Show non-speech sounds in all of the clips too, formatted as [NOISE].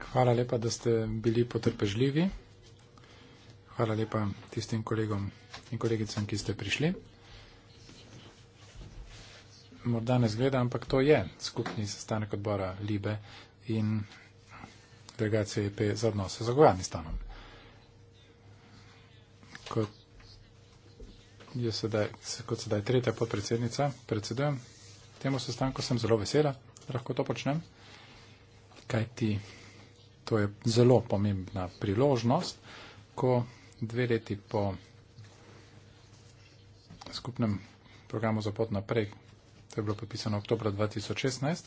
Hvala lepa, da ste bili potrpežljivi. Hvala lepa tistim kolegom in kolegicam, ki ste prišli. Morda ne zgleda, ampak to je skupni sestanek odbora Libe in delegacije EP za odnose z Afganistanom. Kot je sedaj, kot sedaj tretja podpredsednica, predsedujem temu sestanku, sem zelo vesela, lahko to počnem kaj ti to je zelo pomembna priložnost, ko dve leti po skupnem programu za pot naprej, to je bilo podpisano oktober 2016,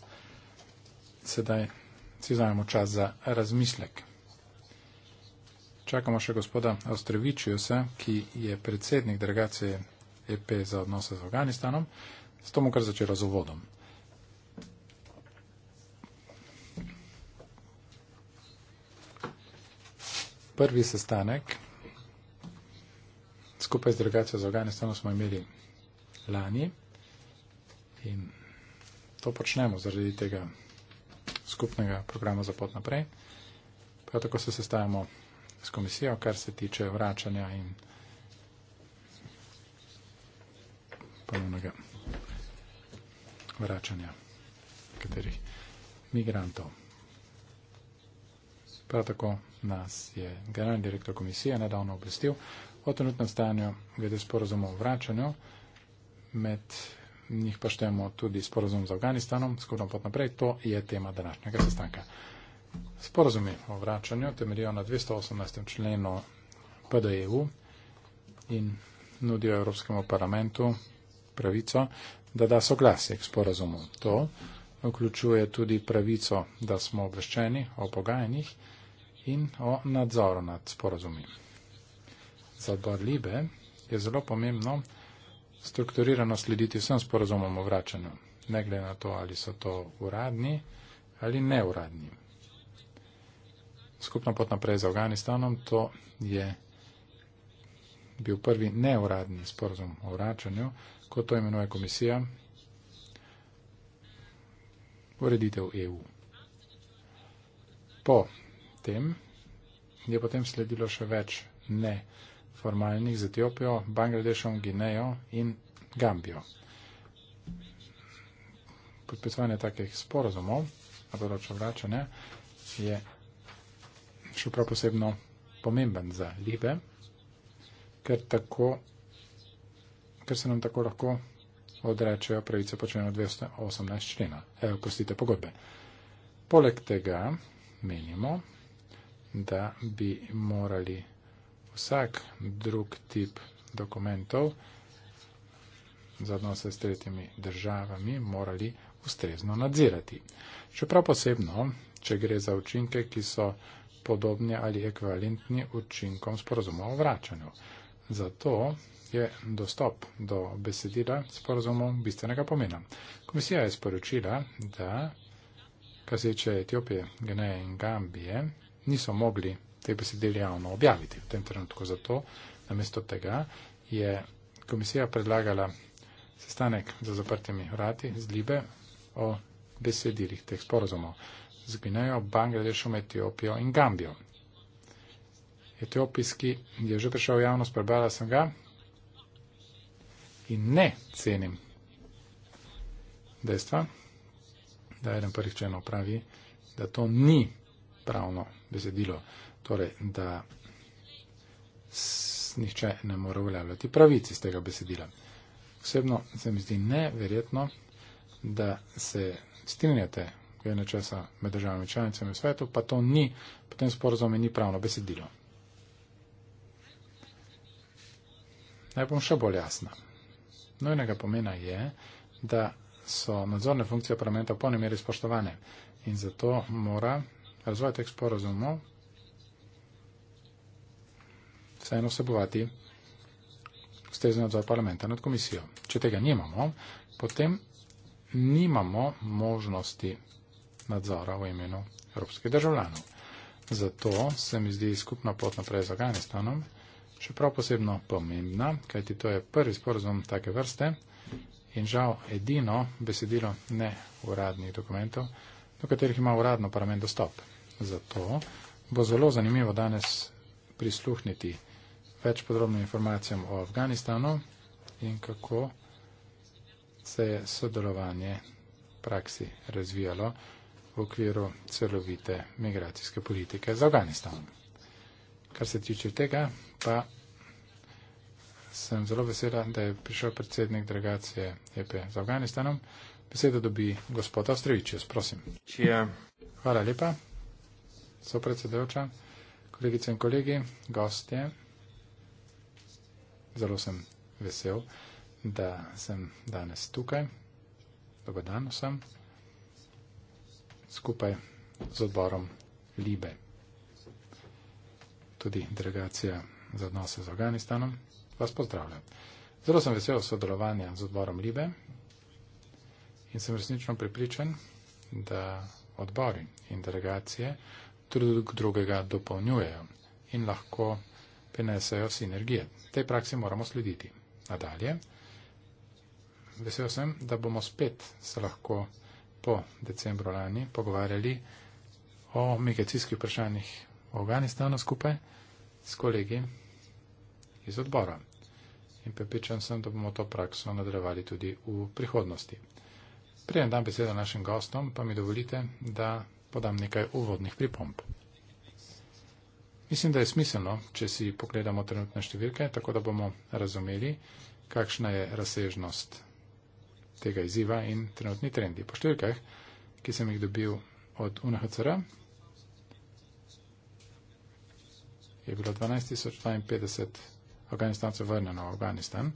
sedaj si zajemo čas za razmislek. Čakamo še gospoda Ostrevičiusa, ki je predsednik delegacije EP za odnose z Afganistanom, s tomu kar začelo z uvodom. prvi sestanek skupaj z delegacijo za Afganistan smo imeli lani in to počnemo zaradi tega skupnega programa za pot naprej. Prav tako se sestajamo s komisijo, kar se tiče vračanja in ponovnega vračanja katerih migrantov. Prav tako nas je generalni direktor komisije nedavno obvestil o trenutnem stanju glede sporozumov o vračanju, med njih pa štemo tudi sporozum z Afganistanom, skupno pot naprej, to je tema današnjega sestanka. Sporozumi o vračanju temeljijo na 218. členu PDEU in nudijo Evropskemu parlamentu pravico, da da soglasje k sporozumu. To vključuje tudi pravico, da smo obveščeni o pogajanjih in o nadzoru nad sporazumi. Za barlibe je zelo pomembno strukturirano slediti vsem sporazumom o vračanju, ne glede na to, ali so to uradni ali neuradni. Skupna pot naprej z Afganistanom, to je bil prvi neuradni sporozum o vračanju, ko to imenuje komisija ureditev EU. Po tem, je potem sledilo še več neformalnih z Etiopijo, Bangladešom, Ginejo in Gambijo. Podpisovanje takih sporozumov na področju vračanja je še prav posebno pomemben za Libe, ker, tako, ker se nam tako lahko odrečejo pravice po členu 218 člena, eh, prostite, pogodbe. Poleg tega menimo, da bi morali vsak drug tip dokumentov za odnose s tretjimi državami morali ustrezno nadzirati. Čeprav posebno, če gre za učinke, ki so podobni ali ekvivalentni učinkom sporozuma o vračanju. Zato je dostop do besedila sporozumov bistvenega pomena. Komisija je sporočila, da kar se tiče Etiopije, Gneje in Gambije, niso mogli te besedili javno objaviti v tem trenutku. Zato namesto tega je komisija predlagala sestanek za zaprtimi vrati z Libe o besedilih teh sporozumov z Gvinejo, Bangladešom, Etiopijo in Gambijo. Etiopijski je že prišel v javnost, prebrala sem ga in ne cenim dejstva, da je eden prvih členov pravi, da to ni pravno besedilo, torej da nihče ne more uveljavljati pravic iz tega besedila. Osebno se mi zdi neverjetno, da se strinjate glede nečesa med državami članicami v svetu, pa to ni, potem sporozum ni pravno besedilo. Naj bom še bolj jasna. Nojnega pomena je, da so nadzorne funkcije parlamenta v polni meri spoštovane in zato mora razvojateh sporozumov, vseeno vsebovati ustrezen nadzor parlamenta nad komisijo. Če tega nimamo, potem nimamo možnosti nadzora v imenu evropskih državljanov. Zato se mi zdi skupna pot naprej z Afganistanom še prav posebno pomembna, kajti to je prvi sporozum take vrste in žal edino besedilo ne uradnih dokumentov, do katerih ima uradno parlament dostop. Zato bo zelo zanimivo danes prisluhniti več podrobnim informacijam o Afganistanu in kako se je sodelovanje v praksi razvijalo v okviru celovite migracijske politike za Afganistan. Kar se tiče tega, pa sem zelo vesela, da je prišel predsednik delegacije EP za Afganistanom. Besedo dobi gospod Ostrovičius, prosim. Čija. Hvala lepa sopredsedujoča, kolegice in kolegi, gostje. Zelo sem vesel, da sem danes tukaj. Dobro dan vsem. Skupaj z odborom Libe. Tudi delegacija za odnose z Afganistanom vas pozdravlja. Zelo sem vesel sodelovanja z odborom Libe in sem resnično pripričan, da odbori in delegacije drug drugega dopolnjujejo in lahko prinesejo sinergije. Tej praksi moramo slediti. Nadalje, vesel sem, da bomo spet se lahko po decembru lani pogovarjali o migracijskih vprašanjih v Afganistanu skupaj s kolegi iz odbora. In pripričan sem, da bomo to prakso nadaljevali tudi v prihodnosti. Prijem dan besedo našim gostom, pa mi dovolite, da podam nekaj uvodnih pripomp. Mislim, da je smiselno, če si pogledamo trenutne številke, tako da bomo razumeli, kakšna je razsežnost tega izziva in trenutni trendi. Po številkah, ki sem jih dobil od UNHCR, je bilo 12.052 Afganistancev vrnjeno v Afganistan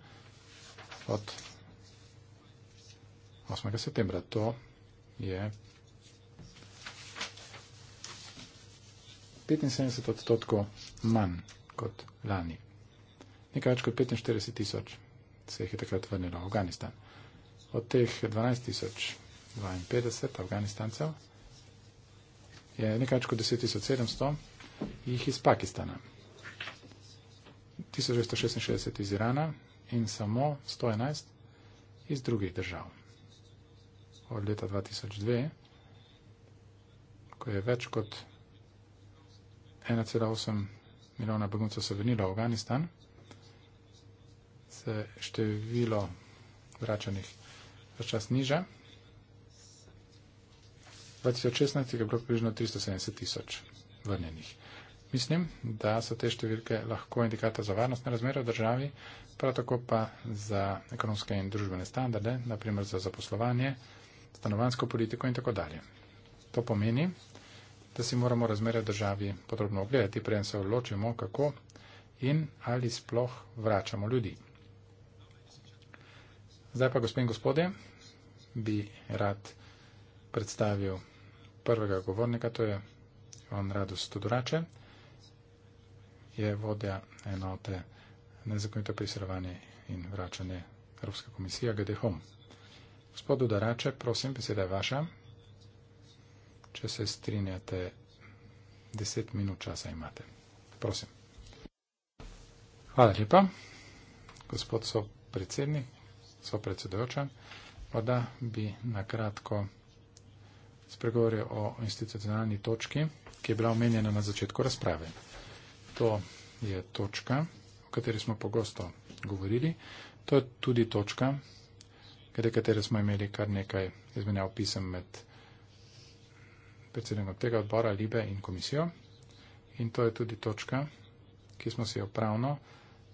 od 8. septembra. To je 75 odstotkov manj kot lani. Nekaj več kot 45 tisoč se jih je takrat vrnilo v Afganistan. Od teh 12 tisoč 52 Afganistancev je nekaj več kot 10 tisoč 700 jih iz Pakistana. 1666 iz Irana in samo 111 iz drugih držav. Od leta 2002, ko je več kot 1,8 milijona beguncev se vrnilo v Afganistan, se število vračanih včas niža. 2016 je bilo približno 370 tisoč vrnjenih. Mislim, da so te številke lahko indikator za varnostne razmere v državi, prav tako pa za ekonomske in družbene standarde, naprimer za zaposlovanje, stanovansko politiko in tako dalje. To pomeni, da si moramo razmere v državi podrobno ogledati, preden se odločimo, kako in ali sploh vračamo ljudi. Zdaj pa, gospod in gospode, bi rad predstavil prvega govornika, to je on Radus Tudorače, je vodja enote nezakonito priseljevanje in vračanje Evropske komisije GDHOM. Gospod Tudorače, prosim, beseda je vaša. Če se strinjate, deset minut časa imate. Prosim. Hvala lepa, gospod so predsednik, so predsedojoča. Morda bi nakratko spregovoril o institucionalni točki, ki je bila omenjena na začetku razprave. To je točka, o kateri smo pogosto govorili. To je tudi točka, glede katere smo imeli kar nekaj izmenjav pisem med predsednik tega odbora Libe in komisijo. In to je tudi točka, ki smo si jo pravno,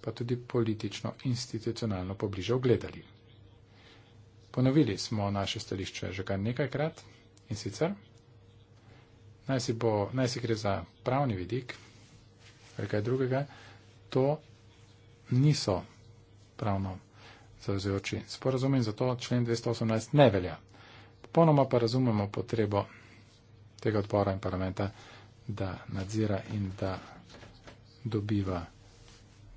pa tudi politično, institucionalno pobliže ogledali. Ponovili smo naše stališče že kar nekajkrat in sicer naj si, bo, naj si gre za pravni vidik ali kaj drugega, to niso pravno zavezujoči sporazumi in zato člen 218 ne velja. Popolnoma pa razumemo potrebo tega odbora in parlamenta, da nadzira in da dobiva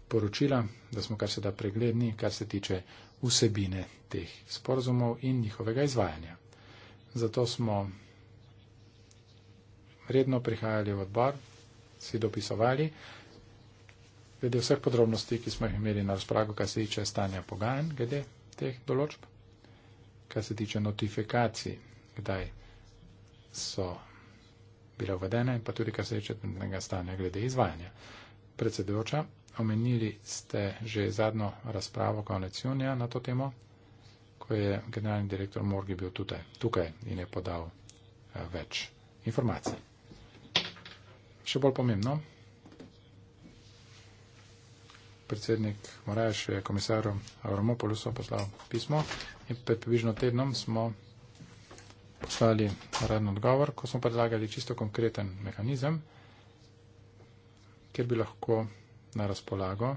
poročila, da smo kar se da pregledni, kar se tiče vsebine teh sporozumov in njihovega izvajanja. Zato smo redno prihajali v odbor, si dopisovali, glede vseh podrobnosti, ki smo jih imeli na razpolago, kar se tiče stanja pogajanj, glede teh določb, kar se tiče notifikacij, kdaj so bila vodena in pa tudi kar se reče trenutnega stanja glede izvajanja. Predsedujoča, omenili ste že zadnjo razpravo konec junija na to temo, ko je generalni direktor Morgi bil tukaj, tukaj in je podal eh, več informacij. Še bolj pomembno, predsednik Moraješ je komisarju Avramopolusu poslal pismo in pred približno tednom smo poslali raden odgovor, ko smo predlagali čisto konkreten mehanizem, kjer bi lahko na razpolago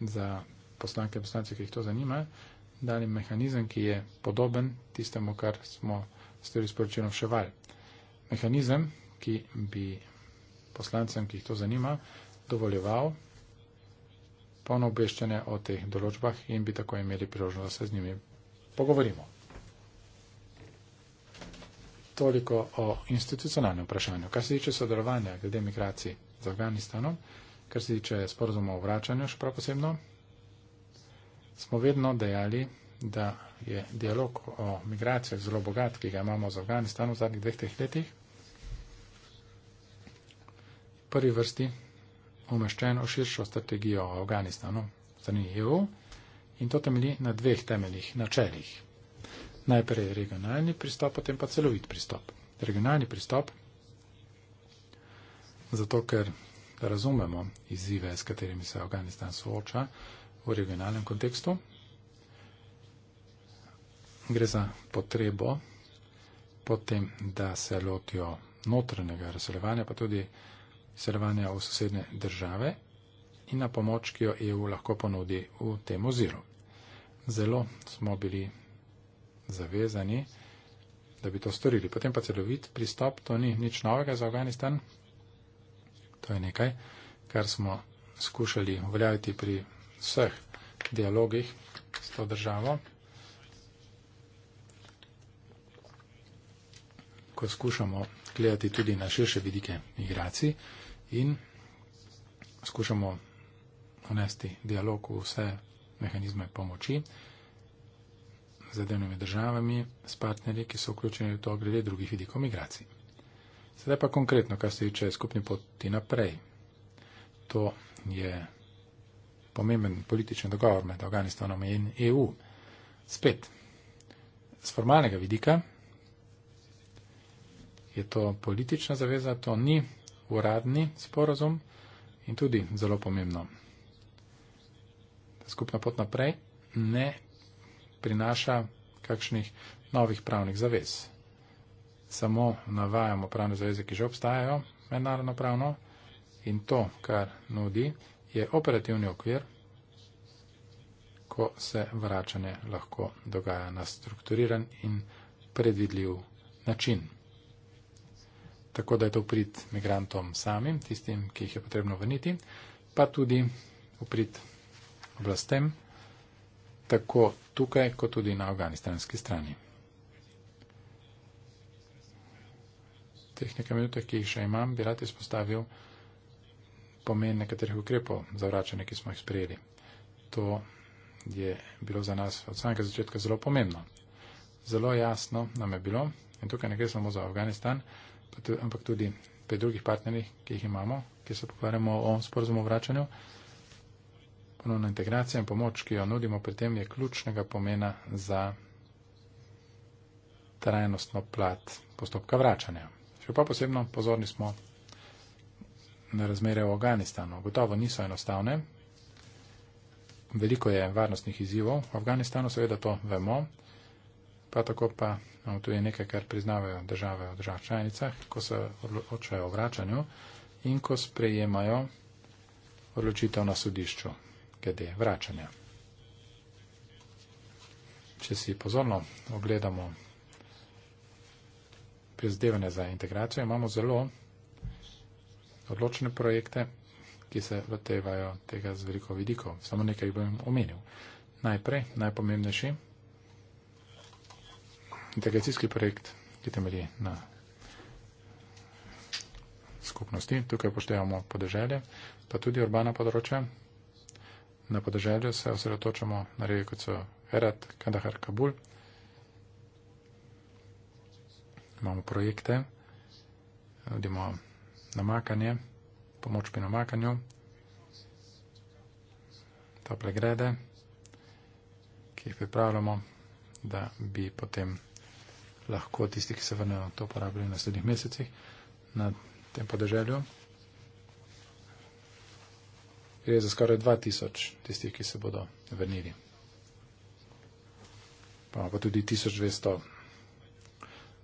za poslanke in poslance, ki jih to zanima, dali mehanizem, ki je podoben tistemu, kar smo storili s poročilom Ševal. Mehanizem, ki bi poslancem, ki jih to zanima, dovoljeval polno obveščanje o teh določbah in bi tako imeli priložnost, da se z njimi pogovorimo toliko o institucionalnem vprašanju. Kar se tiče sodelovanja glede migracij z Afganistanom, kar se tiče sporozuma o vračanju, še prav posebno, smo vedno dejali, da je dialog o migracijah zelo bogat, ki ga imamo z Afganistanom v zadnjih dveh teh letih. Prvi vrsti umeščen v širšo strategijo o Afganistanu, strani EU, in to temelji na dveh temeljih načeljih. Najprej regionalni pristop, potem pa celovit pristop. Regionalni pristop, zato ker razumemo izzive, s katerimi se Afganistan sooča v regionalnem kontekstu, gre za potrebo potem, da se lotijo notranjega razseljevanja, pa tudi razseljevanja v sosedne države in na pomoč, ki jo EU lahko ponudi v tem oziru. Zelo smo bili zavezani, da bi to storili. Potem pa celovit pristop, to ni nič novega za Afganistan. To je nekaj, kar smo skušali uveljaviti pri vseh dialogih s to državo. ko skušamo gledati tudi na širše vidike migracij in skušamo unesti dialog v vse mehanizme pomoči zadevnimi državami, s partnerji, ki so vključeni v to glede drugih vidikov migracij. Sedaj pa konkretno, kar se tiče skupni poti naprej. To je pomemben politični dogovor med Afganistanom in EU. Spet, z formalnega vidika je to politična zaveza, to ni uradni sporazum in tudi zelo pomembno. Skupna pot naprej ne prinaša kakšnih novih pravnih zavez. Samo navajamo pravne zaveze, ki že obstajajo mednarodno pravno in to, kar nudi, je operativni okvir, ko se vračanje lahko dogaja na strukturiran in predvidljiv način. Tako da je to prid migrantom samim, tistim, ki jih je potrebno vrniti, pa tudi prid oblastem tako tukaj, kot tudi na afganistanski strani. V teh nekaj minutah, ki jih še imam, bi rad izpostavil pomen nekaterih ukrepov za vračanje, ki smo jih sprejeli. To je bilo za nas od samega začetka zelo pomembno. Zelo jasno nam je bilo, in tukaj ne gre samo za Afganistan, ampak tudi pri drugih partnerjih, ki jih imamo, ki se pokvarjamo o sporozumu vračanju, ponovna integracija in pomoč, ki jo nudimo pri tem, je ključnega pomena za trajnostno plat postopka vračanja. Še pa posebno pozorni smo na razmere v Afganistanu. Gotovo niso enostavne. Veliko je varnostnih izzivov v Afganistanu, seveda to vemo, pa tako pa no, tu je nekaj, kar priznavajo države v državah članicah, ko se odločajo o vračanju in ko sprejemajo odločitev na sodišču glede vračanja. Če si pozorno ogledamo prizadevanje za integracijo, imamo zelo odločene projekte, ki se lotevajo tega z veliko vidikov. Samo nekaj bom omenil. Najprej, najpomembnejši, integracijski projekt, ki temelji na skupnosti. Tukaj poštevamo podeželje, pa tudi urbana področja, na podeželju se osredotočamo na regijo, kot so Herat, Kandahar, Kabul. Imamo projekte, vidimo namakanje, pomoč pri namakanju, tople grede, ki jih pripravljamo, da bi potem lahko tisti, ki se vrnejo, to uporabljali v naslednjih mesecih na tem podeželju gre za skoraj 2000 tistih, ki se bodo vrnili. Pa, pa tudi 1200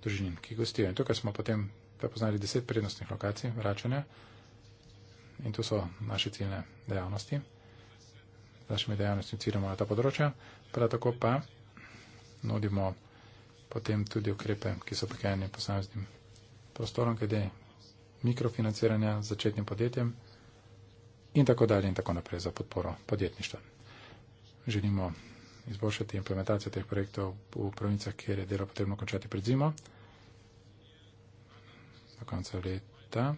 družin, ki gostijo. In tukaj smo potem prepoznali 10 prednostnih lokacij vračanja in to so naše ciljne dejavnosti. Z našimi dejavnostmi ciljamo na ta področja, prav tako pa nudimo potem tudi ukrepe, ki so prikajani posameznim prostorom, glede mikrofinanciranja začetnim podjetjem in tako dalje in tako naprej za podporo podjetništva. Želimo izboljšati implementacijo teh projektov v provincah, kjer je delo potrebno končati pred zimo. Do konca leta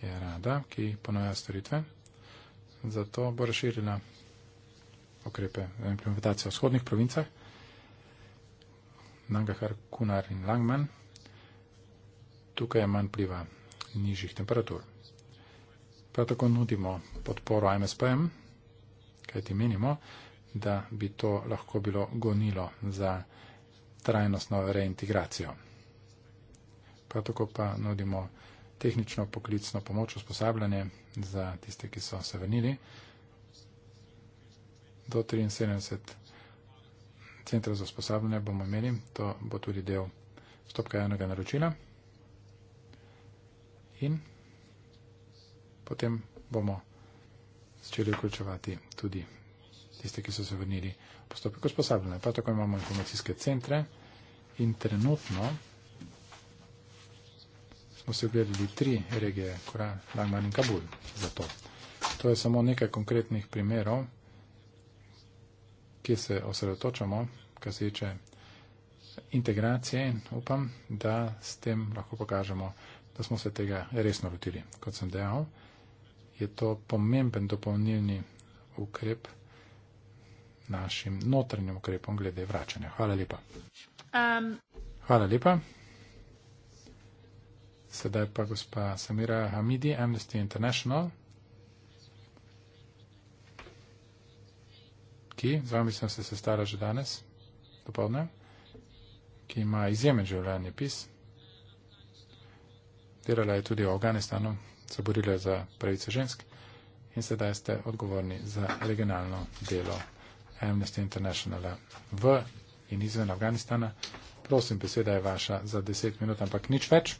je rada, ki ponoja storitve. Zato bo razširila okrepe za implementacijo v vzhodnih provincah. Nangahar, Kunar in Langman. Tukaj je manj pliva nižjih temperatur. Prav tako nudimo podporo MSPM, kaj ti menimo, da bi to lahko bilo gonilo za trajnostno reintegracijo. Prav tako pa nudimo tehnično poklicno pomoč, usposabljanje za tiste, ki so se vrnili. Do 73 centra za usposabljanje bomo imeli, to bo tudi del stopka enega naročila. In potem bomo začeli vključevati tudi tiste, ki so se vrnili v postopek usposabljanja. Prav tako imamo informacijske centre in trenutno smo se ogledali tri regije Koran, Langman in Kabul za to. To je samo nekaj konkretnih primerov, ki se osredotočamo, kar se tiče integracije in upam, da s tem lahko pokažemo, da smo se tega resno lotili, kot sem dejal je to pomemben dopolnilni ukrep našim notranjim ukrepom glede vračanja. Hvala lepa. Um. Hvala lepa. Sedaj pa gospa Samira Hamidi, Amnesty International. ki, z vami sem se sestala že danes, dopolne, ki ima izjemen življenje pis. Delala je tudi v Afganistanu, se borile za pravice žensk in sedaj ste odgovorni za regionalno delo Amnesty Internationala v in izven Afganistana. Prosim, beseda je vaša za deset minut, ampak nič več,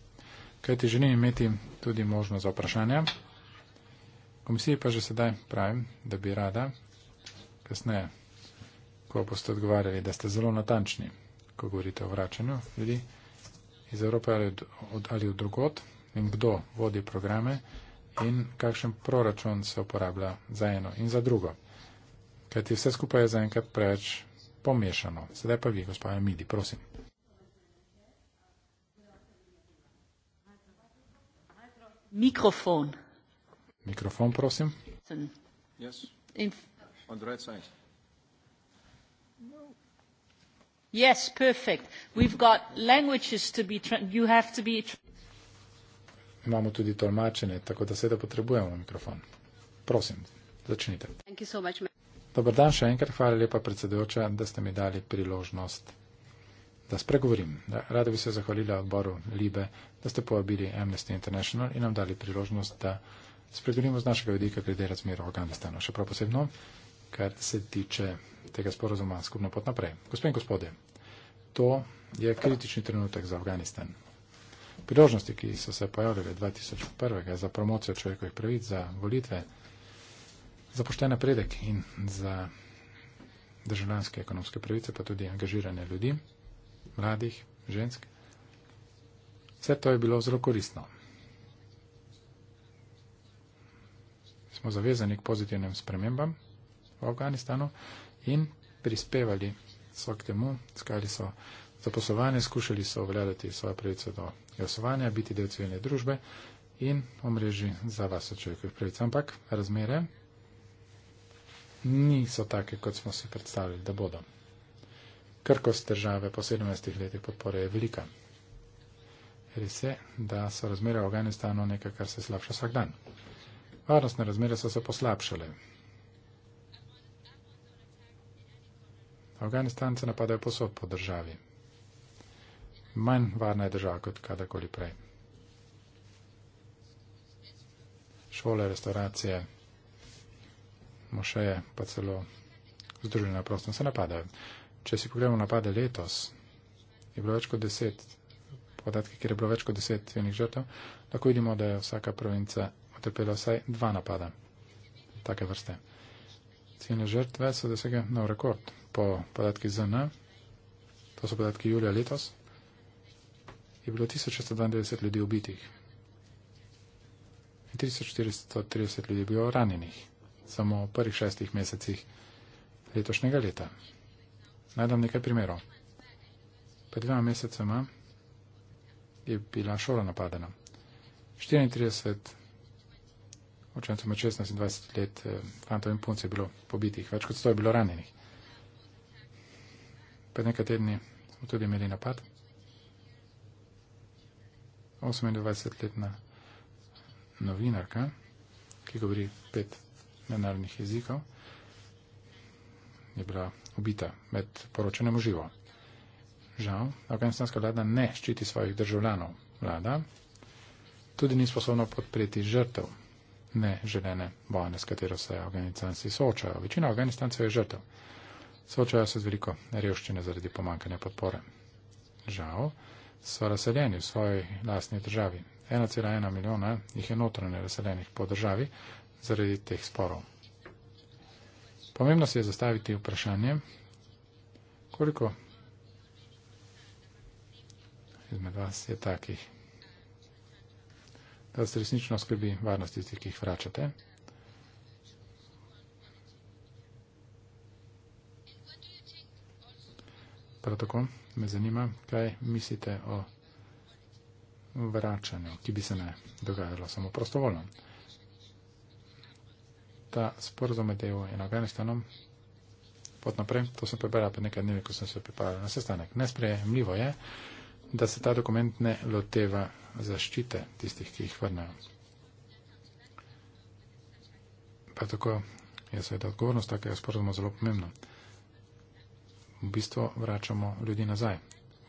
kajti želim imeti tudi možnost za vprašanja. Komisiji pa že sedaj pravim, da bi rada, kasneje, ko boste odgovarjali, da ste zelo natančni, ko govorite o vračanju ljudi iz Evrope ali od, od, od drugot, vem, kdo vodi programe in kakšen proračun se uporablja za eno in za drugo. Kajti vse skupaj je zaenkrat preveč pomešano. Sedaj pa vi, gospod Midi, prosim. Mikrofon. Mikrofon, prosim. Yes, perfect. We've got languages to be. You have to be imamo tudi tolmačenje, tako da seveda potrebujemo mikrofon. Prosim, začnite. So much, Dobar dan, še enkrat hvala lepa predsedujoča, da ste mi dali priložnost, da spregovorim. Rada bi se zahvalila odboru Libe, da ste povabili Amnesty International in nam dali priložnost, da spregovorimo z našega vidika glede razmer v Afganistanu. Še prav posebno, kar se tiče tega sporozuma skupno pot naprej. Gospod in gospode, to je kritični trenutek za Afganistan priložnosti, ki so se pojavljale 2001. za promocijo človekovih pravic, za volitve, za pošten napredek in za državljanske ekonomske pravice, pa tudi angažiranje ljudi, mladih, žensk. Vse to je bilo zelo koristno. Smo zavezani k pozitivnim spremembam v Afganistanu in prispevali so k temu, skali so zaposlovanje, skušali so obvladati svoje pravice do glasovanja, biti del civilne družbe in omreži za vas očekujo pravice. Ampak razmere niso take, kot smo si predstavljali, da bodo. Krkost države po 17 letih podpore je velika. Res je, da so razmere v Afganistanu nekaj, kar se slabša vsak dan. Varnostne razmere so se poslabšale. Afganistance napadajo posod po državi manj varna je država kot kadarkoli prej. Šole, restauracije, mošeje, pa celo združene na prostem se napadajo. Če si pogledamo napade letos, je bilo več kot deset podatki, kjer je bilo več kot deset vjenih žrtev, lahko vidimo, da je vsaka provinca utrpela vsaj dva napada take vrste. Cene žrtve so dosegle nov rekord po podatki ZN, to so podatki julija letos, je bilo 1692 ljudi ubitih in 1430 ljudi je bilo ranjenih samo v prvih šestih mesecih letošnjega leta. Najdem nekaj primerov. Pred dvema mesecema je bila šola napadena. 34 učencev med 16 in 20 let eh, fantov in punc je bilo pobitih, več kot 100 je bilo ranjenih. Pred nekaj tedni smo tudi imeli napad. 28-letna novinarka, ki govori pet mednarodnih jezikov, je bila ubita med poročanjem v živo. Žal, afganistanska vlada ne ščiti svojih državljanov. Vlada tudi ni sposobna podpreti žrtev neželene vojne, s katero se afganistanci soočajo. Večina afganistancev je žrtev. Soočajo se z veliko revščine zaradi pomankanja podpore. Žal, so razseljeni v svoji lastni državi. 1,1 milijona jih je notranje razseljenih po državi zaradi teh sporov. Pomembno se je zastaviti vprašanje, koliko izmed vas je takih, da se resnično skrbi varnost tistih, ki jih vračate. Prav tako, me zanima, kaj mislite o vračanju, ki bi se ne dogajalo samo prostovoljno. Ta sporozum med EU in Afganistanom, pot naprej, to sem prebrala pred nekaj dnevi, ko sem se pripravila na sestanek. Nesprejemljivo je, da se ta dokument ne loteva zaščite tistih, ki jih vrnajo. Pa tako je seveda odgovornost takega sporozuma zelo pomembna v bistvu vračamo ljudi nazaj.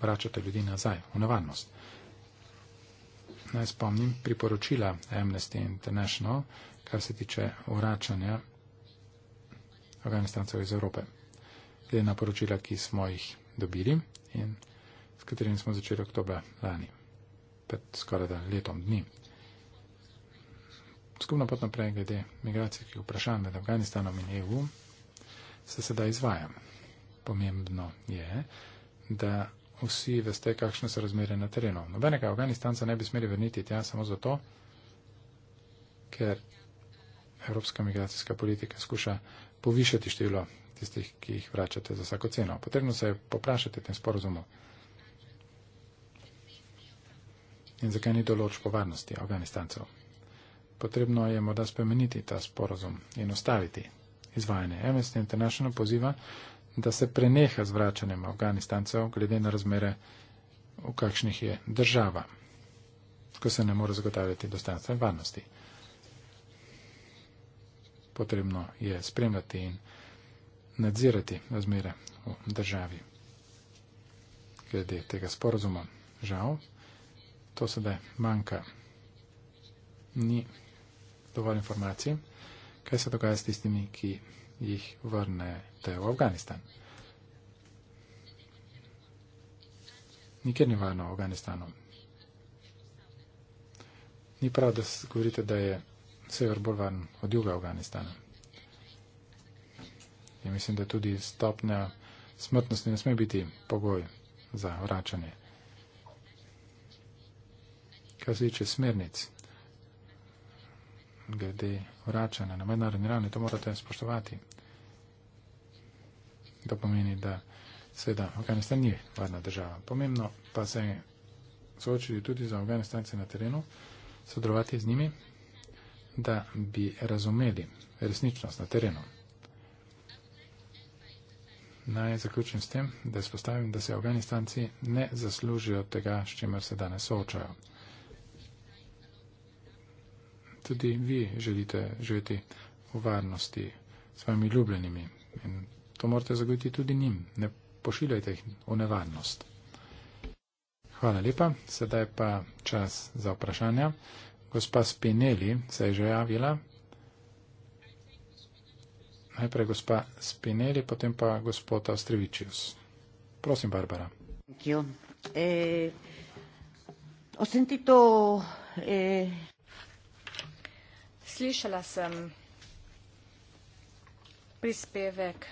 Vračate ljudi nazaj v nevarnost. Naj spomnim priporočila Amnesty International, kar se tiče vračanja Afganistancev iz Evrope. Glede na poročila, ki smo jih dobili in s katerimi smo začeli oktober lani, pred skoraj letom dni. Skupno pot naprej glede migracijskih vprašanj med Afganistanom in EU se sedaj izvajamo pomembno je, da vsi veste, kakšne so razmere na terenu. Nobenega Afganistanca ne bi smeli vrniti tja samo zato, ker evropska migracijska politika skuša povišati število tistih, ki jih vračate za vsako ceno. Potrebno se je poprašati tem sporozumu. In zakaj ni določ po varnosti Afganistancev? Potrebno je morda spremeniti ta sporozum in ustaviti izvajanje. Amnesty International poziva, da se preneha z vračanjem Afganistancev, glede na razmere, v kakšnih je država, ko se ne more zagotavljati dostanstva in varnosti. Potrebno je spremljati in nadzirati razmere v državi. Glede tega sporozuma, žal, to sedaj manjka. Ni dovolj informacij, kaj se dogaja s tistimi, ki jih vrnete v Afganistan. Nikjer ni varno v Afganistanu. Ni prav, da govorite, da je sever bolj varen od juga Afganistana. In mislim, da tudi stopnja smrtnosti ne sme biti pogoj za vračanje. Kaj se tiče smernic? glede vračanja na mednarodni ravni, to morate spoštovati. To pomeni, da seveda Afganistan ni varna država. Pomembno pa se je soočili tudi za Afganistance na terenu, sodelovati z njimi, da bi razumeli resničnost na terenu. Naj zaključim s tem, da izpostavim, da se Afganistanci ne zaslužijo tega, s čimer se danes soočajo tudi vi želite živeti v varnosti s svojimi ljubljenimi. In to morate zagotoviti tudi njim. Ne pošiljajte jih v nevarnost. Hvala lepa. Sedaj pa čas za vprašanja. Gospa Spinelli se je že javila. Najprej gospa Spinelli, potem pa gospod Avstrivičius. Prosim, Barbara. Eh, ho sentito eh... Slišala sem prispevek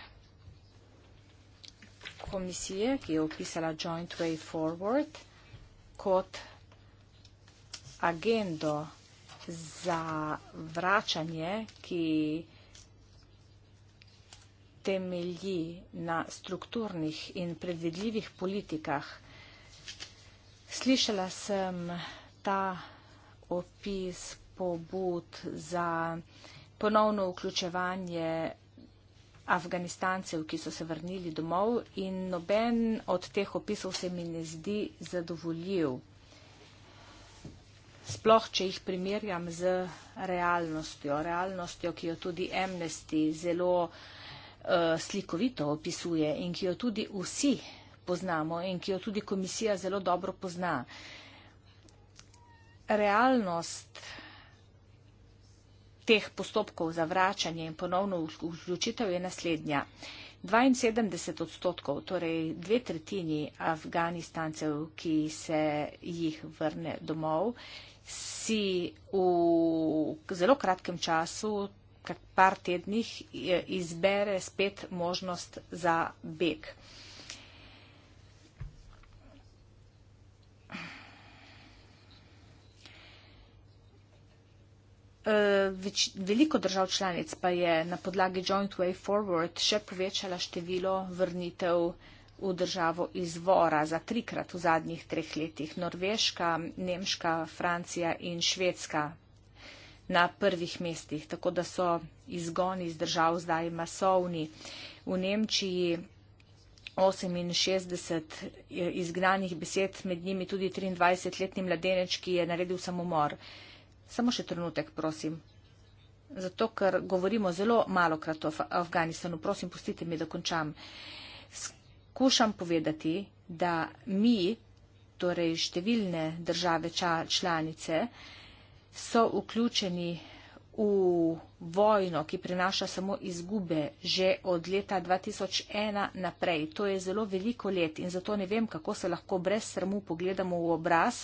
komisije, ki je opisala Joint Way Forward kot agendo za vračanje, ki temelji na strukturnih in predvidljivih politikah. Slišala sem ta opis См та опис pobud za ponovno vključevanje Afganistancev, ki so se vrnili domov in noben od teh opisov se mi ne zdi zadovoljiv. Sploh, če jih primerjam z realnostjo, realnostjo, ki jo tudi Amnesty zelo uh, slikovito opisuje in ki jo tudi vsi poznamo in ki jo tudi komisija zelo dobro pozna. Realnost teh postopkov za vračanje in ponovno vključitev je naslednja. 72 odstotkov, torej dve tretjini Afganistancev, ki se jih vrne domov, si v zelo kratkem času, kar par tednih, izbere spet možnost za beg. Eh, več, veliko držav članic pa je na podlagi Joint Way Forward še povečala število vrnitev v državo izvora za trikrat v zadnjih treh letih. Norveška, Nemška, Francija in Švedska na prvih mestih, tako da so izgoni iz držav zdaj masovni. V Nemčiji 68 eh, izgnanih besed, med njimi tudi 23-letni mladenec, ki je naredil samomor. Uh, Samo še trenutek, prosim. Zato, ker govorimo zelo malo krat o Afganistanu, prosim, pustite mi, da končam. Skušam povedati, da mi, torej številne države članice, so vključeni v vojno, ki prinaša samo izgube že od leta 2001 naprej. To je zelo veliko let in zato ne vem, kako se lahko brez srmu pogledamo v obraz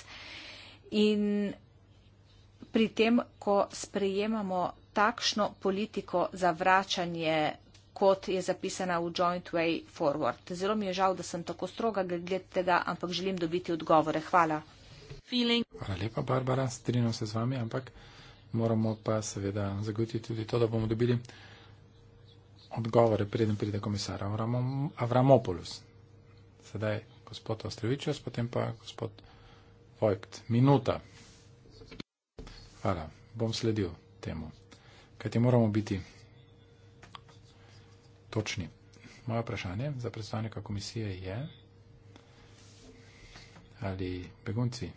in pri tem, ko sprejemamo takšno politiko za vračanje, kot je zapisana v Joint Way Forward. Zelo mi je žal, da sem tako stroga glede tega, ampak želim dobiti odgovore. Hvala. Feeling. Hvala lepa, Barbara. Strinjam se z vami, ampak moramo pa seveda zagotiti tudi to, da bomo dobili odgovore, preden pride komisar Avramopoulos. Sedaj gospod Ostrevičos, potem pa gospod Vojkt. Minuta. Hvala, bom sledil temu. Kaj ti moramo biti točni? Moje vprašanje za predstavnika komisije je, ali begunci,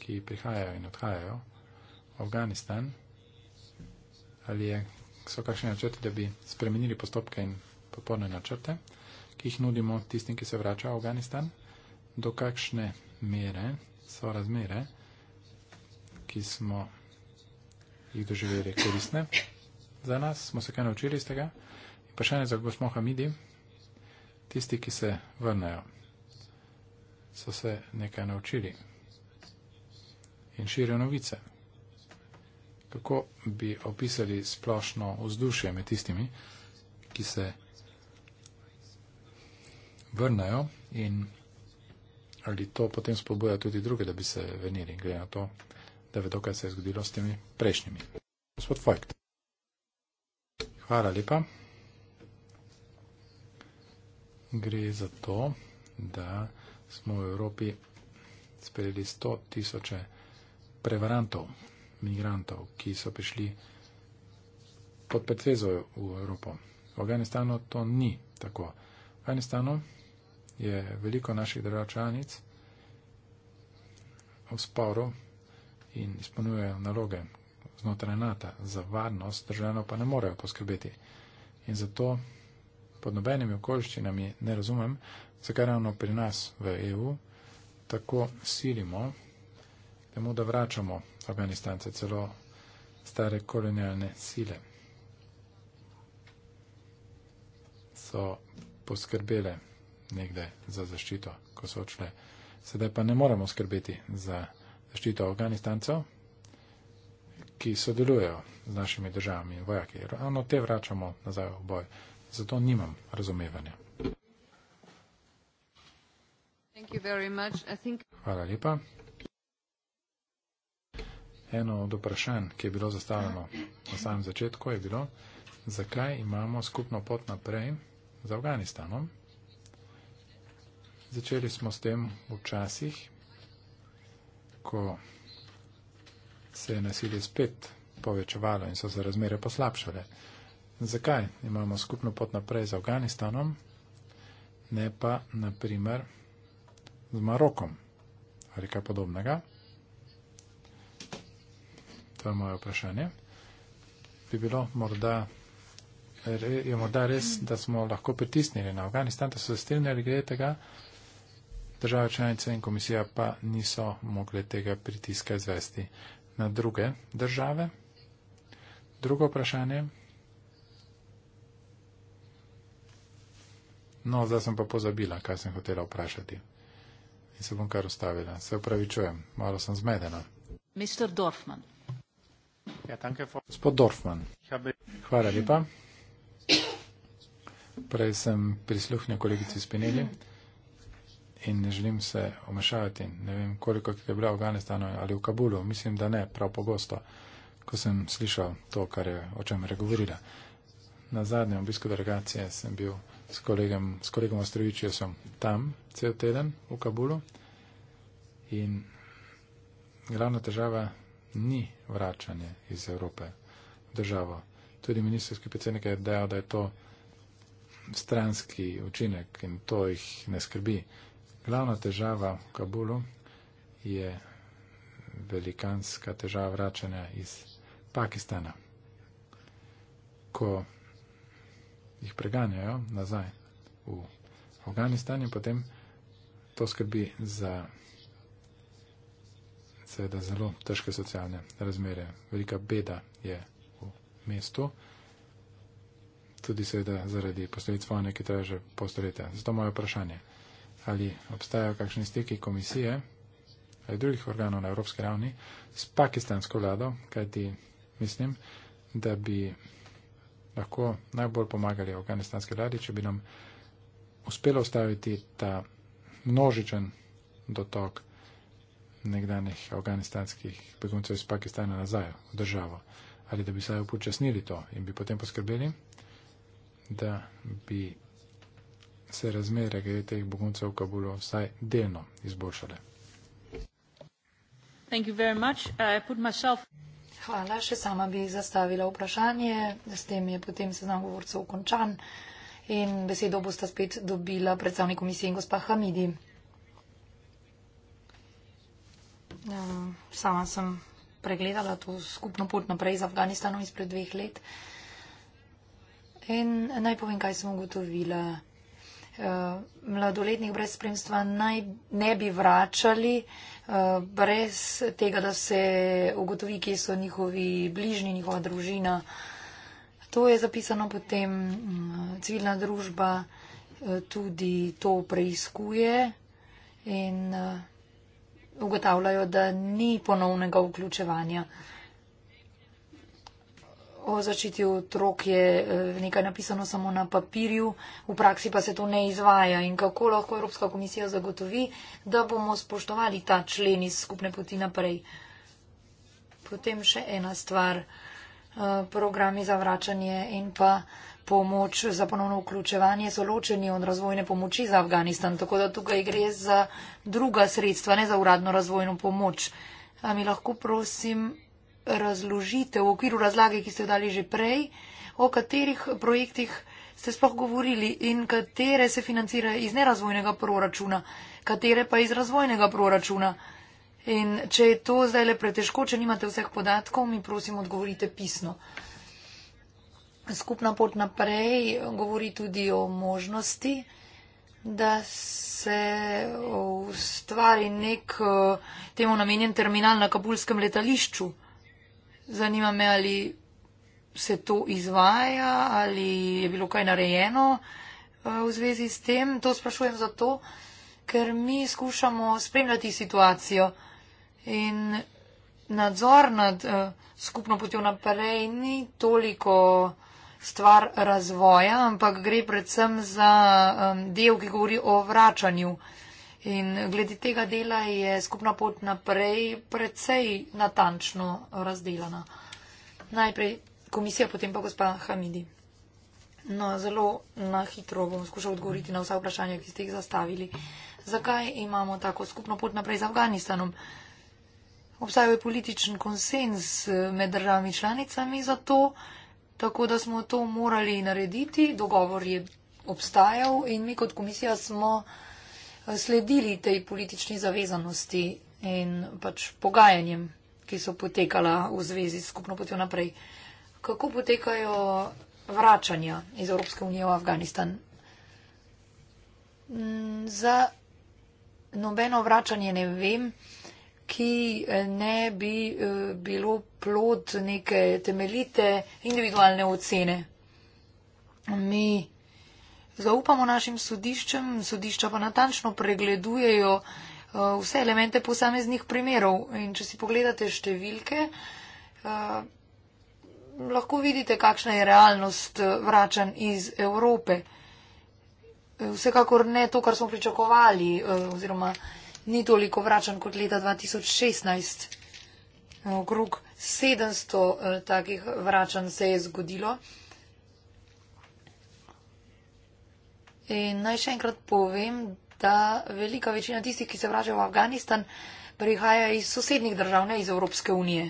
ki prihajajo in odhajajo v Afganistan, ali je, so kakšne načrte, da bi spremenili postopke in podporne načrte, ki jih nudimo tistim, ki se vračajo v Afganistan, do kakšne mere so razmere, ki smo jih doživeli koristne za nas, smo se kaj naučili iz tega. In pa še ne za gosmoha midi, tisti, ki se vrnejo, so se nekaj naučili in širijo novice. Kako bi opisali splošno vzdušje med tistimi, ki se vrnejo in ali to potem spodbuja tudi druge, da bi se vrnili, glede na to, da vedo, kaj se je zgodilo s temi prejšnjimi. Gospod Fojkt. Hvala lepa. Gre za to, da smo v Evropi sprejeli 100 tisoče prevarantov, migrantov, ki so prišli pod predvezo v Evropo. V Afganistanu to ni tako. V Afganistanu je veliko naših državčanic v sporu in izpolnjujejo naloge znotraj NATO, za varnost državljanov pa ne morejo poskrbeti. In zato pod nobenimi okoliščinami ne razumem, zakaj ravno pri nas v EU tako silimo temu, da vračamo Afganistance, celo stare kolonialne sile. So poskrbele nekde za zaščito, ko so odšle. Sedaj pa ne moremo skrbeti za zaščito Afganistancev, ki sodelujejo z našimi državami in vojaki. Ravno te vračamo nazaj v boj. Zato nimam razumevanja. Hvala lepa. Eno od vprašanj, ki je bilo zastavljeno na samem začetku, je bilo, zakaj imamo skupno pot naprej z Afganistanom. Začeli smo s tem včasih, ko se je nasilje spet povečevalo in so se razmere poslabšale. Zakaj imamo skupno pot naprej z Afganistanom, ne pa naprimer z Marokom ali kaj podobnega? To je moje vprašanje. Bi bilo morda, je morda res, da smo lahko pritisnili na Afganistan, da so se strinjali glede tega, države članice in komisija pa niso mogli tega pritiska izvesti na druge države. Drugo vprašanje. No, zdaj sem pa pozabila, kaj sem hotela vprašati. In se bom kar ustavila. Se upravičujem, malo sem zmedena. Mr. Dorfman. Ja, Gospod Dorfman, hvala lepa. Prej sem prisluhnil kolegici Spinelli in ne želim se omešavati. Ne vem, koliko je bilo v Afganistanu ali v Kabulu, mislim, da ne, prav pogosto, ko sem slišal to, kar je o čem je govorila. Na zadnjem obisku delegacije sem bil s kolegom, kolegom Ostrovičijem tam cel teden v Kabulu in glavna težava ni vračanje iz Evrope v državo. Tudi ministrski predsednik je dejal, da je to stranski učinek in to jih ne skrbi. Glavna težava v Kabulu je velikanska težava vračanja iz Pakistana. Ko jih preganjajo nazaj v Afganistan in potem to skrbi za seveda zelo težke socialne razmere. Velika beda je v mestu, tudi seveda zaradi posledic vojne, ki traja že pol stoletja. Zato moje vprašanje ali obstajajo kakšni stiki komisije ali drugih organov na evropski ravni s pakistansko vlado, kajti mislim, da bi lahko najbolj pomagali afganistanski vladi, če bi nam uspelo ustaviti ta množičen dotok nekdanjih afganistanskih beguncev iz Pakistana nazaj v državo. Ali da bi se upočasnili to in bi potem poskrbeli, da bi se razmere glede teh beguncev v Kabulu vsaj delno izboljšale. Hvala, še sama bi zastavila vprašanje. S tem je potem seznam govorcev končan in besedo bosta spet dobila predstavnik komisije in gospa Hamidi. Ja, sama sem pregledala to skupno pot naprej z Afganistanom izpred dveh let in naj povem, kaj sem ugotovila. Eh, mladoletnih brez spremstva naj ne bi vračali eh, brez tega, da se ugotovi, kje so njihovi bližnji, njihova družina. To je zapisano potem, mm, civilna družba eh, tudi to preizkuje in ugotavljajo, da ni ponovnega vključevanja o začiti otrok je eh, nekaj napisano samo na papirju, v praksi pa se to ne izvaja in kako lahko Evropska komisija zagotovi, da bomo spoštovali ta člen iz skupne poti naprej. Potem še ena stvar, eh, programi za vračanje in pa pomoč za ponovno vključevanje so ločeni od razvojne pomoči za Afganistan, tako da tukaj gre za druga sredstva, ne za uradno razvojno pomoč. A mi lahko prosim razložite v okviru razlage, ki ste dali že prej, o katerih projektih ste sploh govorili in katere se financira iz nerazvojnega proračuna, katere pa iz razvojnega proračuna. In če je to zdaj le pretežko, če nimate vseh podatkov, mi prosim odgovorite pisno. Skupna pot naprej govori tudi o možnosti, da se ustvari nek eh, temu namenjen terminal na kabulskem letališču. Zanima me, ali se to izvaja, ali je bilo kaj narejeno eh, v zvezi s tem. To sprašujem zato, ker mi skušamo spremljati situacijo in nadzor nad eh, skupno potjo naprej ni toliko stvar razvoja, ampak gre predvsem za eh, del, ki govori o vračanju. In glede tega dela je skupna pot naprej precej natančno razdelana. Najprej komisija, potem pa gospa Hamidi. No, zelo na hitro bom skušal odgovoriti na vsa vprašanja, ki ste jih zastavili. Zakaj imamo tako skupno pot naprej z Afganistanom? Obstajal je političen konsens med državami članicami za to, tako da smo to morali narediti. Dogovor je obstajal in mi kot komisija smo sledili tej politični zavezanosti in pač pogajanjem, ki so potekala v zvezi skupno potjo naprej. Kako potekajo vračanja iz Evropske unije v Afganistan? Mm, za nobeno vračanje ne vem, ki eh, ne bi eh, bilo plod neke temeljite individualne ocene. Mi zaupamo našim sodiščem, sodišča pa natančno pregledujejo eh, vse elemente posameznih primerov. In če si pogledate številke, eh, lahko vidite, kakšna je realnost eh, vračanj iz Evrope. Vsekakor ne to, kar smo pričakovali, oziroma ni toliko vračan kot leta 2016. Okrog 700 takih vračanj se je zgodilo. In naj še enkrat povem, da velika večina tistih, ki se vračajo v Afganistan, prihaja iz sosednjih držav, ne iz Evropske unije.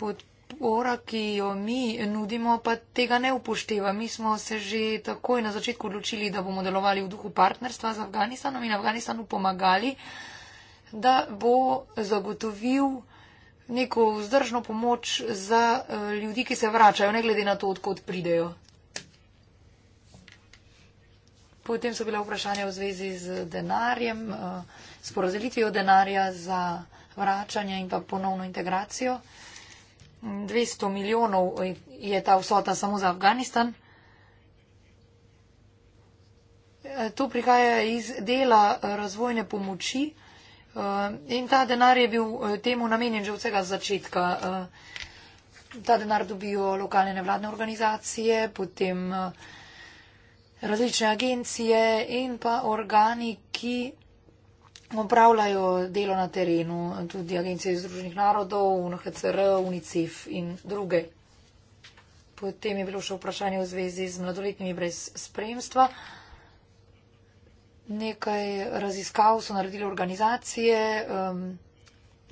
Podpora, ki jo mi nudimo, pa tega ne upošteva. Mi smo se že takoj na začetku odločili, da bomo delovali v duhu partnerstva z Afganistanom in Afganistanu pomagali, da bo zagotovil neko vzdržno pomoč za eh, ljudi, ki se vračajo, ne glede na to, odkot pridejo. Potem so bila vprašanja v zvezi z denarjem, eh, s porazdelitvijo denarja za vračanje in pa ponovno integracijo. 200 milijonov je ta vsota samo za Afganistan. Eh, to prihaja iz dela razvojne pomoči eh, in ta denar je bil temu namenjen že od vsega začetka. Ta denar dobijo lokalne nevladne organizacije, potem različne agencije in pa organi, ki opravljajo delo na terenu, tudi agencije Združenih narodov, UNHCR, UNICEF in druge. Potem je bilo še vprašanje v zvezi z mladoletnimi brez spremstva. Nekaj raziskav so naredile organizacije, um,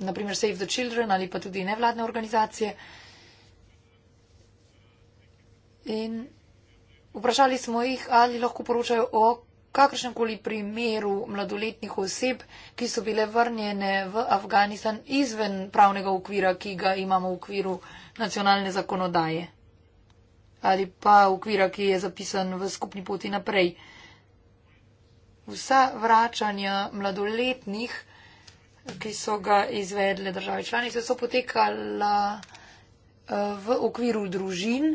naprimer Save the Children ali pa tudi nevladne organizacije. In Vprašali smo jih, ali lahko poročajo o kakršnem koli primeru mladoletnih oseb, ki so bile vrnjene v Afganistan izven pravnega okvira, ki ga imamo v okviru nacionalne zakonodaje ali pa okvira, ki je zapisan v skupni poti naprej. Vsa vračanja mladoletnih, ki so ga izvedle države članice, so potekala eh, v okviru družin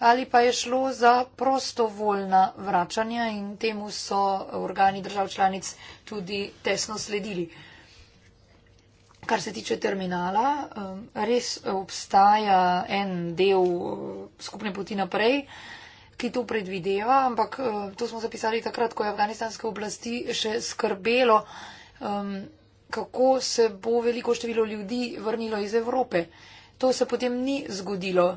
ali pa je šlo za prostovoljna vračanja in temu so organi držav članic tudi tesno sledili. Kar se tiče terminala, um, res obstaja en del uh, skupne poti naprej, ki to predvideva, ampak uh, to smo zapisali takrat, ko je afganistanske oblasti še skrbelo, um, kako se bo veliko število ljudi vrnilo iz Evrope. To se potem ni zgodilo.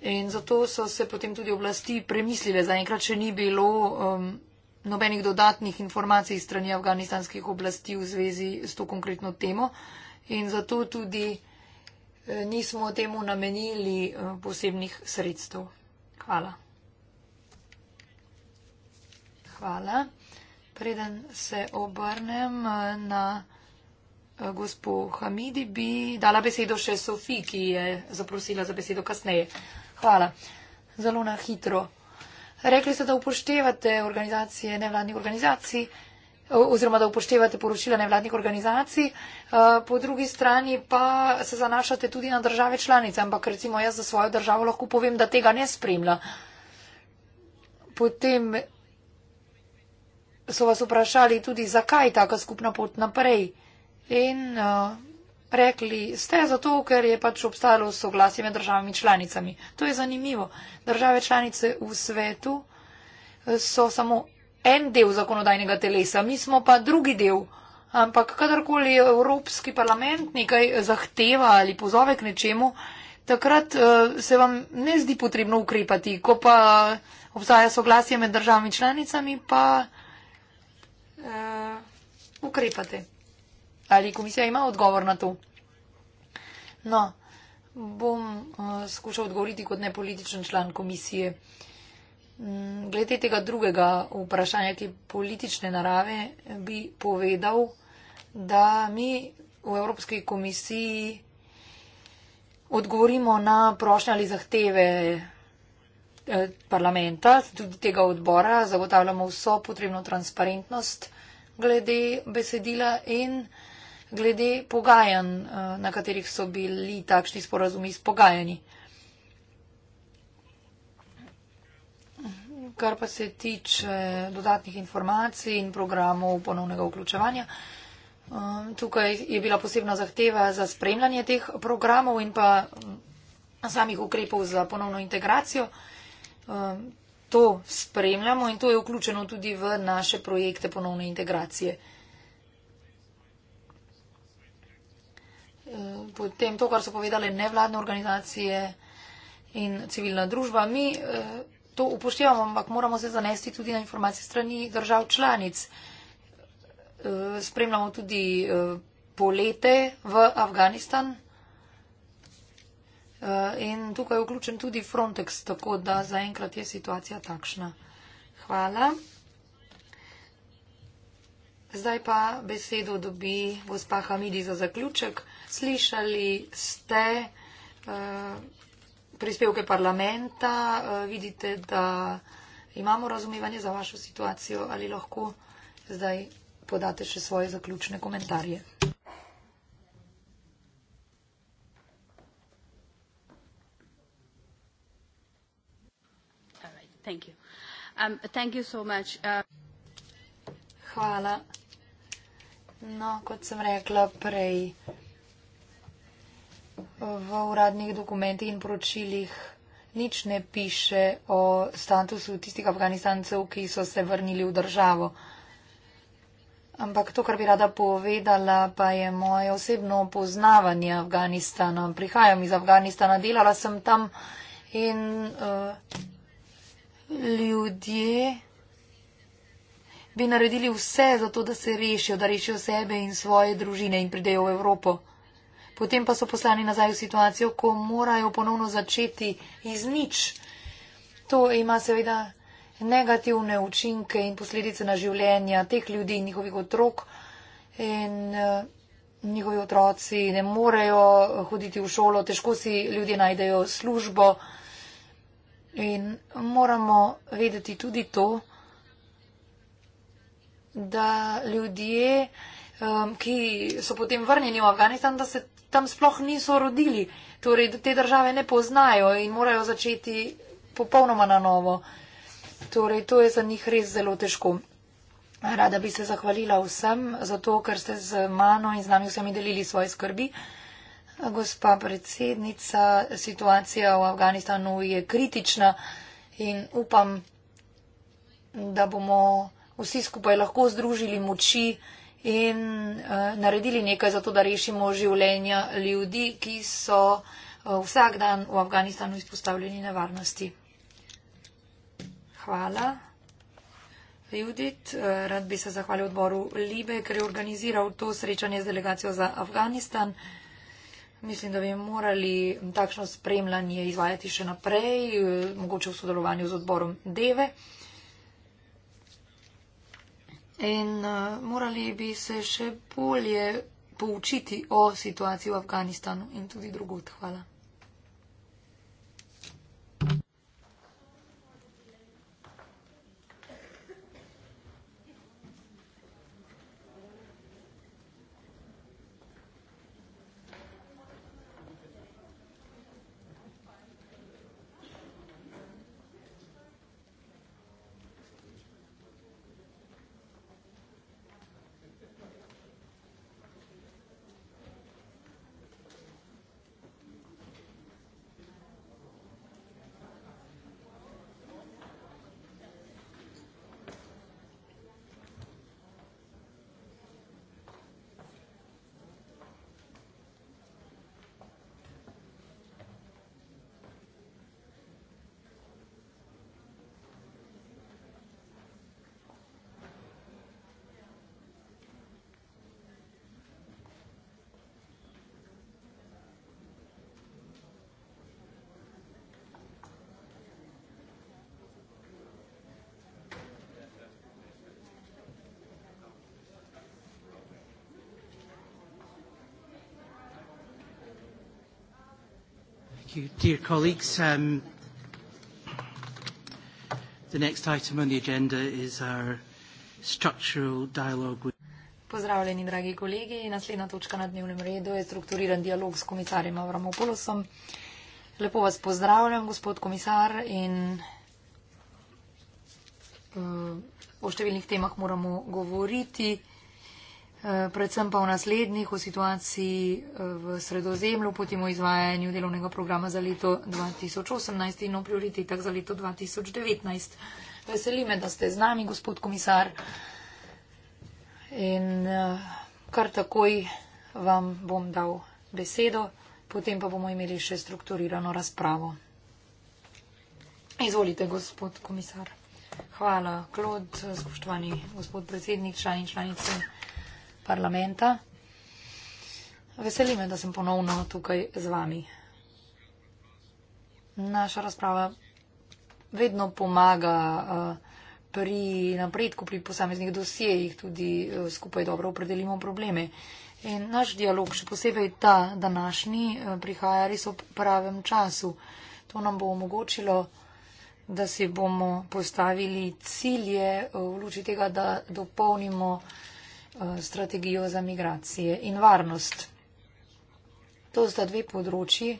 In zato so se potem tudi oblasti premislile. Zaenkrat še ni bilo um, nobenih dodatnih informacij strani afganistanskih oblasti v zvezi s to konkretno temo. In zato tudi eh, nismo temu namenili eh, posebnih sredstev. Hvala. Hvala. Preden se obrnem eh, na eh, gospo Hamidi, bi dala besedo še Sofiji, ki je zaprosila za besedo kasneje. Hvala. Zelo na hitro. Rekli ste, da upoštevate organizacije nevladnih organizacij oziroma da upoštevate poročila nevladnih organizacij, eh, po drugi strani pa se zanašate tudi na države članice, ampak recimo jaz za svojo državo lahko povem, da tega ne spremlja. Potem so vas vprašali tudi, zakaj taka skupna pot naprej. In uh, rekli ste zato, ker je pač obstalo soglasje med državami članicami. To je zanimivo. Države članice v svetu eh, so samo en del zakonodajnega telesa, mi smo pa drugi del. Ampak kadarkoli Evropski parlament nekaj zahteva ali pozove k nečemu, takrat eh, se vam ne zdi potrebno ukrepati. Ko pa obstaja soglasje med državami članicami, pa uh, ukrepate. Ali komisija ima odgovor na to? No, bom uh, skušal odgovoriti kot nepolitičen član komisije. Mm, glede tega drugega vprašanja, ki je politične narave, bi povedal, da mi v Evropski komisiji odgovorimo na prošnje ali zahteve eh, parlamenta, tudi tega odbora, zagotavljamo vso potrebno transparentnost glede besedila in glede pogajanj, eh, na katerih so bili takšni sporazumi izpogajani. Kar pa se tiče dodatnih informacij in programov ponovnega vključevanja, eh, tukaj je bila posebna zahteva za spremljanje teh programov in pa eh, samih ukrepov za ponovno integracijo. To spremljamo in to je vključeno tudi v naše projekte ponovne integracije. potem to, kar so povedale nevladne organizacije in civilna družba. Mi eh, to upoštevamo, ampak moramo se zanesti tudi na informacije strani držav članic. Eh, spremljamo tudi eh, polete v Afganistan in tukaj je vključen tudi Frontex, tako da zaenkrat je situacija takšna. Hvala. Zdaj pa besedo dobi gospa Hamidi za zaključek. Slišali ste uh, prispevke parlamenta, uh, vidite, da imamo razumevanje za vašo situacijo ali lahko zdaj podate še svoje zaključne komentarje. Um, uh, Hvala. No, kot sem rekla prej, v uradnih dokumentih in poročilih nič ne piše o statusu tistih Afganistancev, ki so se vrnili v državo. Ampak to, kar bi rada povedala, pa je moje osebno poznavanje Afganistana. Prihajam iz Afganistana, delala sem tam in uh, ljudje bi naredili vse za to, da se rešijo, da rešijo sebe in svoje družine in pridejo v Evropo potem pa so poslani nazaj v situacijo, ko morajo ponovno začeti iz nič. To ima seveda negativne učinke in posledice na življenja teh ljudi in njihovih otrok. In uh, njihovi otroci ne morejo hoditi v šolo, težko si ljudje najdejo službo. In moramo vedeti tudi to, da ljudje, um, ki so potem vrnjeni v Afganistan, da se tam sploh niso rodili, torej te države ne poznajo in morajo začeti popolnoma na novo. Torej, to je za njih res zelo težko. Rada bi se zahvalila vsem za to, ker ste z mano in z nami vsemi delili svoje skrbi. Gospa predsednica, situacija v Afganistanu je kritična in upam, da bomo vsi skupaj lahko združili moči in uh, naredili nekaj za to, da rešimo življenja ljudi, ki so uh, vsak dan v Afganistanu izpostavljeni nevarnosti. Hvala. Judit, eh, rad bi se zahvalil odboru Libe, ker je organiziral to srečanje z delegacijo za Afganistan. Mislim, da bi morali takšno spremljanje izvajati še naprej, mogoče v sodelovanju z odborom Deve in uh, morali bi se še bolje poučiti o situaciji v Afganistanu in tudi drugot. Hvala. you, dear colleagues. Um, the next item on the agenda is our structural dialogue with- Pozdravljeni, dragi kolegi. Naslednja točka na dnevnem redu je strukturiran dialog s komisarjem Avramopoulosom. Lepo vas pozdravljam, gospod komisar, in eh, o številnih temah moramo govoriti. Eh, predvsem pa v naslednjih, v situaciji eh, v sredozemlju, potem o izvajanju delovnega programa za leto 2018 in o prioritetah za leto 2019. Veseli me, da ste z nami, gospod komisar. In eh, kar takoj vam bom dal besedo, potem pa bomo imeli še strukturirano razpravo. Izvolite, gospod komisar. Hvala, Klod, spoštovani gospod predsednik, člani in članice parlamenta. Veseli me, da sem ponovno tukaj z vami. Naša razprava vedno pomaga eh, pri napredku, pri posameznih dosijejih, tudi eh, skupaj dobro opredelimo probleme. In naš dialog, še posebej ta današnji, eh, prihaja res ob pravem času. To nam bo omogočilo, da si bomo postavili cilje v luči tega, da dopolnimo Eh, strategijo za migracije in varnost. To sta dve področji,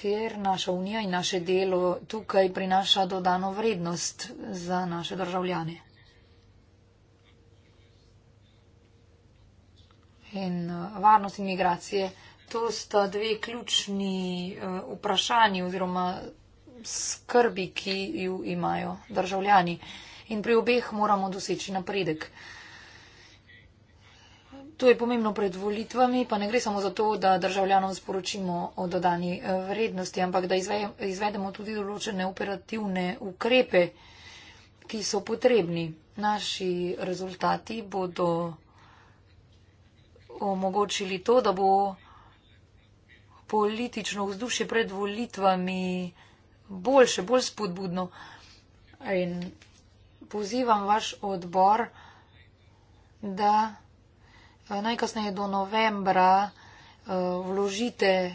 kjer naša unija in naše delo tukaj prinaša dodano vrednost za naše državljane. In eh, varnost in migracije, to sta dve ključni eh, vprašanji oziroma skrbi, ki ju imajo državljani. In pri obeh moramo doseči napredek to je pomembno pred volitvami, pa ne gre samo za to, da državljanom sporočimo o dodani eh, vrednosti, ampak da izvedemo tudi določene operativne ukrepe, ki so potrebni. Naši rezultati bodo omogočili to, da bo politično vzdušje pred volitvami boljše, bolj spodbudno. In pozivam vaš odbor, da najkasneje do novembra eh, vložite eh,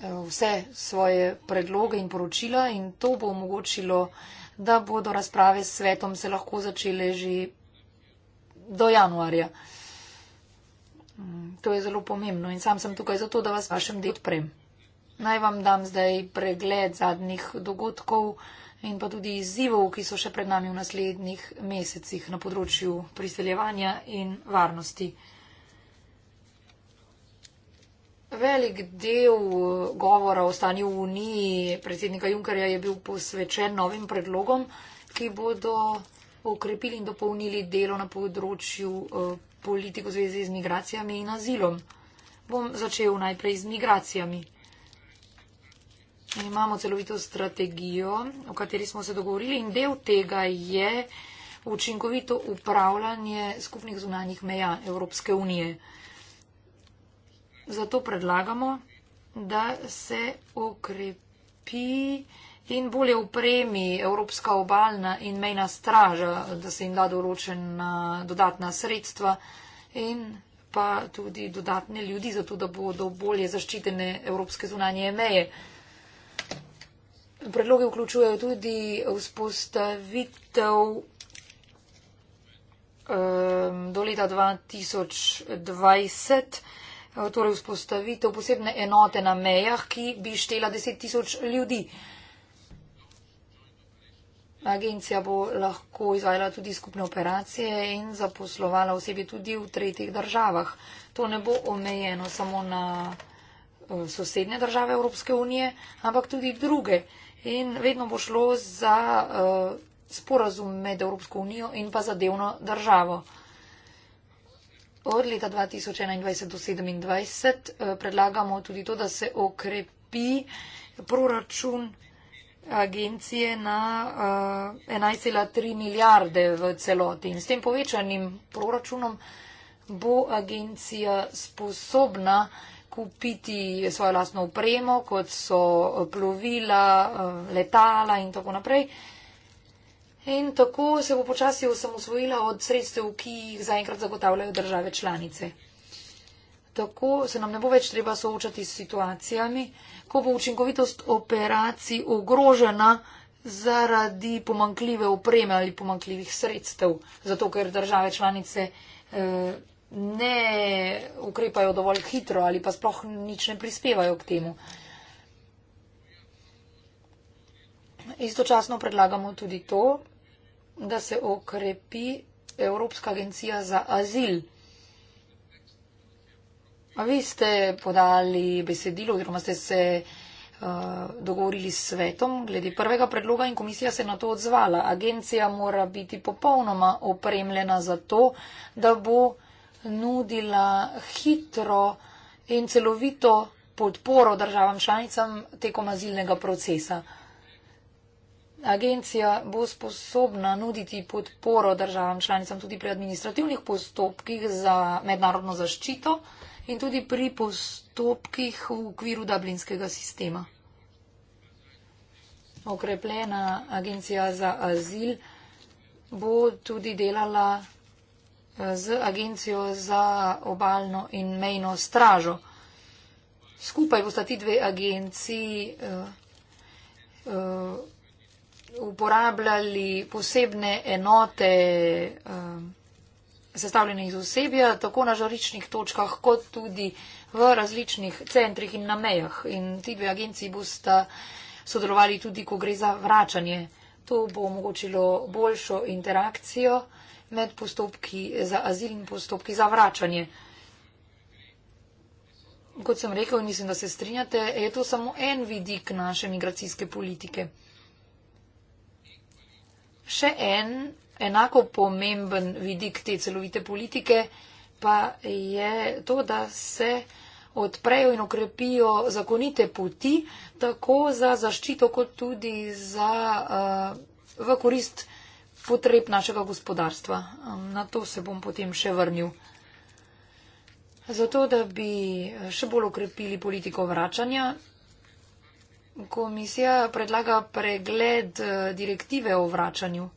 vse svoje predloge in poročila in to bo omogočilo, da bodo razprave s svetom se lahko začele že do januarja. Mm, to je zelo pomembno in sam sem tukaj zato, da vas vašem delu odprem. Naj vam dam zdaj pregled zadnjih dogodkov in pa tudi izzivov, ki so še pred nami v naslednjih mesecih na področju priseljevanja in varnosti. Velik del govora o stanju v Uniji predsednika Junkarja je bil posvečen novim predlogom, ki bodo okrepili in dopolnili delo na področju eh, politiko v zvezi z migracijami in azilom. Bom začel najprej z migracijami in imamo celovito strategijo, o kateri smo se dogovorili in del tega je učinkovito upravljanje skupnih zunanjih meja Evropske unije. Zato predlagamo, da se okrepi in bolje upremi Evropska obaljna in mejna straža, da se jim da določena dodatna sredstva in pa tudi dodatne ljudi, zato da bodo bolje zaščitene Evropske zunanje meje. Predloge vključujejo tudi vzpostavitev um, do leta 2020, eh, torej vzpostavitev posebne enote na mejah, ki bi štela 10 tisoč ljudi. Agencija bo lahko izvajala tudi skupne operacije in zaposlovala osebi tudi v tretjih državah. To ne bo omejeno samo na. Eh, sosednje države Evropske unije, ampak tudi druge. In vedno bo šlo za uh, sporazum med Evropsko unijo in pa zadevno državo. Od leta 2021 do 2027 uh, eh, predlagamo tudi to, da se okrepi proračun agencije na uh, 11,3 milijarde v celoti. In s tem povečanim proračunom bo agencija sposobna kupiti svojo lastno upremo, kot so plovila, eh, letala in tako naprej. In tako se bo počasi osamosvojila od sredstev, ki jih zaenkrat zagotavljajo države članice. Tako se nam ne bo več treba soočati s situacijami, ko bo učinkovitost operacij ogrožena zaradi pomankljive upreme ali pomankljivih sredstev, zato ker države članice. Eh, ne ukrepajo dovolj hitro ali pa sploh nič ne prispevajo k temu. Istočasno predlagamo tudi to, da se okrepi Evropska agencija za azil. Vi ste podali besedilo oziroma ste se uh, dogovorili s svetom glede prvega predloga in komisija se je na to odzvala. Agencija mora biti popolnoma opremljena za to, da bo nudila hitro in celovito podporo državam članicam tekom azilnega procesa. Agencija bo sposobna nuditi podporo državam članicam tudi pri administrativnih postopkih za mednarodno zaščito in tudi pri postopkih v okviru dublinskega sistema. Okrepljena agencija za azil bo tudi delala z agencijo za obalno in mejno stražo. Skupaj bosta ti dve agenciji eh, eh, uporabljali posebne enote eh, sestavljene iz osebja, tako na žaričnih točkah, kot tudi v različnih centrih in na mejah. In ti dve agenciji bosta sodelovali tudi, ko gre za vračanje. To bo omogočilo boljšo interakcijo med postopki za azil in postopki za vračanje. Kot sem rekel, mislim, da se strinjate, je to samo en vidik naše migracijske politike. Še en enako pomemben vidik te celovite politike pa je to, da se odprejo in okrepijo zakonite poti, tako za zaščito, kot tudi za, uh, v korist potreb našega gospodarstva. Na to se bom potem še vrnil. Zato, da bi eh, še bolj okrepili politiko vračanja, komisija predlaga pregled eh, direktive o vračanju.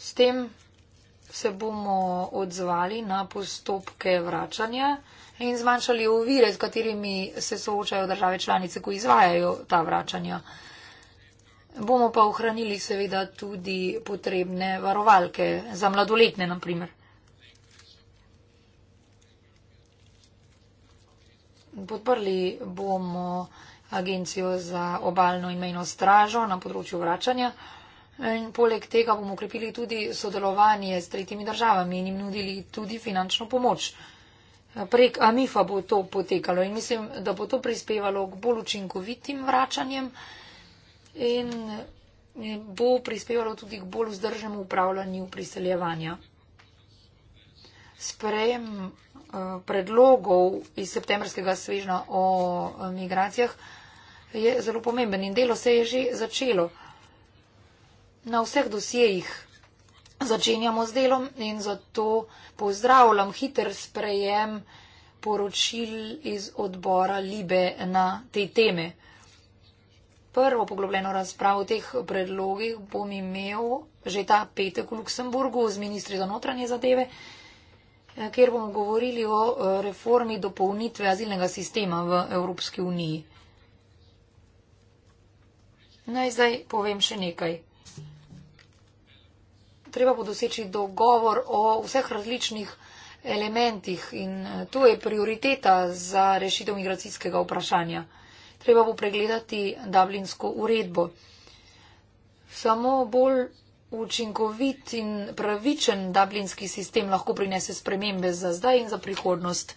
S tem se bomo odzvali na postopke vračanja in zmanjšali ovire, z katerimi se soočajo države članice, ko izvajajo ta vračanja. Bomo pa ohranili seveda tudi potrebne varovalke za mladoletne, naprimer. Podprli bomo agencijo za obaljno in mejno stražo na področju vračanja. In poleg tega bomo ukrepili tudi sodelovanje s tretjimi državami in jim nudili tudi finančno pomoč. Prek AMIFA bo to potekalo in mislim, da bo to prispevalo k bolj učinkovitim vračanjem in eh, bo prispevalo tudi k bolj vzdržnemu upravljanju priseljevanja. Sprejem eh, predlogov iz septembrskega svežna o eh, migracijah je zelo pomemben in delo se je že začelo. Na vseh dosjejih začenjamo z delom in zato pozdravljam hiter sprejem poročil iz odbora Libe na te teme prvo poglobljeno razpravo o teh predlogih bom imel že ta petek v Luksemburgu z ministri za notranje zadeve, eh, kjer bomo govorili o eh, reformi dopolnitve azilnega sistema v Evropski uniji. Naj zdaj povem še nekaj. Treba bo doseči dogovor o vseh različnih elementih in eh, to je prioriteta za rešitev migracijskega vprašanja treba bo pregledati Dublinsko uredbo. Samo bolj učinkovit in pravičen Dublinski sistem lahko prinese spremembe za zdaj in za prihodnost.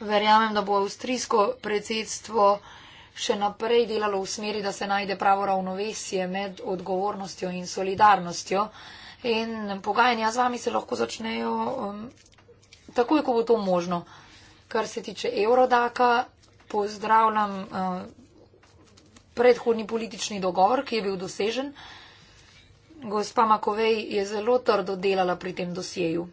Verjamem, da bo avstrijsko predsedstvo še naprej delalo v smeri, da se najde pravo ravnovesje med odgovornostjo in solidarnostjo. In pogajanja z vami se lahko začnejo um, takoj, ko bo to možno. Kar se tiče Eurodaka, pozdravljam eh, predhodni politični dogovor, ki je bil dosežen. Gospa Makovej je zelo trdo delala pri tem dosjeju.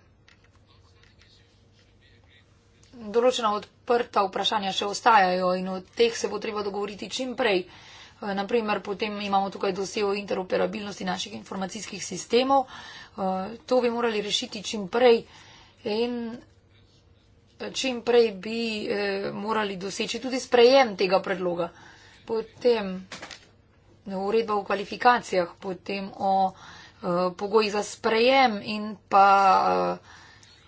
Določena odprta vprašanja še ostajajo in o teh se bo treba dogovoriti čim prej. Eh, Naprimer, potem imamo tukaj dosjejo interoperabilnosti naših informacijskih sistemov. Eh, to bi morali rešiti čim prej. In čim prej bi eh, morali doseči tudi sprejem tega predloga. Potem no, uredba o kvalifikacijah, potem o eh, pogoji za sprejem in pa eh,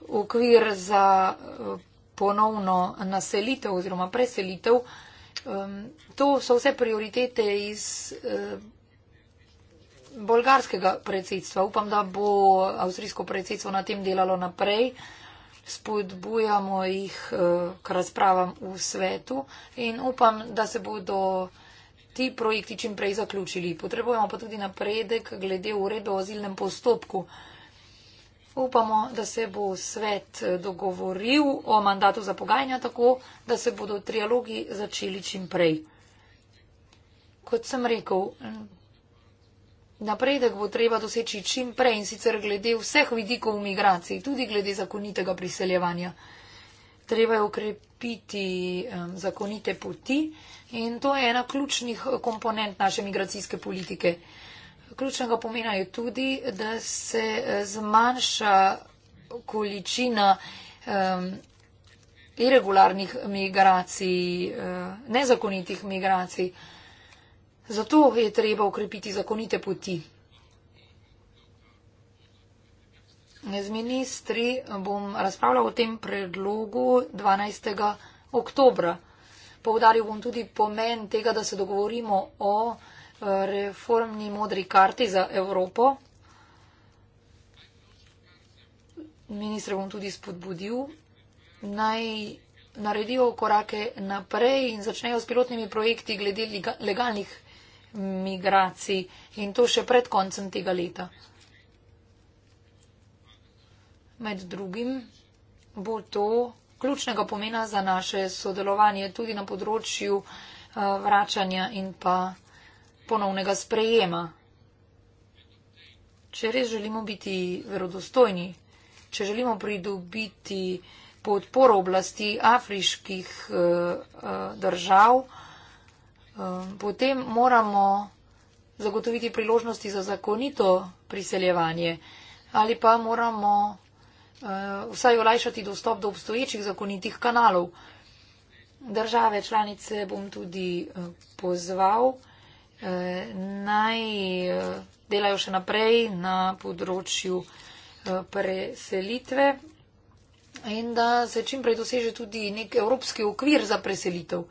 okvir za eh, ponovno naselitev oziroma preselitev. Um, to so vse prioritete iz uh, bolgarskega predsedstva. Upam, da bo avstrijsko predsedstvo na tem delalo naprej. Uh, spodbujamo jih eh, k razpravam v svetu in upam, da se bodo ti projekti čim prej zaključili. Potrebujemo pa tudi napredek glede urede o azilnem postopku. Upamo, da se bo svet eh, dogovoril o mandatu za pogajanja tako, da se bodo trialogi začeli čim prej. Kot sem rekel, Napredek bo treba doseči čim prej in sicer glede vseh vidikov migracij, tudi glede zakonitega priseljevanja. Treba je ukrepiti zakonite poti in to je ena ključnih komponent naše migracijske politike. Ključnega pomena je tudi, da se e, zmanjša količina um, irregularnih migracij, uh, nezakonitih migracij. Uh, Zato je treba ukrepiti zakonite poti. Z ministri bom razpravljal o tem predlogu 12. oktobra. Povdaril bom tudi pomen tega, da se dogovorimo o eh, reformni modri karti za Evropo. Ministre bom tudi spodbudil, naj naredijo korake naprej in začnejo s pilotnimi projekti glede legalnih migracij in to še pred koncem tega leta. Med drugim bo to ključnega pomena za naše sodelovanje tudi na področju eh, vračanja in pa ponovnega sprejema. Če res želimo biti verodostojni, če želimo pridobiti podporo oblasti afriških uh, uh, držav, Eh, potem moramo zagotoviti priložnosti za zakonito priseljevanje ali pa moramo eh, vsaj olajšati dostop do obstoječih zakonitih kanalov. Države članice bom tudi eh, pozval naj delajo še naprej na področju preselitve in da se čim prej doseže tudi nek evropski okvir za preselitev.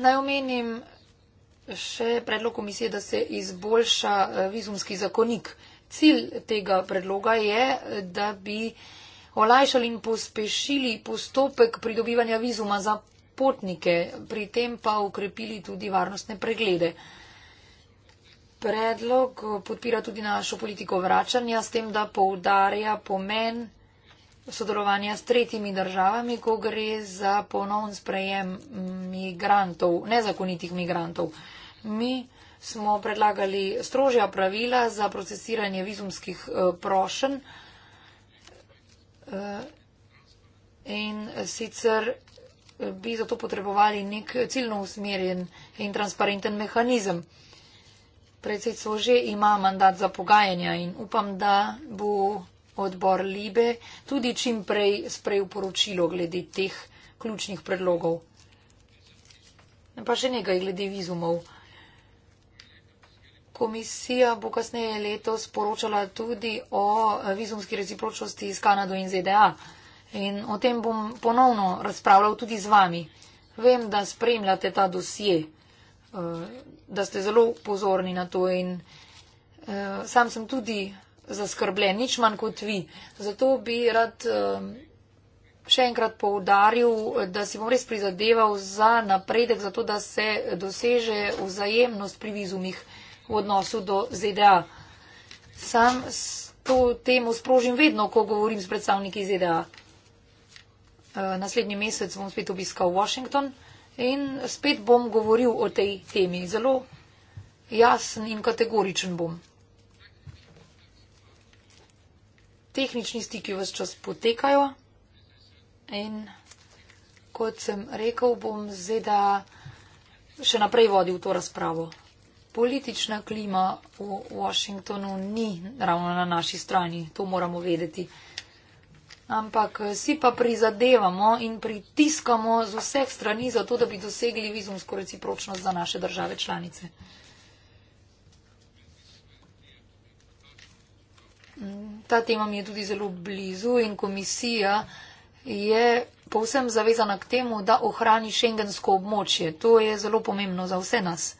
Naj omenim še predlog komisije, da se izboljša eh, vizumski zakonik. Cilj tega predloga je, da bi olajšali in pospešili postopek pridobivanja vizuma za potnike, pri tem pa ukrepili tudi varnostne preglede. Predlog podpira tudi našo politiko vračanja s tem, da poudarja pomen sodelovanja s tretjimi državami, ko gre za ponovn sprejem migrantov, nezakonitih migrantov. Mi smo predlagali strožja pravila za procesiranje vizumskih eh, prošen eh, in sicer eh, bi zato potrebovali nek ciljno usmerjen in transparenten mehanizem. Predsedstvo že ima mandat za pogajanja in upam, da bo odbor Libe tudi čim prej sprejel poročilo glede teh ključnih predlogov. Pa še nekaj glede vizumov. Komisija bo kasneje letos poročala tudi o vizumski recipročnosti s Kanado in ZDA. In o tem bom ponovno razpravljal tudi z vami. Vem, da spremljate ta dosje, eh, da ste zelo pozorni na to in eh, sam sem tudi zaskrbljen, nič manj kot vi. Zato bi rad um, še enkrat poudaril, da si bom res prizadeval za napredek, zato da se doseže vzajemnost pri vizumih v odnosu do ZDA. Sam to temo sprožim vedno, ko govorim s predstavniki ZDA. Uh, naslednji mesec bom spet obiskal Washington in spet bom govoril o tej temi. Zelo jasen in kategoričen bom. tehnični stiki vse čas potekajo. In kot sem rekel, bom zdaj da še naprej vodil to razpravo. Politična klima v Washingtonu ni ravno na naši strani, to moramo vedeti. Ampak si pa prizadevamo in pritiskamo z vseh strani, zato da bi dosegli vizumsko recipročnost za naše države članice. ta tema mi je tudi zelo blizu in komisija je povsem zavezana k temu, da ohrani šengensko območje. To je zelo pomembno za vse nas.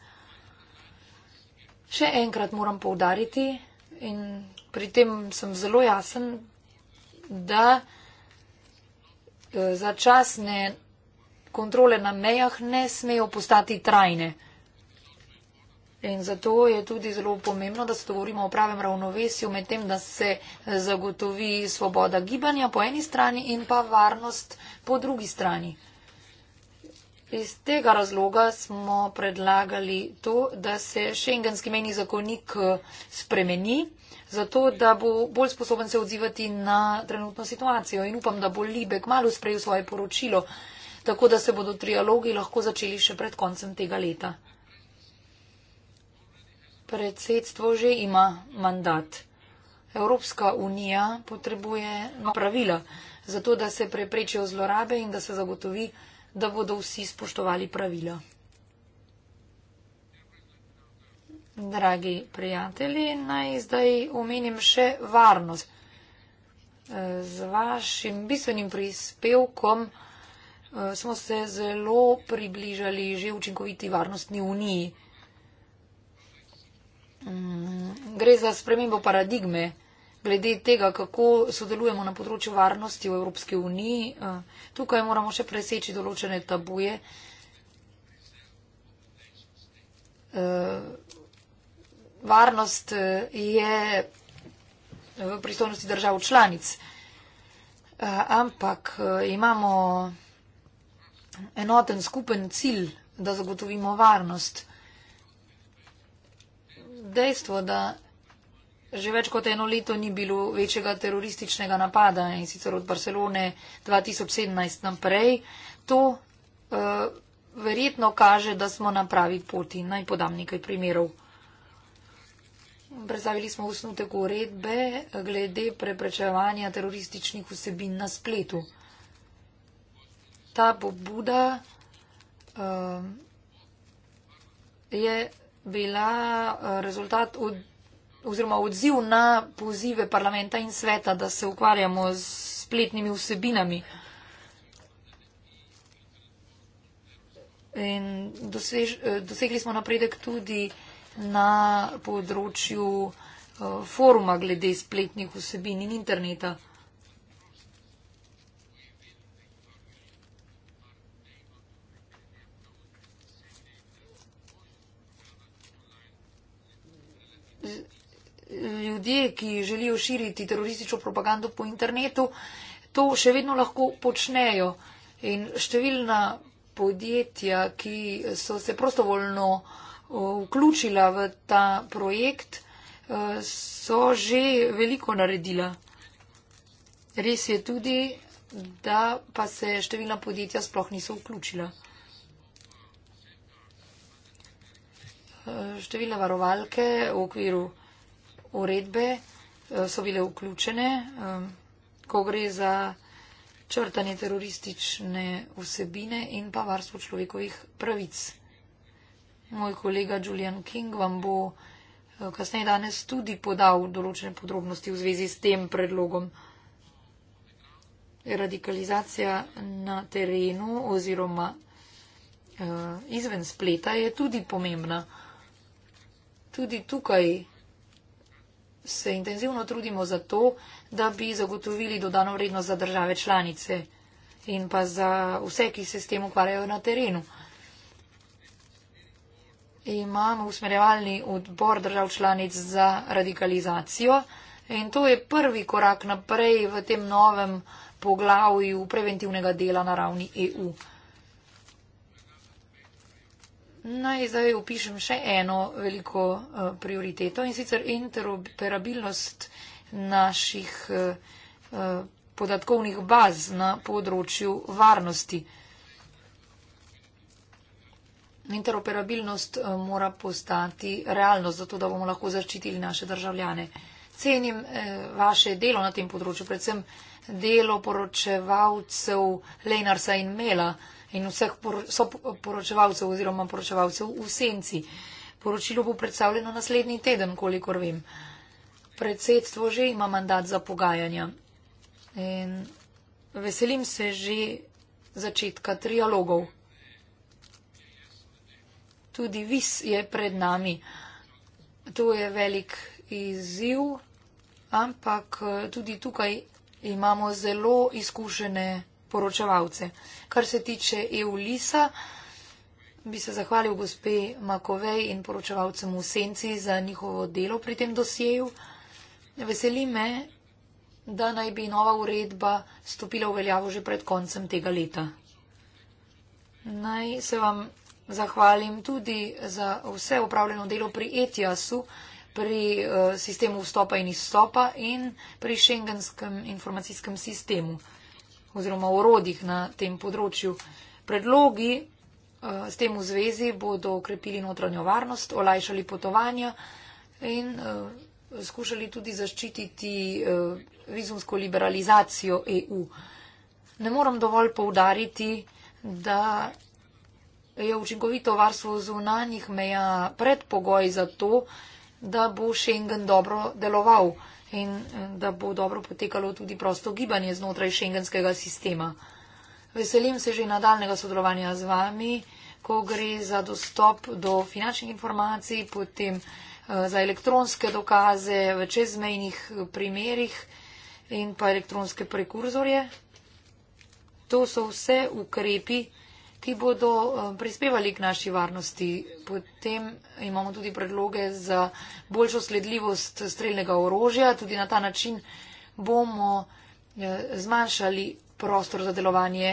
Še enkrat moram povdariti in pri tem sem zelo jasen, da eh, začasne kontrole na mejah ne smejo postati trajne. In zato je tudi zelo pomembno, da se dogovorimo o pravem ravnovesju med tem, da se eh, zagotovi svoboda gibanja po eni strani in pa varnost po drugi strani. Iz tega razloga smo predlagali to, da se šengenski meni zakonik eh, spremeni, zato da bo bolj sposoben se odzivati na trenutno situacijo. In upam, da bo Libek malo sprejel svoje poročilo, tako da se bodo trialogi lahko začeli še pred koncem tega leta predsedstvo že ima mandat. Evropska unija potrebuje pravila, zato da se preprečijo zlorabe in da se zagotovi, da bodo vsi spoštovali pravila. Dragi prijatelji, naj zdaj omenim še varnost. Z vašim bistvenim prispevkom eh, smo se zelo približali že učinkoviti varnostni uniji. Mm, gre za spremembo paradigme glede tega, kako sodelujemo na področju varnosti v Evropski uniji. Eh, tukaj moramo še preseči določene tabuje. Eh, varnost eh, je v pristojnosti držav članic, ampak imamo enoten skupen cilj, da zagotovimo varnost dejstvo, da že več kot eno leto ni bilo večjega terorističnega napada in sicer od Barcelone 2017 naprej, to uh, verjetno kaže, da smo na pravi poti. Naj podam nekaj primerov. Predstavili smo usnutek uredbe glede preprečevanja terorističnih vsebin na spletu. Ta pobuda uh, je bila eh, rezultat od, oziroma odziv na pozive parlamenta in sveta, da se ukvarjamo z spletnimi vsebinami. In dosež, eh, dosegli smo napredek tudi na področju uh, foruma glede spletnih vsebin in interneta. ljudje, ki želijo širiti teroristično propagando po internetu, to še vedno lahko počnejo. In številna podjetja, ki so se prostovoljno uh, vključila v ta projekt, uh, so že veliko naredila. Res je tudi, da pa se številna podjetja sploh niso vključila. številne varovalke v okviru uredbe eh, so bile vključene, eh, ko gre za črtanje teroristične vsebine in pa varstvo človekovih pravic. Moj kolega Julian King vam bo eh, kasneje danes tudi podal določene podrobnosti v zvezi s tem predlogom. Radikalizacija na terenu oziroma izven spleta je tudi pomembna tudi tukaj se intenzivno trudimo za to, da bi zagotovili dodano vrednost za države članice in pa za vse, ki se s tem ukvarjajo na terenu. Imamo usmerjevalni odbor držav članic za radikalizacijo in to je prvi korak naprej v tem novem poglavju preventivnega dela na ravni EU. Naj zdaj upišem še eno veliko uh, prioriteto in sicer interoperabilnost naših uh, uh, podatkovnih baz na področju varnosti. Interoperabilnost uh, mora postati realnost, zato da bomo lahko zaščitili naše državljane. Cenim uh, vaše delo na tem področju, predvsem delo poročevalcev Lenarsa in Mela. Uh, in vseh poročevalcev oziroma poročevalcev v senci. Poročilo bo predstavljeno naslednji teden, kolikor vem. Predsedstvo že ima mandat za pogajanja. In veselim se že začetka trialogov. Tudi vis je pred nami. To je velik izziv, ampak eh, tudi tukaj imamo zelo izkušene poročevalce. Kar se tiče EU-LISA, bi se zahvalil gospe Makovej in poročevalcem v Senci za njihovo delo pri tem dosjeju. Veseli me, da naj bi nova uredba stopila v veljavo že pred koncem tega leta. Naj se vam zahvalim tudi za vse upravljeno delo pri ETIAS-u, pri eh, sistemu vstopa in izstopa in pri šengenskem informacijskem sistemu oziroma orodjih na tem področju. Predlogi eh, s tem v zvezi bodo okrepili notranjo varnost, olajšali potovanja in eh, skušali tudi zaščititi eh, vizumsko liberalizacijo EU. Ne moram dovolj poudariti, da je učinkovito varstvo zunanjih meja predpogoj za to, da bo Schengen dobro deloval in eh, da bo dobro potekalo tudi prosto gibanje znotraj šengenskega sistema. Veselim se že nadaljnega sodelovanja z vami, ko gre za dostop do finančnih informacij, potem eh, za elektronske dokaze v čezmejnih eh, primerjih in pa elektronske prekurzorje. To so vse ukrepi, ki bodo eh, prispevali k naši varnosti. Potem imamo tudi predloge za boljšo sledljivost streljnega orožja. Tudi na ta način bomo eh, zmanjšali prostor za delovanje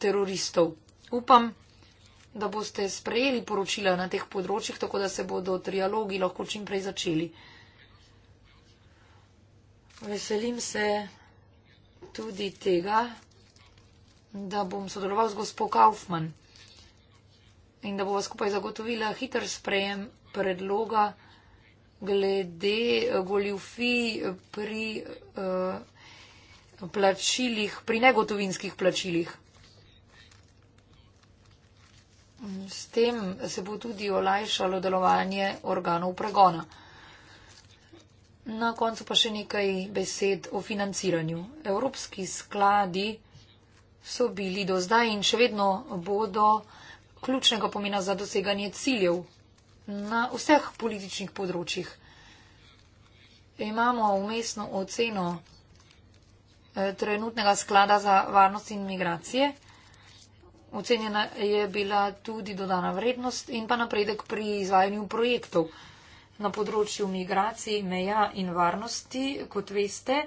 teroristov. Upam, da boste sprejeli poročila na teh področjih, tako da se bodo trialogi lahko čim prej začeli. Veselim se tudi tega, da bom sodeloval z gospod Kaufman in da bova skupaj zagotovila hiter sprejem predloga glede eh, goljufij pri uh, plačilih, pri negotovinskih plačilih. S tem se bo tudi olajšalo delovanje organov pregona. Na koncu pa še nekaj besed o financiranju. Evropski skladi so bili do zdaj in še vedno bodo ključnega pomena za doseganje ciljev na vseh političnih področjih. Imamo umestno oceno eh, trenutnega sklada za varnost in migracije. Ocenjena je bila tudi dodana vrednost in pa napredek pri izvajanju projektov na področju migracij, meja in varnosti, kot veste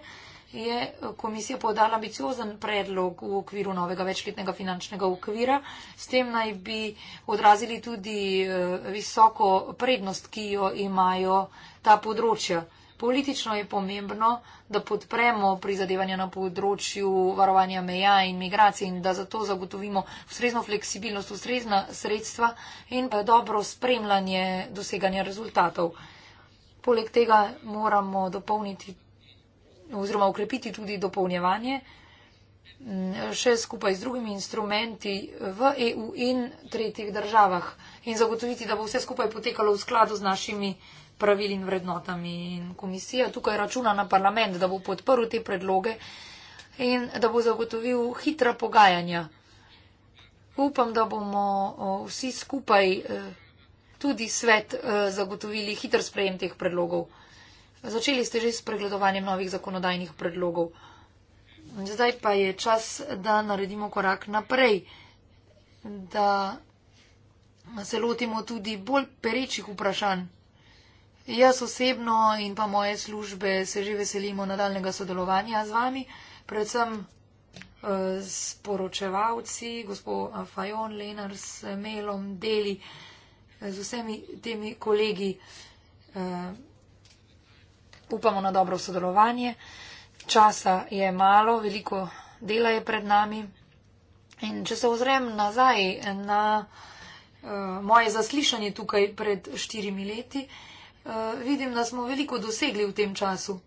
je komisija podala ambiciozen predlog v okviru novega večletnega finančnega okvira. S tem naj bi odrazili tudi eh, visoko prednost, ki jo imajo ta področja. Politično je pomembno, da podpremo prizadevanja na področju varovanja meja in migracij in da zato zagotovimo ustrezno fleksibilnost, ustrezna sredstva in eh, dobro spremljanje doseganja rezultatov. Poleg tega moramo dopolniti oziroma ukrepiti tudi dopolnjevanje mm, še skupaj z drugimi instrumenti v EU in tretjih državah in zagotoviti, da bo vse skupaj potekalo v skladu z našimi pravili in vrednotami. In komisija tukaj računa na parlament, da bo podprl te predloge in da bo zagotovil hitra pogajanja. Upam, da bomo vsi skupaj, eh, tudi svet, eh, zagotovili hitr sprejem teh predlogov. Začeli ste že s pregledovanjem novih zakonodajnih predlogov. Zdaj pa je čas, da naredimo korak naprej, da se lotimo tudi bolj perečih vprašanj. Jaz osebno in pa moje službe se že veselimo nadaljnega sodelovanja z vami, predvsem eh, s poročevalci, gospod Fajon, Lenar, s Melom, Deli, eh, z vsemi temi kolegi. Eh, upamo na dobro sodelovanje. Časa je malo, veliko dela je pred nami. In če se ozrem nazaj na uh, moje zaslišanje tukaj pred štirimi leti, uh, vidim, da smo veliko dosegli v tem času.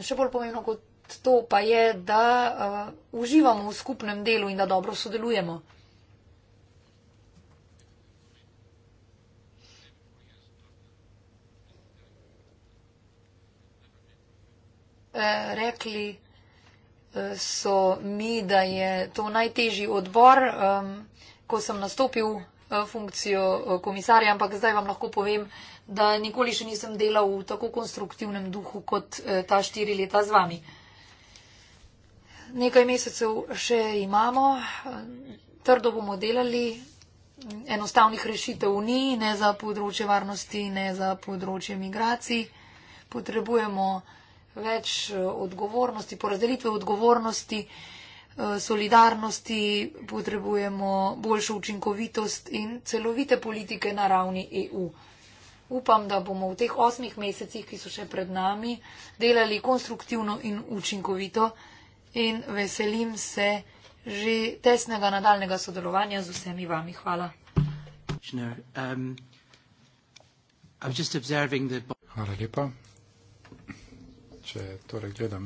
Še bolj pomembno kot to pa je, da uh, uživamo v skupnem delu in da dobro sodelujemo. Eh, rekli eh, so mi, da je to najtežji odbor, ko sem nastopil eh, funkcijo komisarja, ampak zdaj vam lahko povem, da nikoli še nisem delal v tako konstruktivnem duhu kot ta štiri leta z vami. Nekaj mesecev še imamo, trdo bomo delali, enostavnih rešitev ni, ne za področje varnosti, ne za področje migracij. Potrebujemo več eh, odgovornosti, porazdelitve odgovornosti, eh, solidarnosti, potrebujemo boljšo učinkovitost in celovite politike na ravni EU. Upam, da bomo v teh osmih mesecih, ki so še pred nami, delali konstruktivno in učinkovito in veselim se že tesnega nadaljnega sodelovanja z vsemi vami. Hvala. Um, Hvala lepa če torej gledam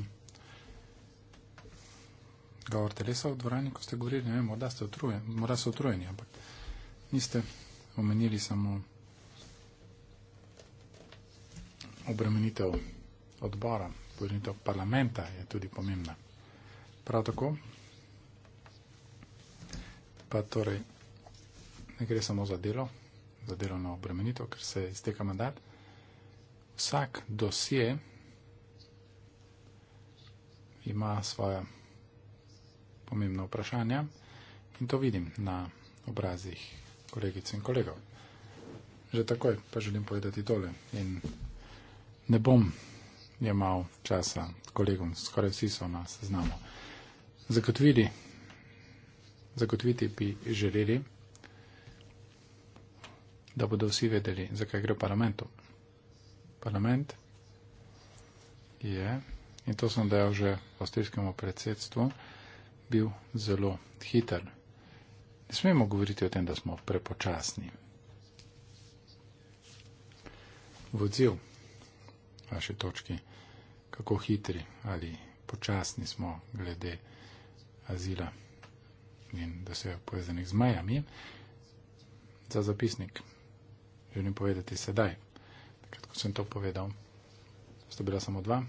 govor telesa v dvorani, ko ste govorili, ne vem, morda ste otrujeni, morda so otrujeni, ampak niste omenili samo obremenitev odbora, obremenitev parlamenta je tudi pomembna. Prav tako pa torej ne gre samo za delo, za delovno obremenitev, ker se izteka mandat. Vsak dosje, ima svoje pomembno vprašanje in to vidim na obrazih kolegic in kolegov. Že takoj pa želim povedati tole in ne bom imel časa kolegom, skoraj vsi so na seznamu. Zagotovili, zagotoviti bi želeli, da bodo vsi vedeli, zakaj gre v parlamentu. Parlament je, in to sem dejal že avstrijskemu predsedstvu, bil zelo hiter. Ne smemo govoriti o tem, da smo prepočasni. V odziv vaše točki, kako hitri ali počasni smo glede azila in da se je povezanih z majami, za zapisnik želim povedati sedaj, takrat, ko sem to povedal, sta bila samo dva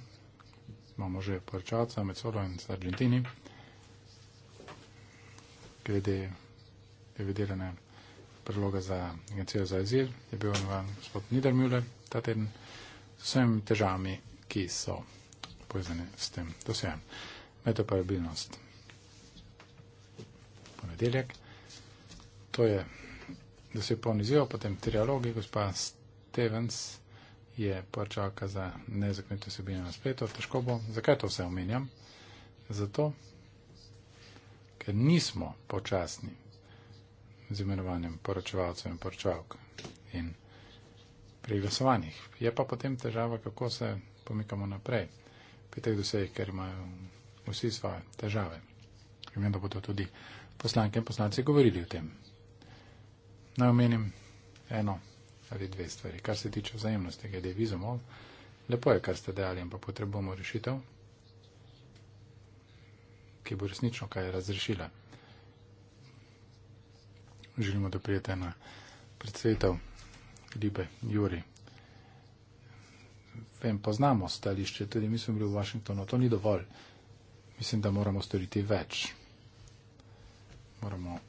imamo že poročalca med Solo in Argentini, glede revidiranja predloga za agencijo za azil, je bil imenovan gospod Niedermüller ta teden z vsemi težavami, ki so povezane s tem dosjem. Metoparabilnost. Ponedeljek. To je, da se je polnizil, potem trialogi, gospa Stevens je plačalka za nezakonito vsebino na spletu, težko bo. Zakaj to vse omenjam? Zato, ker nismo počasni z imenovanjem poročevalcev in poročevalk in pri glasovanjih. Je pa potem težava, kako se pomikamo naprej. Pitek do vseh, ker imajo vsi svoje težave. In vem, da bodo tudi poslanke in poslanci govorili o tem. Naj omenim eno ali dve stvari. Kar se tiče vzajemnosti, glede vizumov, lepo je, kar ste dejali, ampak potrebujemo rešitev, ki bo resnično kaj razrešila. Želimo, da prijete na predsvetov Libe, Juri. Vem, poznamo stališče, tudi mi smo bili v Washingtonu, to ni dovolj. Mislim, da moramo storiti več. Moramo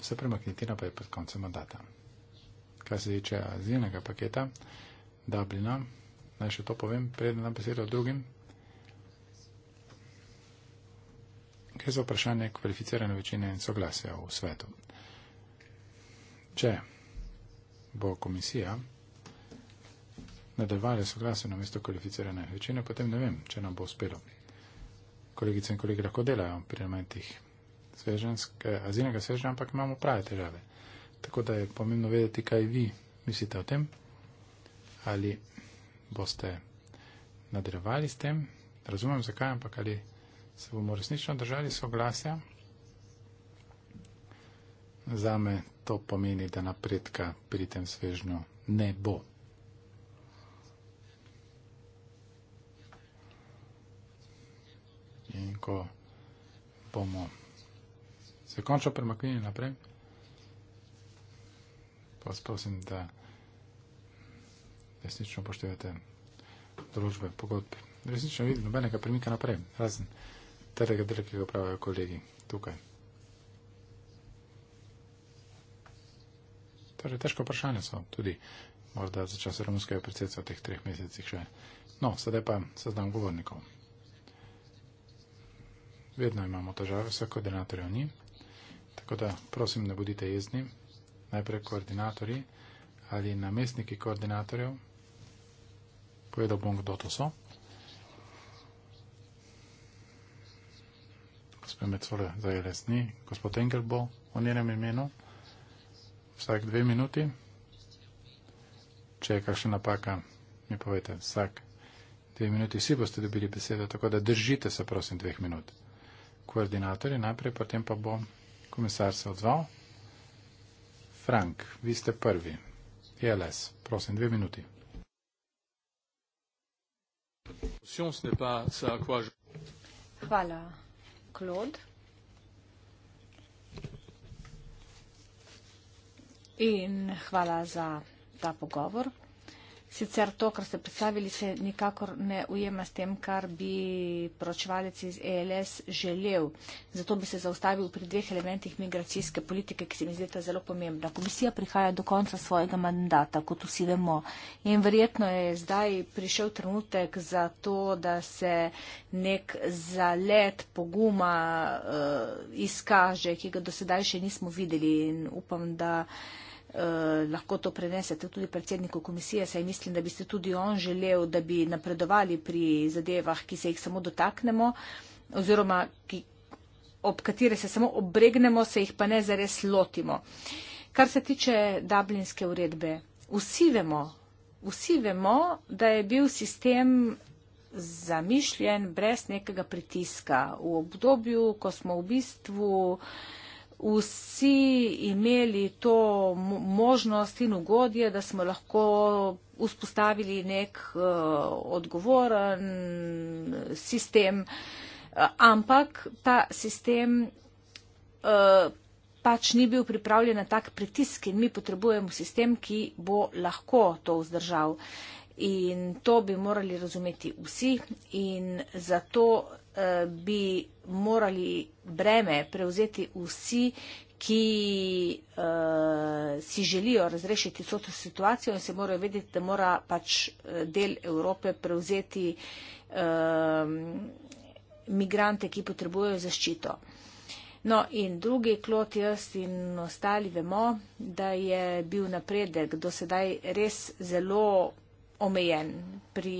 vse premaknitina pa je pred koncem mandata. Kar se tiče azilnega paketa Dublina, naj še to povem, preden nam besedo drugim, ker so vprašanje kvalificirane večine in soglasja v svetu. Če bo komisija nadaljevala soglasje na mesto kvalificirane večine, potem ne vem, če nam bo uspelo. Kolegice in kolegi lahko delajo pri elementih svežanske, azilnega sveža, ampak imamo prave težave. Tako da je pomembno vedeti, kaj vi mislite o tem, ali boste nadrevali s tem, razumem zakaj, ampak ali se bomo resnično držali soglasja. Zame to pomeni, da napredka pri tem svežnju ne bo. In ko bomo se končno premaknili naprej. Pa sprosim, da resnično poštevate družbe, pogodbe. Resnično vidim nobenega premika naprej, razen tega dela, ki ga pravijo kolegi tukaj. Torej, težko vprašanje so tudi, morda za čas romunskega predsedstva v teh treh mesecih še. No, sedaj pa seznam govornikov. Vedno imamo težave, vsako denatorjev ni, Tako da prosim, ne bodite jezni, najprej koordinatorji ali namestniki koordinatorjev. Povedal bom, kdo to so. Gospod Metzole za LS ni, gospod Engel bo v njenem imenu vsak dve minuti. Če je kakšna napaka, mi povete vsak dve minuti, vsi boste dobili besedo, tako da držite se prosim dveh minut. Koordinatorji najprej, potem pa bom komisar se odzval. Frank, vi ste prvi. JLS, prosim, dve minuti. Hvala, Klod. In hvala za ta pogovor. Sicer to, kar ste predstavili, se nikakor ne ujema s tem, kar bi pročevalec iz ELS želel. Zato bi se zaustavil pri dveh elementih migracijske politike, ki se mi zdeta zelo pomembna. Komisija prihaja do konca svojega mandata, kot vsi vemo. In verjetno je zdaj prišel trenutek za to, da se nek zalet poguma uh, izkaže, ki ga do sedaj še nismo videli. In upam, da. Uh, Eh, lahko to prenesete tudi predsedniku komisije, saj mislim, da bi ste tudi on želel, da bi napredovali pri zadevah, ki se jih samo dotaknemo oziroma ki, ob katere se samo obregnemo, se jih pa ne zares lotimo. Kar se tiče dublinske uredbe, vsi vemo, vsi vemo, da je bil sistem zamišljen brez nekega pritiska v obdobju, ko smo v bistvu vsi imeli to možnost in ugodje, da smo lahko vzpostavili nek uh, odgovoren sistem, ampak ta sistem uh, pač ni bil pripravljen na tak pritisk in mi potrebujemo sistem, ki bo lahko to vzdržal. In to bi morali razumeti vsi in zato uh, bi morali breme prevzeti vsi, ki uh, si želijo razrešiti vso to situacijo in se morajo vedeti, da mora pač eh, del Evrope prevzeti uh, migrante, ki potrebujejo zaščito. No in drugi klot, jaz in ostali vemo, da je bil napredek do sedaj res zelo omejen. Pri,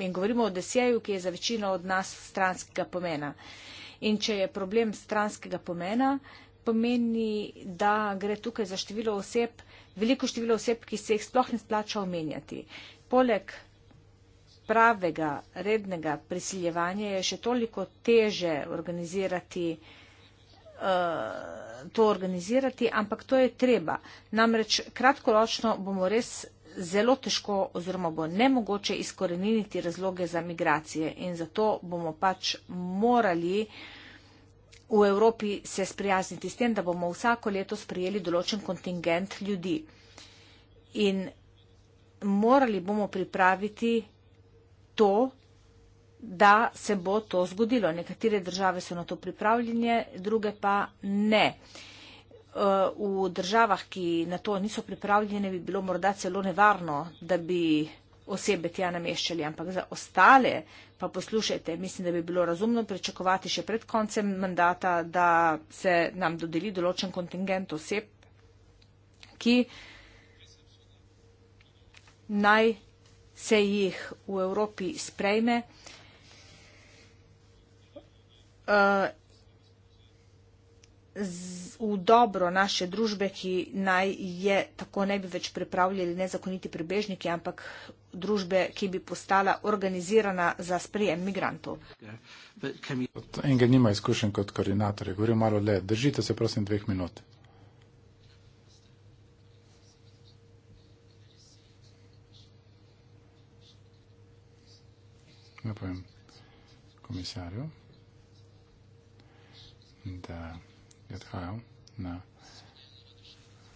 in govorimo o desjeju, ki je za večino od nas stranskega pomena. Uh, In če je problem stranskega pomena, pomeni, da gre tukaj za število oseb, veliko število oseb, ki se jih sploh ne splača omenjati. Poleg pravega, rednega prisiljevanja je še toliko teže organizirati, uh, to organizirati, ampak to je treba. Namreč kratkoročno bomo res zelo težko oziroma bo nemogoče izkoreniniti razloge za migracije in zato bomo pač morali v Evropi se sprijazniti s tem, da bomo vsako leto sprijeli določen kontingent ljudi. In morali bomo pripraviti to, da se bo to zgodilo. Nekatere države so na to pripravljene, druge pa ne. Uh, v državah, ki na to niso pripravljene, bi bilo morda celo nevarno, da bi osebe tja nameščali, ampak za ostale pa poslušajte, mislim, da bi bilo razumno pričakovati še pred koncem mandata, da se nam dodeli določen kontingent oseb, ki naj se jih v Evropi sprejme. Eh, v dobro naše družbe, ki naj je tako ne bi več pripravljali nezakoniti prebežniki, ampak družbe, ki bi postala organizirana za sprejem migrantov. Engel nima izkušen kot koordinator, je govoril malo le, držite se prosim dveh minut. Ne ja povem komisarju, da ki odhajajo na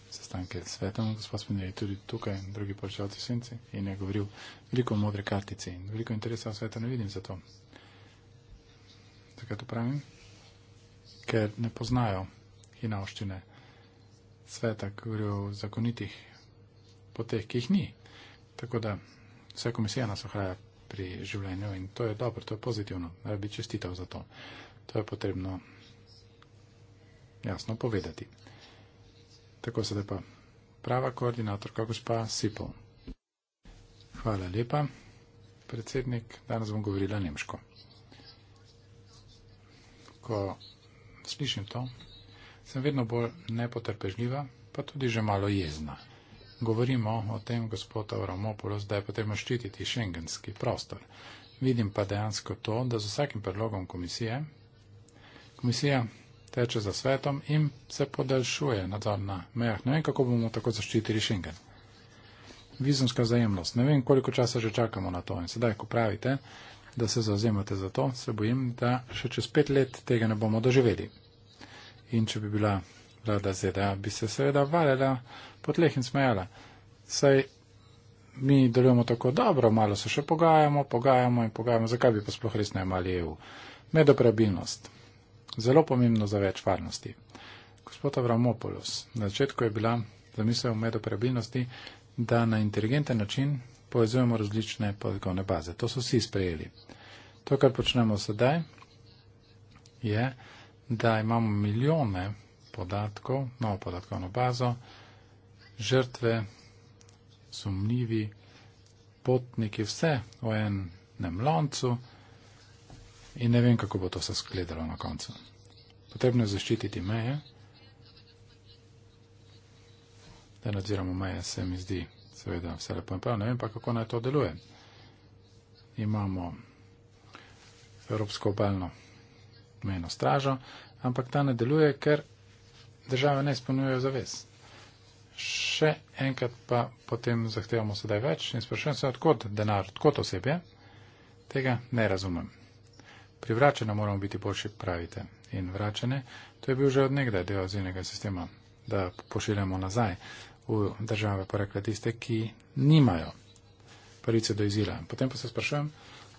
sestanke s svetom, gospod Spinelli tudi tukaj in drugi počevalci senci in je govoril veliko o modri kartici in veliko interesa od sveta ne vidim za to. Zakaj to pravim? Ker ne poznajo hinavščine sveta, ki govorijo o zakonitih poteh, ki jih ni. Tako da vse komisija nas ohraja pri življenju in to je dobro, to je pozitivno, da bi čestitev za to. To je potrebno jasno povedati. Tako sedaj pa prava koordinatorka gospa Sipol. Hvala lepa, predsednik. Danes bom govorila nemško. Ko slišim to, sem vedno bolj nepotrpežljiva, pa tudi že malo jezna. Govorimo o tem, gospod Avramopolos, da je potrebno ščititi šengenski prostor. Vidim pa dejansko to, da z vsakim predlogom komisije, komisija teče za svetom in se podaljšuje nadzor na mejah. Ne vem, kako bomo tako zaščitili Schengen. Vizumska zajemnost. Ne vem, koliko časa že čakamo na to. In sedaj, ko pravite, da se zauzemate za to, se bojim, da še čez pet let tega ne bomo doživeli. In če bi bila vlada ZDA, bi se seveda valjala po tleh in smejala. Saj mi delujemo tako dobro, malo se še pogajamo, pogajamo in pogajamo. Zakaj bi pa sploh res ne imali EU? Medoprebilnost zelo pomembno za več varnosti. Gospod Avramopoulos, na začetku je bila zamisel o medoperabilnosti, da na inteligenten način povezujemo različne podatkovne baze. To so vsi sprejeli. To, kar počnemo sedaj, je, da imamo milijone podatkov, novo podatkovno bazo, žrtve, sumljivi, potniki, vse v enem loncu in ne vem, kako bo to vse skledalo na koncu. Potrebno je zaščititi meje, da nadziramo meje, se mi zdi, seveda vse lepo in prav, ne vem pa, kako naj to deluje. Imamo Evropsko obalno mejno stražo, ampak ta ne deluje, ker države ne izpolnjujejo zavez. Še enkrat pa potem zahtevamo sedaj več in sprašujem se, odkot denar, odkot osebje, tega ne razumem. Pri vračanju moramo biti boljši, pravite. In vračanje, to je bil že odnegdaj del azilnega sistema, da pošiljamo nazaj v države porekla tiste, ki nimajo pravice do izila. Potem pa se sprašujem,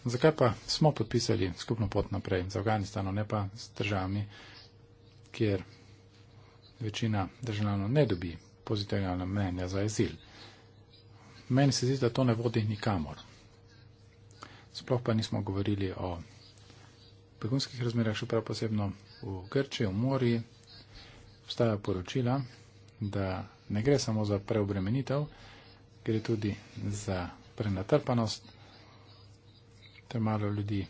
zakaj pa smo podpisali skupno pot naprej z Afganistanom, ne pa s državami, kjer večina državljanov ne dobi pozitivnega mnenja za azil. Meni se zdi, da to ne vodi nikamor. Sploh pa nismo govorili o begunskih razmerah, še prav posebno v Grčiji, v Mori, obstaja poročila, da ne gre samo za preobremenitev, gre tudi za prenatrpanost. Te malo ljudi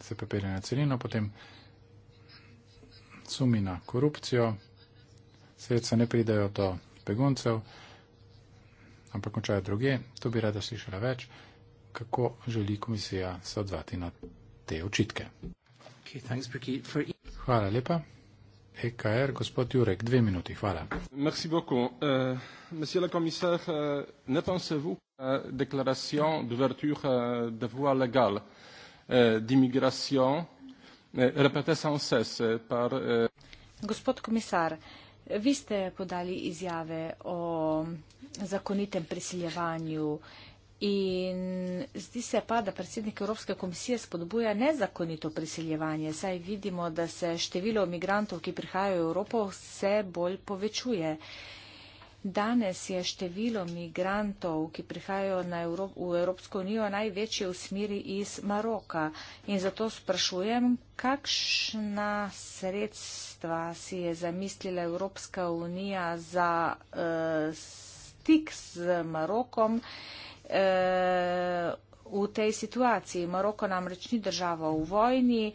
se pepere na celino, potem sumi na korupcijo, sredstva ne pridajo do beguncev, ampak končajo druge. To bi rada slišala več, kako želi komisija se odzvati na te očitke. E- hvala lepa. EKR, gospod Jurek, dve minuti, hvala. Merci beaucoup. Euh, monsieur le commissaire, euh, ne pensez-vous que la déclaration d'ouverture euh, de voie légale d'immigration répétée sans cesse par... Gospod komisar, vi ste podali izjave o zakonitem priseljevanju In zdi se pa, da predsednik Evropske komisije spodbuja nezakonito priseljevanje. Saj vidimo, da se število migrantov, ki prihajajo v Evropo, vse bolj povečuje. Danes je število migrantov, ki prihajajo na Evrop v Evropsko unijo, največje v smeri iz Maroka. In zato sprašujem, kakšna sredstva si je zamislila Evropska unija za uh, stik z Marokom. Uh, eh, v tej situaciji. Maroko namreč ni država v vojni, eh,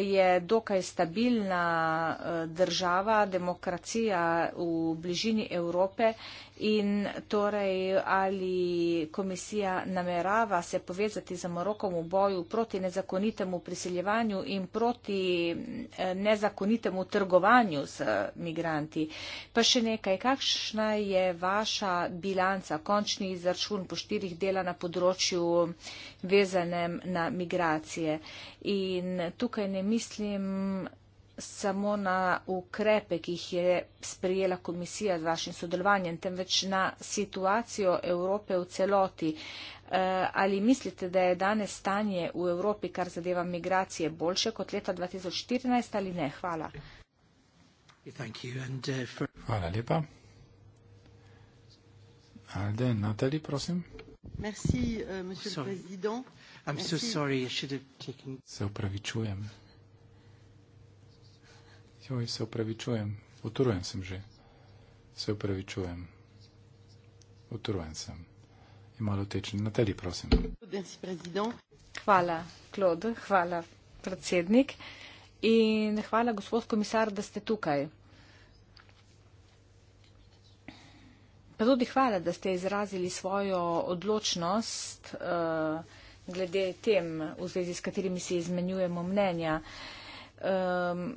je dokaj stabilna eh, država, demokracija v bližini Evrope In torej, ali komisija namerava se povezati z Morokom v boju proti nezakonitemu priseljevanju in proti eh, nezakonitemu trgovanju z migranti. Pa še nekaj, kakšna je vaša bilanca, končni izračun po štirih dela na področju vezanem na migracije? In tukaj ne mislim samo na ukrepe, ki jih je sprejela komisija z vašim sodelovanjem, temveč na situacijo Evrope v celoti. Eh, ali mislite, da je danes stanje v Evropi, kar zadeva migracije, boljše kot leta 2014 ali ne? Hvala. Uh, Hvala lepa. Alde, Natali, prosim. Merci, uh, monsieur le Président. I'm Merci. so sorry, I should have taken... Se upravičujem. Joj, se upravičujem, utrujen sem že. Se upravičujem, utrujen sem. In malo tečen. Nateli, prosim. Hvala, Klod, hvala, predsednik. In hvala, gospod komisar, da ste tukaj. Pa tudi hvala, da ste izrazili svojo odločnost uh, glede tem, v zvezi s katerimi se izmenjujemo mnenja. Um,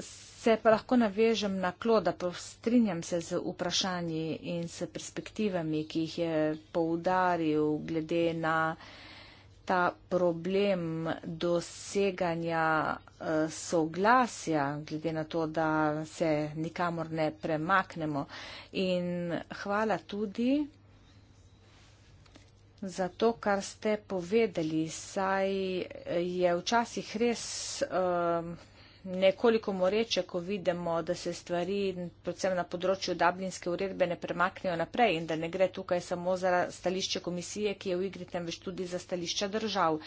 se pa lahko navežem na kloda, strinjam se z vprašanji in s perspektivami, ki jih je poudaril glede na ta problem doseganja eh, soglasja, glede na to, da se nikamor ne premaknemo. In hvala tudi za to, kar ste povedali, saj je včasih res. Uh, nekoliko moreče, ko vidimo, da se stvari predvsem na področju Dublinske uredbe ne premaknejo naprej in da ne gre tukaj samo za stališče komisije, ki je v igri, temveč tudi za stališča držav.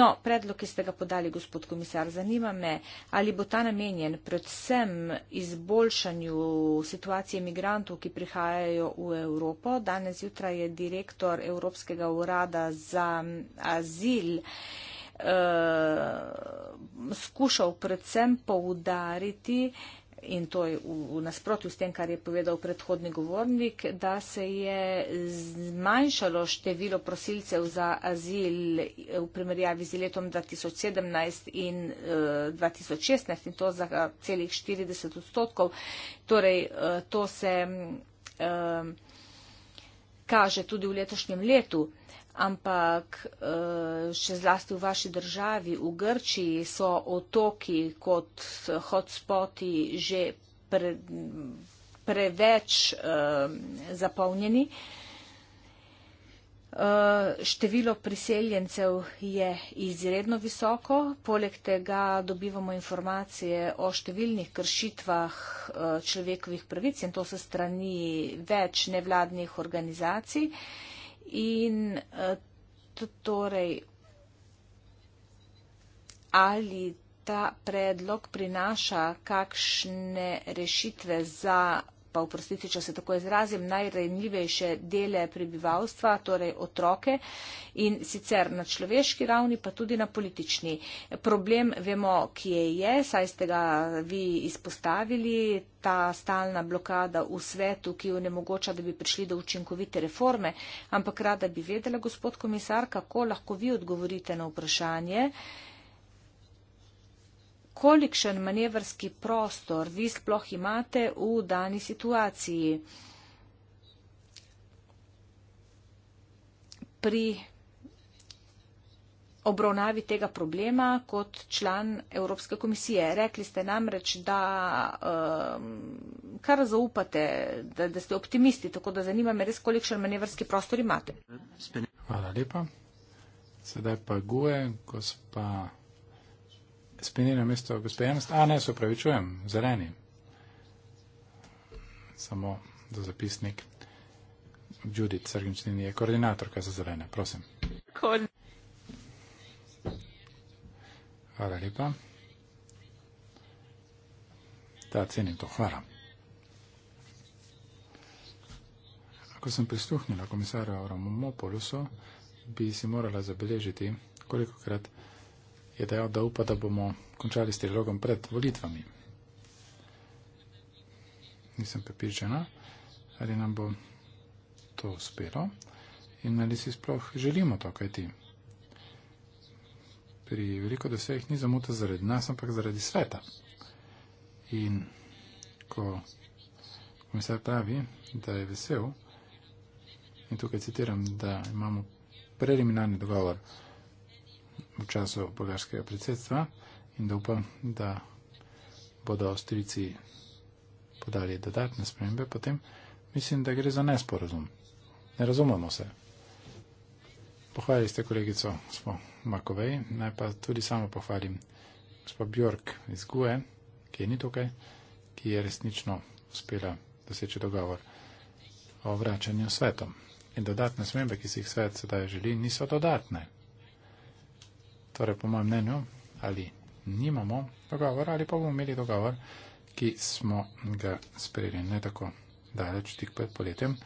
No, predlog, ki ste ga podali, gospod komisar, zanima me, ali bo ta namenjen predvsem izboljšanju situacije imigrantov, ki prihajajo v Evropo. Danes jutra je direktor Evropskega urada za azil uh, skušal predvsem poudariti, in to je v, v nasprotju s tem, kar je povedal predhodni govornik, da se je zmanjšalo število prosilcev za azil v primerjavi z letom 2017 in uh, eh, 2016 in to za eh, celih 40 odstotkov. Torej, uh, to se um, kaže tudi v letošnjem letu. Uh, ampak eh, še zlasti v vaši državi, v Grčiji, so otoki kot hotspoti že pre, preveč eh, zapolnjeni. Eh, število priseljencev je izredno visoko, poleg tega dobivamo informacije o številnih kršitvah človekovih pravic in to so strani več nevladnih organizacij. In eh, torej, ali ta predlog prinaša kakšne rešitve za pa vprostiti, če se tako izrazim, najrenljivejše dele prebivalstva, torej otroke in sicer na človeški ravni, pa tudi na politični. Problem vemo, kje je, saj ste ga vi izpostavili, ta stalna blokada v svetu, ki onemogoča, da bi prišli do učinkovite reforme, ampak rada bi vedela, gospod komisar, kako lahko vi odgovorite na vprašanje kolikšen manevrski prostor vi sploh imate v dani situaciji. Pri obravnavi tega problema kot član Evropske komisije. Rekli ste namreč, da um, kar zaupate, da, da ste optimisti, tako da zanima me res, kolikšen manevrski prostor imate. Hvala lepa. Sedaj pa Gue, gospa Spini na mesto gospe Ernst. A ne, se upravičujem, zeleni. Samo za zapisnik. Judith Srgničnini je koordinatorka za zelene, prosim. Kod. Hvala lepa. Da, cenim to, hvala. Ko sem prisluhnila komisarju Avramu Mopolusu, bi si morala zabeležiti, koliko krat je dejal, da upa, da bomo končali s trilogom pred volitvami. Nisem prepričana, ali nam bo to uspelo in ali si sploh želimo to, kaj ti. Pri veliko dosegih ni zamuta zaradi nas, ampak zaradi sveta. In ko komisar pravi, da je vesel, in tukaj citiram, da imamo preliminarni dogovor, v času bolgarskega predsedstva in da upam, da bodo Avstrici podali dodatne spremembe, potem mislim, da gre za nesporazum. Ne razumemo se. Pohvalili ste kolegico gospod Makovej, naj pa tudi samo pohvalim gospod Bjork iz Gue, ki je ni tukaj, ki je resnično uspela doseči dogovor o vračanju svetom. In dodatne spremembe, ki si jih svet sedaj želi, niso dodatne torej po mojem mnenju, ali nimamo dogovor ali pa bomo imeli dogovor, ki smo ga sprejeli ne tako daleč tik pred poletjem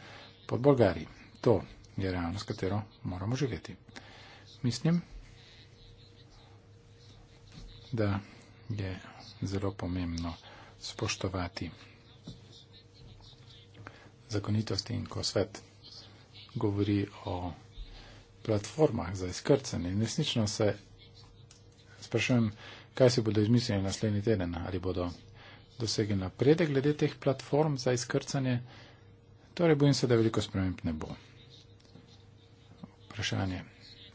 pod Bolgariji. To je realnost, katero moramo živeti. Mislim, da je zelo pomembno spoštovati zakonitosti in ko svet govori o platformah za izkrcanje. Resnično se sprašujem, kaj si bodo izmislili naslednji teden, ali bodo dosegli napredek glede teh platform za izkrcanje. Torej, bojim se, da veliko sprememb ne bo. Vprašanje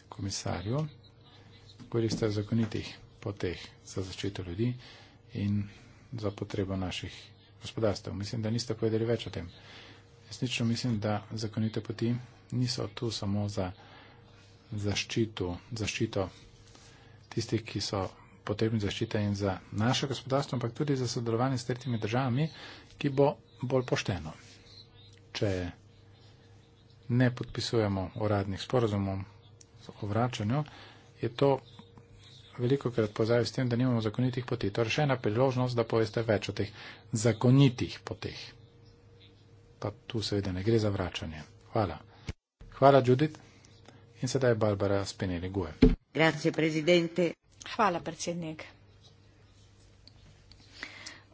komisarju, kateri ste zakonitih poteh za zaščito ljudi in za potrebo naših gospodarstv. Mislim, da niste povedali več o tem. Resnično mislim, da zakonite poti niso tu samo za zaščito, zaščito tistih, ki so potrebni zaščite in za naše gospodarstvo, ampak tudi za sodelovanje s tretjimi državami, ki bo bolj pošteno. Če ne podpisujemo uradnih sporozumov o vračanju, je to veliko krat pozavi s tem, da nimamo zakonitih poti. Torej še ena priložnost, da poveste več o teh zakonitih poteh. Pa tu seveda ne gre za vračanje. Hvala. Hvala, Judith. In sedaj je Barbara Spinelli Gue. Hvala, predsednik.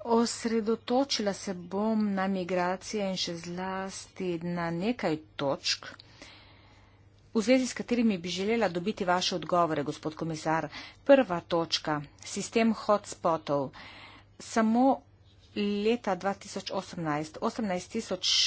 Osredotočila se bom na migracije in še zlasti na nekaj točk, v zvezi s katerimi bi želela dobiti vaše odgovore, gospod komisar. Prva točka, sistem hotspotov. Samo leta 2018, 18 tisoč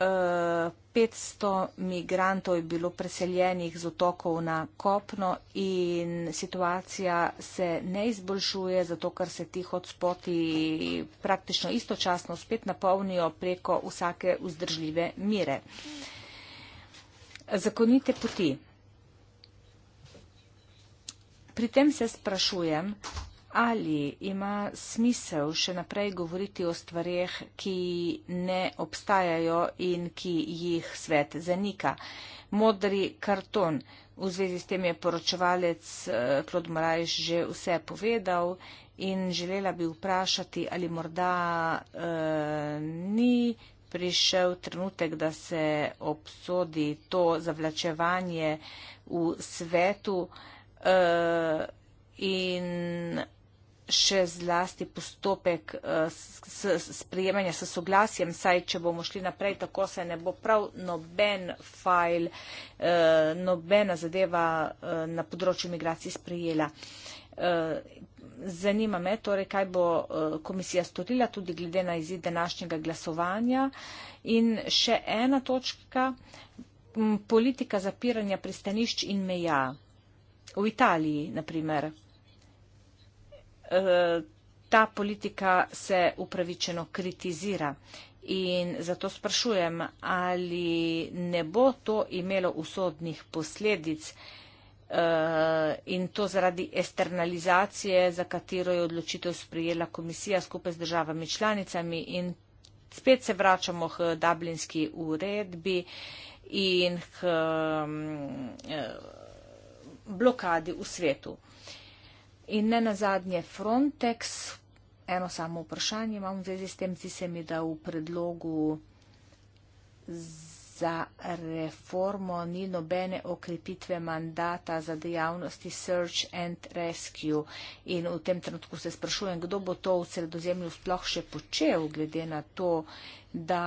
500 migrantov je bilo preseljenih z otokov na kopno in situacija se ne izboljšuje, zato ker se ti hotspoti praktično istočasno spet napolnijo preko vsake vzdržljive mire. Zakonite poti. Pri tem se sprašujem, ali ima smisel še naprej govoriti o stvarih, ki ne obstajajo in ki jih svet zanika. Modri karton. V zvezi s tem je poročevalec eh, Klod Morajš že vse povedal in želela bi vprašati, ali morda eh, ni prišel trenutek, da se obsodi to zavlačevanje v svetu eh, in še zlasti postopek eh, s, s, sprejemanja s soglasjem, saj če bomo šli naprej, tako se ne bo prav noben fajl, eh, nobena zadeva eh, na področju migracij sprejela. Zanima me torej, kaj bo komisija storila tudi glede na izid današnjega glasovanja. In še ena točka, politika zapiranja pristanišč in meja. V Italiji, na primer ta politika se upravičeno kritizira. In zato sprašujem, ali ne bo to imelo usodnih posledic eh, in to zaradi esternalizacije, za katero je odločitev sprijela komisija skupaj z državami članicami in spet se vračamo k dublinski uredbi in k mm, eh, blokadi v svetu. In ne nazadnje Frontex, eno samo vprašanje imam v zvezi s tem, si se mi da v predlogu za reformo ni nobene okrepitve mandata za dejavnosti search and rescue. In v tem trenutku se sprašujem, kdo bo to v sredozemlju sploh še počel, glede na to, da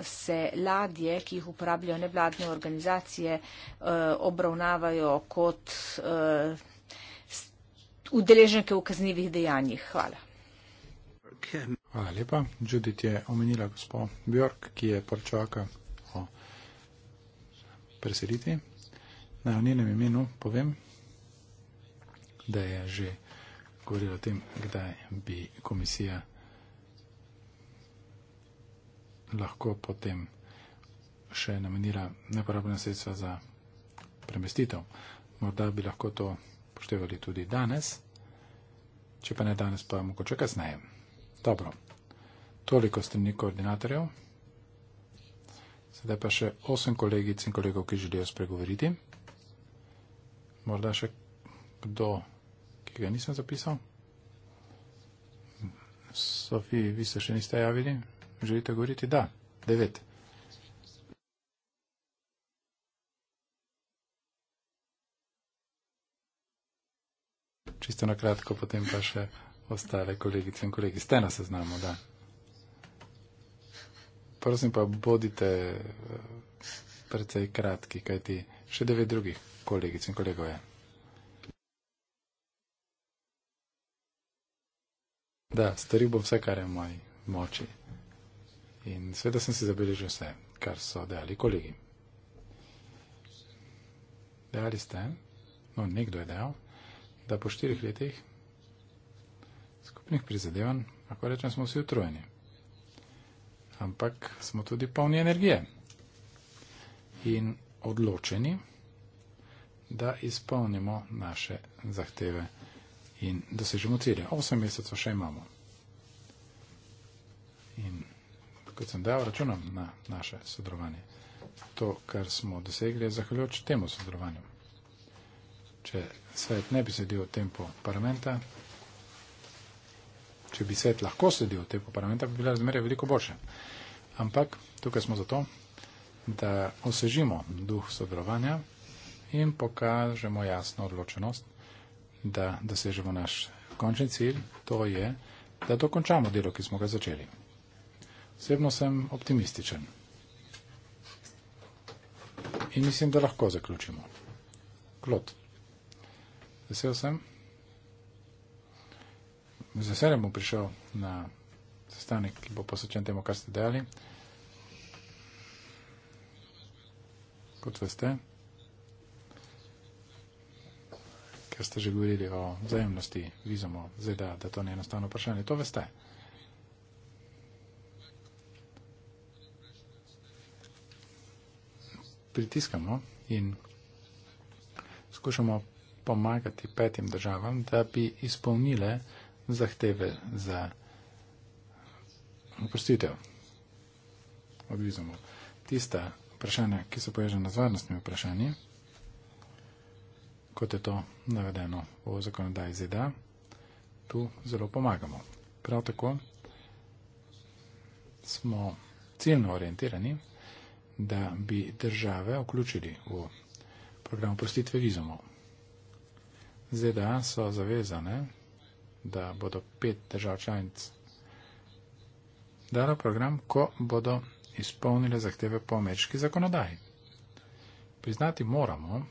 se ladje, ki jih uporabljajo nevladne organizacije, eh, obravnavajo kot eh, udeleženke v kaznjivih dejanjih. Hvala. Hvala lepa. Judith je omenila gospo Bjork, ki je poročavka o preseditvi. Na njenem imenu povem, da je že govorila o tem, kdaj bi komisija lahko potem še namenila neporabljena sredstva za premestitev. Morda bi lahko to poštevali tudi danes če pa ne danes, pa mogoče kasneje. Dobro, toliko strani koordinatorjev. Sedaj pa še osem kolegic in kolegov, ki želijo spregovoriti. Morda še kdo, ki ga nisem zapisal. Sofi, vi se še niste javili? Želite govoriti? Da, devet. čisto na kratko, potem pa še ostale kolegice in kolegi. Ste na seznamu, da. Prosim pa, bodite eh, precej kratki, kajti še devet drugih kolegic in kolegov je. Da, storil bom vse, kar je v moji moči. In sveda sem si zabeležil vse, kar so dejali kolegi. Dejali ste? No, nekdo je dejal da po štirih letih skupnih prizadevanj, lahko rečem, smo vsi utrujeni. Ampak smo tudi polni energije in odločeni, da izpolnimo naše zahteve in dosežemo cilje. Osem mesecev še imamo. In kot sem dal računom na naše sodelovanje, to, kar smo dosegli, je zahvaljujoč temu sodelovanju če svet ne bi sedel v tempo parlamenta, če bi svet lahko sedel v tempo parlamenta, bi bile razmere veliko boljše. Ampak tukaj smo zato, da osvežimo duh sodelovanja in pokažemo jasno odločenost, da dosežemo naš končni cilj, to je, da dokončamo delo, ki smo ga začeli. Osebno sem optimističen. In mislim, da lahko zaključimo. Klot. Vesel sem. Z veseljem bom prišel na sestanek, ki bo posvečen temu, kar ste dejali. Kot veste, ker ste že govorili o vzajemnosti vizumo ZDA, da to ni enostavno vprašanje, to veste. Pritiskamo in skušamo pomagati petim državam, da bi izpolnile zahteve za oprostitev od vizumov. Tista vprašanja, ki so povežena z varnostnimi vprašanji, kot je to navedeno v zakonodaji ZDA, tu zelo pomagamo. Prav tako smo ciljno orientirani, da bi države vključili v program oprostitve vizumov. ZDA so zavezane, da bodo pet držav članic dalo program, ko bodo izpolnile zahteve po ameriški zakonodaji. Priznati moramo,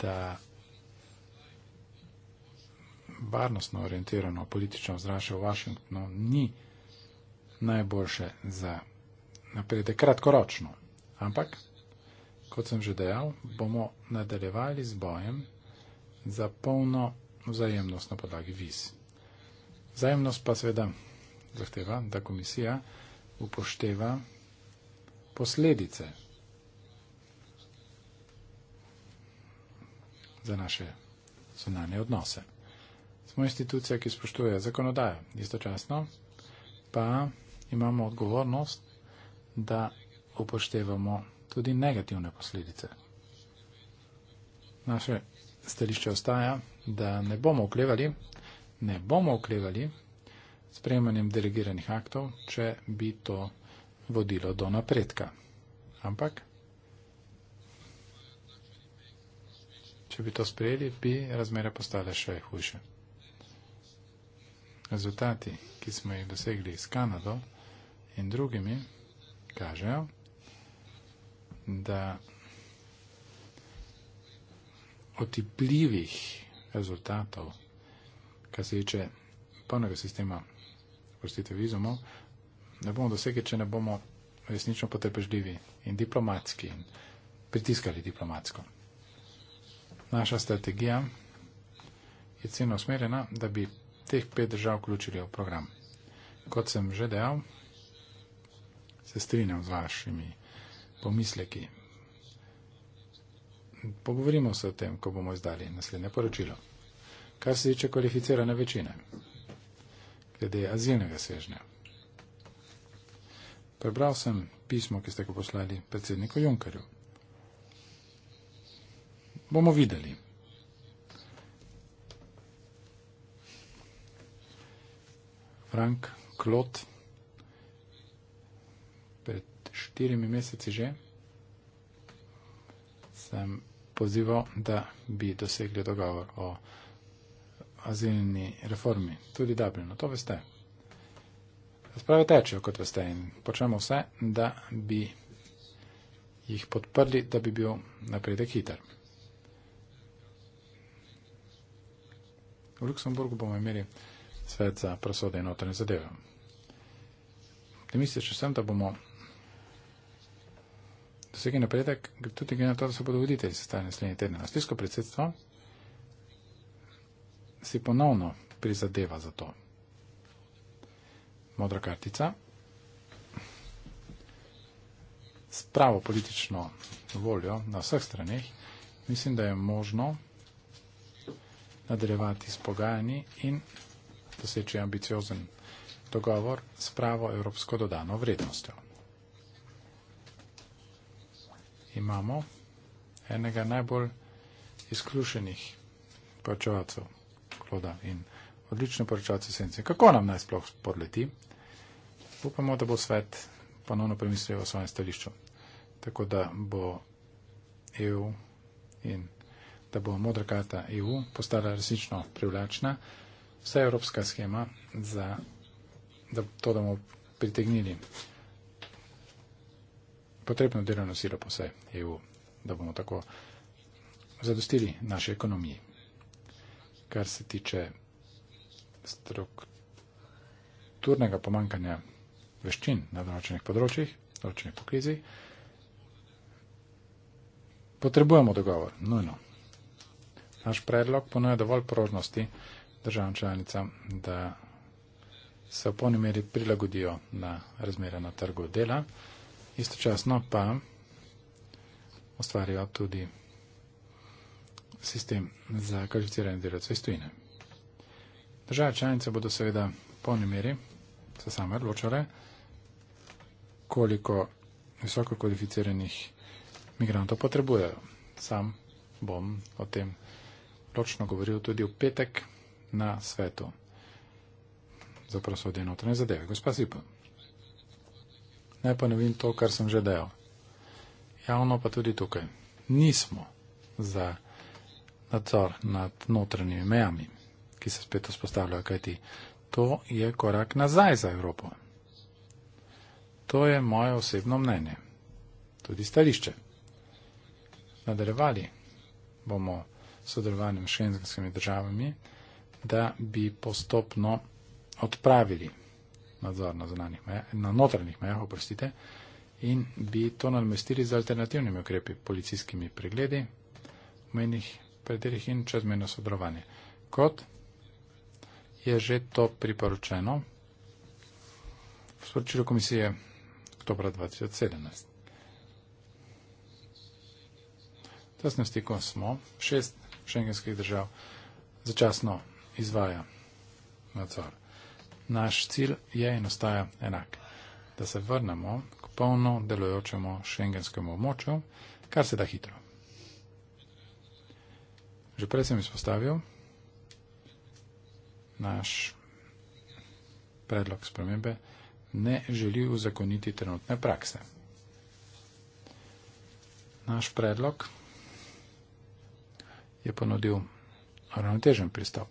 da varnostno orientirano politično vzdraše v Washingtonu ni najboljše za napredek kratkoročno. Ampak Kot sem že dejal, bomo nadaljevali z bojem za polno vzajemnost na podlagi viz. Vzajemnost pa seveda zahteva, da komisija upošteva posledice za naše zunanje odnose. Smo institucija, ki spoštuje zakonodajo. Istočasno pa imamo odgovornost, da upoštevamo posledice tudi negativne posledice. Naše stališče ostaja, da ne bomo oklevali, ne bomo oklevali s prejemanjem delegiranih aktov, če bi to vodilo do napredka. Ampak, če bi to sprejeli, bi razmere postale še hujše. Rezultati, ki smo jih dosegli s Kanado in drugimi, kažejo, da otipljivih rezultatov, kar se tiče polnega sistema, prostite vizumov, ne bomo dosegli, če ne bomo resnično potrpežljivi in diplomatski in pritiskali diplomatsko. Naša strategija je ciljno usmerjena, da bi teh pet držav vključili v program. Kot sem že dejal, se strinjam z vašimi pomisleki. Pogovorimo se o tem, ko bomo izdali naslednje poročilo. Kar se tiče kvalificirane večine, glede azilnega svežnja. Prebral sem pismo, ki ste ga poslali predsedniku Junkerju. Bomo videli. Frank Klot štirimi meseci že, sem pozival, da bi dosegli dogovor o azilni reformi, tudi Dublinu, to veste. Razprave tečejo, kot veste, in počnemo vse, da bi jih podprli, da bi bil napredek hiter. V Luksemburgu bomo imeli svet za prosode in notranje zadeve. Optimistično sem, da bomo dosegli napredek, tudi glede na to, da se bodo voditelji sestavljali naslednji teden. Avstrijsko predsedstvo si ponovno prizadeva za to. Modra kartica. S pravo politično voljo na vseh straneh mislim, da je možno nadaljevati s pogajanji in doseči ambiciozen dogovor s pravo evropsko dodano vrednostjo. imamo enega najbolj izkušenih poročevalcev, kloda in odlične poročevalce sence. Kako nam naj sploh podleti? Upamo, da bo svet ponovno premislil o svojem stališču. Tako da bo EU in da bo modra karta EU postala resnično privlačna, vsa evropska schema za to, da bomo pritegnili potrebno delovno silo po vsej EU, da bomo tako zadostili naši ekonomiji. Kar se tiče strukturnega pomankanja veščin na določenih področjih, določenih poklizih, potrebujemo dogovor, nujno. Naš predlog ponuja dovolj prožnosti državam članicam, da se v polni meri prilagodijo na razmere na trgu dela istočasno pa ustvarijo tudi sistem za kvalificirane delavce iz tujine. Države članice bodo seveda v polni meri se same odločale, koliko visoko kvalificiranih migrantov potrebujejo. Sam bom o tem ločno govoril tudi v petek na svetu za prosodje notranje zadeve. Gospa Sipa ne pa ne vem to, kar sem že dejal. Javno pa tudi tukaj. Nismo za nadzor nad notranjimi mejami, ki se spet vzpostavljajo, kajti to je korak nazaj za Evropo. To je moje osebno mnenje. Tudi stališče. Nadaljevali bomo sodelovanjem s šengenskimi državami, da bi postopno odpravili nadzor na zunanjih mejah, na notranjih mejah, oprostite, in bi to nadomestili z alternativnimi ukrepi, policijskimi pregledi, mejnih predeljih in čezmejno sodelovanje. Kot je že to priporočeno v sporočilu komisije oktobra 2017. Tesno stiko smo, šest šengenskih držav začasno izvaja nadzor naš cilj je in ostaja enak, da se vrnemo k polno delujočemu šengenskemu območju, kar se da hitro. Že prej sem izpostavil naš predlog spremembe, ne želi uzakoniti trenutne prakse. Naš predlog je ponudil ravnotežen pristop.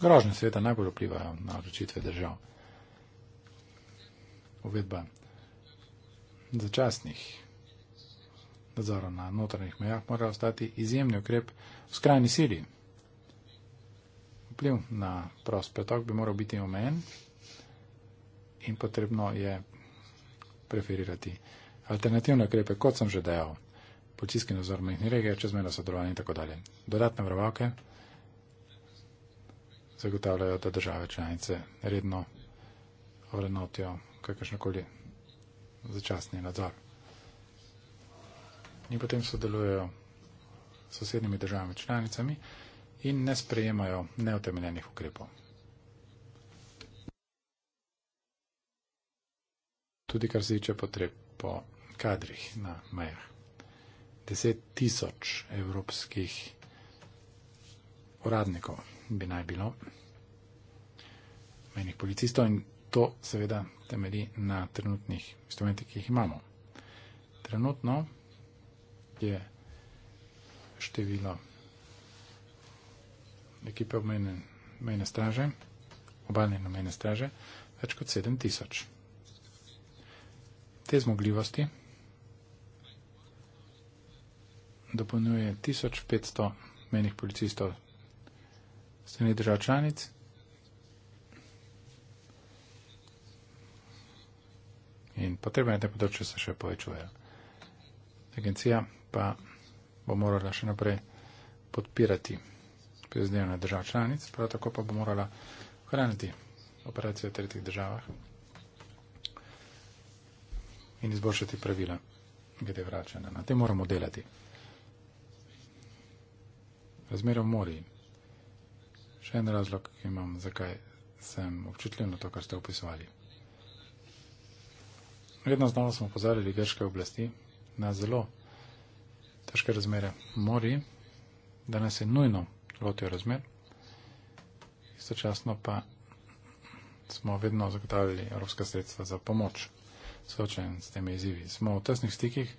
Grožnje sveta najbolj vplivajo na odločitve držav. Uvedba začasnih nadzorov na notranjih mejah mora ostati izjemni ukrep v skrajni Siriji. Vpliv na prost pretok bi moral biti omejen in potrebno je preferirati alternativne ukrepe, kot sem že dejal. Policijski nadzor mehni regije, čezmerno sodelovanje in tako dalje. Dodatne vrvalke zagotavljajo, da države članice redno vrednotijo kakršnokoli začasni nadzor. In potem sodelujejo s sosednjimi državami članicami in ne sprejemajo neotemeljenih ukrepov. Tudi kar se tiče potreb po kadrih na mejah. 10 tisoč evropskih uradnikov bi naj bilo menih policistov in to seveda temeli na trenutnih instrumentih, ki jih imamo. Trenutno je število ekipe obmejne mejne straže, obalne in obmejne straže, več kot 7000. Te zmogljivosti dopolnjuje 1500 menih policistov strani držav članic. In potrebe na tem področju se še povečujejo. Agencija pa bo morala še naprej podpirati prizadevanja držav članic, prav tako pa bo morala hraniti operacije v tretjih državah in izboljšati pravila glede vračanja. Na tem moramo delati. Razmerom morajo še en razlog imam, zakaj sem občutljiv na to, kar ste opisovali. Vedno znova smo pozarili grške oblasti na zelo težke razmere mori, da nas je nujno lotijo razmer, istočasno pa smo vedno zagotavljali evropska sredstva za pomoč soočen s temi izzivi. Smo v tesnih stikih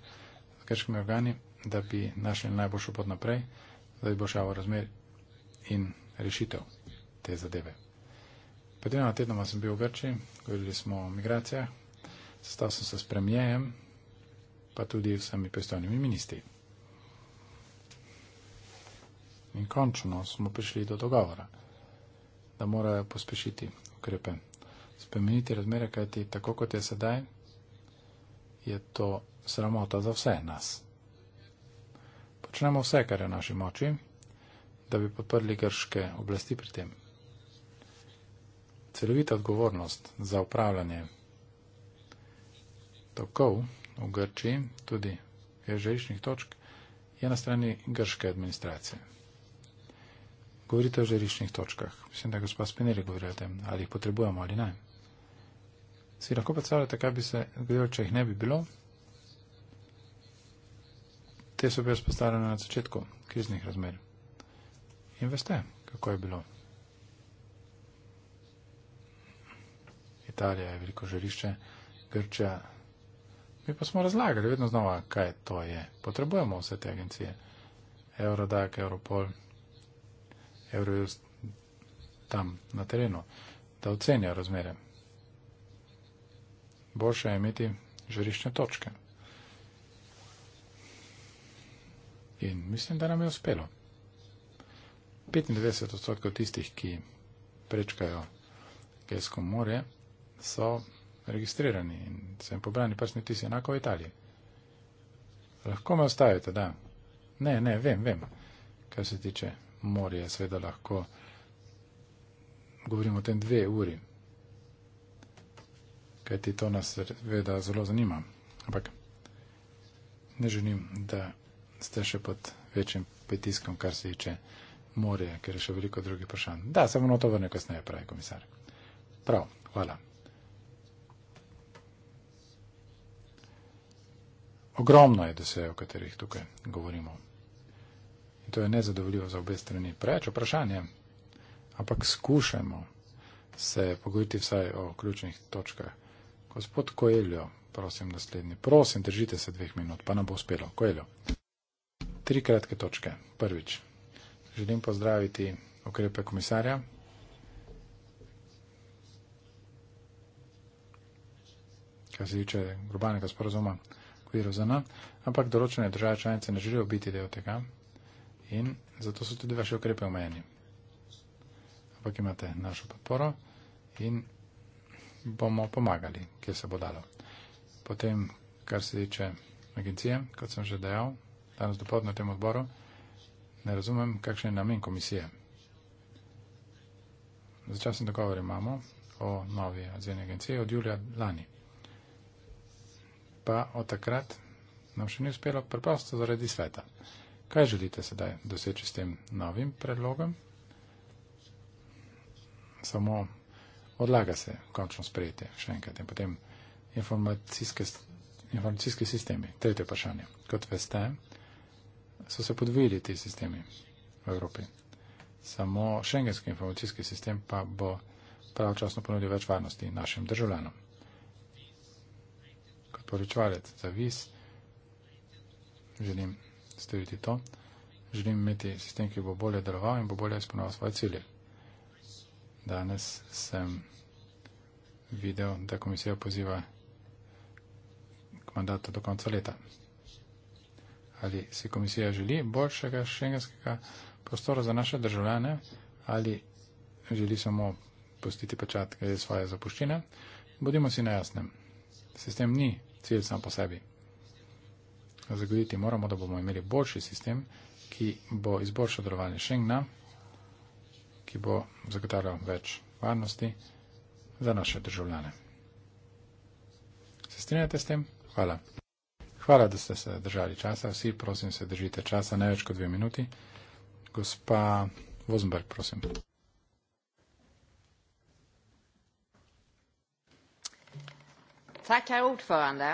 z grškimi organi, da bi našli najboljšo pot naprej, da bi boljšalo razmer in rešitev te zadeve. Pred dvema tednoma sem bil v Grči, govorili smo o migracijah, sestal sem se s premijejem, pa tudi vsemi pristojnimi ministri. In končno smo prišli do dogovora, da morajo pospešiti ukrepe, spremeniti razmere, kajti tako kot je sedaj, je to sramota za vse nas. Počnemo vse, kar je v naši moči da bi podprli grške oblasti pri tem. Celovita odgovornost za upravljanje tokov v Grčiji, tudi žeriščnih točk, je na strani grške administracije. Govorite o žeriščnih točkah. Mislim, da gospod Spineri govori o tem, ali jih potrebujemo ali ne. Si lahko predstavljate, kaj bi se zgodilo, če jih ne bi bilo? Te so bile vzpostavljene na začetku kriznih razmerov. In veste, kako je bilo. Italija je veliko žarišče, Grčija. Mi pa smo razlagali vedno znova, kaj to je. Potrebujemo vse te agencije. Eurodac, Europol, Eurojust tam na terenu, da ocenijo razmere. Boljše je imeti žarišne točke. In mislim, da nam je uspelo. 95 odstotkov tistih, ki prečkajo Gelsko more, so registrirani in so jim pobrani prstni vtisi enako v Italiji. Lahko me ostavite, da. Ne, ne, vem, vem. Kar se tiče morja, seveda lahko govorimo o tem dve uri. Kaj ti to nas veda zelo zanima. Ampak ne želim, da ste še pod večjim pritiskom, kar se tiče morja morje, ker je še veliko drugih vprašanj. Da, samo na no, to vrne kasneje, pravi komisar. Prav, hvala. Ogromno je dosej, o katerih tukaj govorimo. In to je nezadovoljivo za obe strani. Preveč vprašanje, ampak skušajmo se pogojiti vsaj o ključnih točkah. Gospod Koeljo, prosim naslednji. Prosim, držite se dveh minut, pa nam bo uspelo. Koeljo. Tri kratke točke. Prvič. Želim pozdraviti okrepe komisarja. Kaj se tiče globalnega sporazuma, kviru za nam, ampak določene države članice ne želijo biti del tega in zato so tudi vaše okrepe omejeni. Ampak imate našo podporo in bomo pomagali, kje se bo dalo. Potem, kar se tiče agencije, kot sem že dejal, danes dopoledne na tem odboru, Ne razumem, kakšen je namen komisije. Začasne dogovore imamo o novi azijski agenciji od julija lani. Pa od takrat nam še ni uspelo preprosto zaradi sveta. Kaj želite sedaj doseči s tem novim predlogom? Samo odlaga se končno sprejeti še enkrat in potem informacijske, informacijske sistemi. Tretje vprašanje. Kot veste, so se podvojili ti sistemi v Evropi. Samo šengenski informacijski sistem pa bo pravčasno ponudil več varnosti našim državljanom. Kot poročevalec za viz želim storiti to, želim imeti sistem, ki bo bolje deloval in bo bolje izpolnil svoje cilje. Danes sem videl, da komisija poziva mandata do konca leta ali si komisija želi boljšega šengenskega prostora za naše državljane ali želi samo postiti pečat glede svoje zapuščine. Bodimo si najasnem. Sistem ni cilj sam po sebi. Zagoditi moramo, da bomo imeli boljši sistem, ki bo izboljšal delovanje Schengna, ki bo zagotavljal več varnosti za naše državljane. Se strinjate s tem? Hvala. Hvala, da ste se držali časa. Vsi, prosim, se držite časa ne več kot dve minuti. Gospa Vozenberg, prosim. Tack, herr ordförande,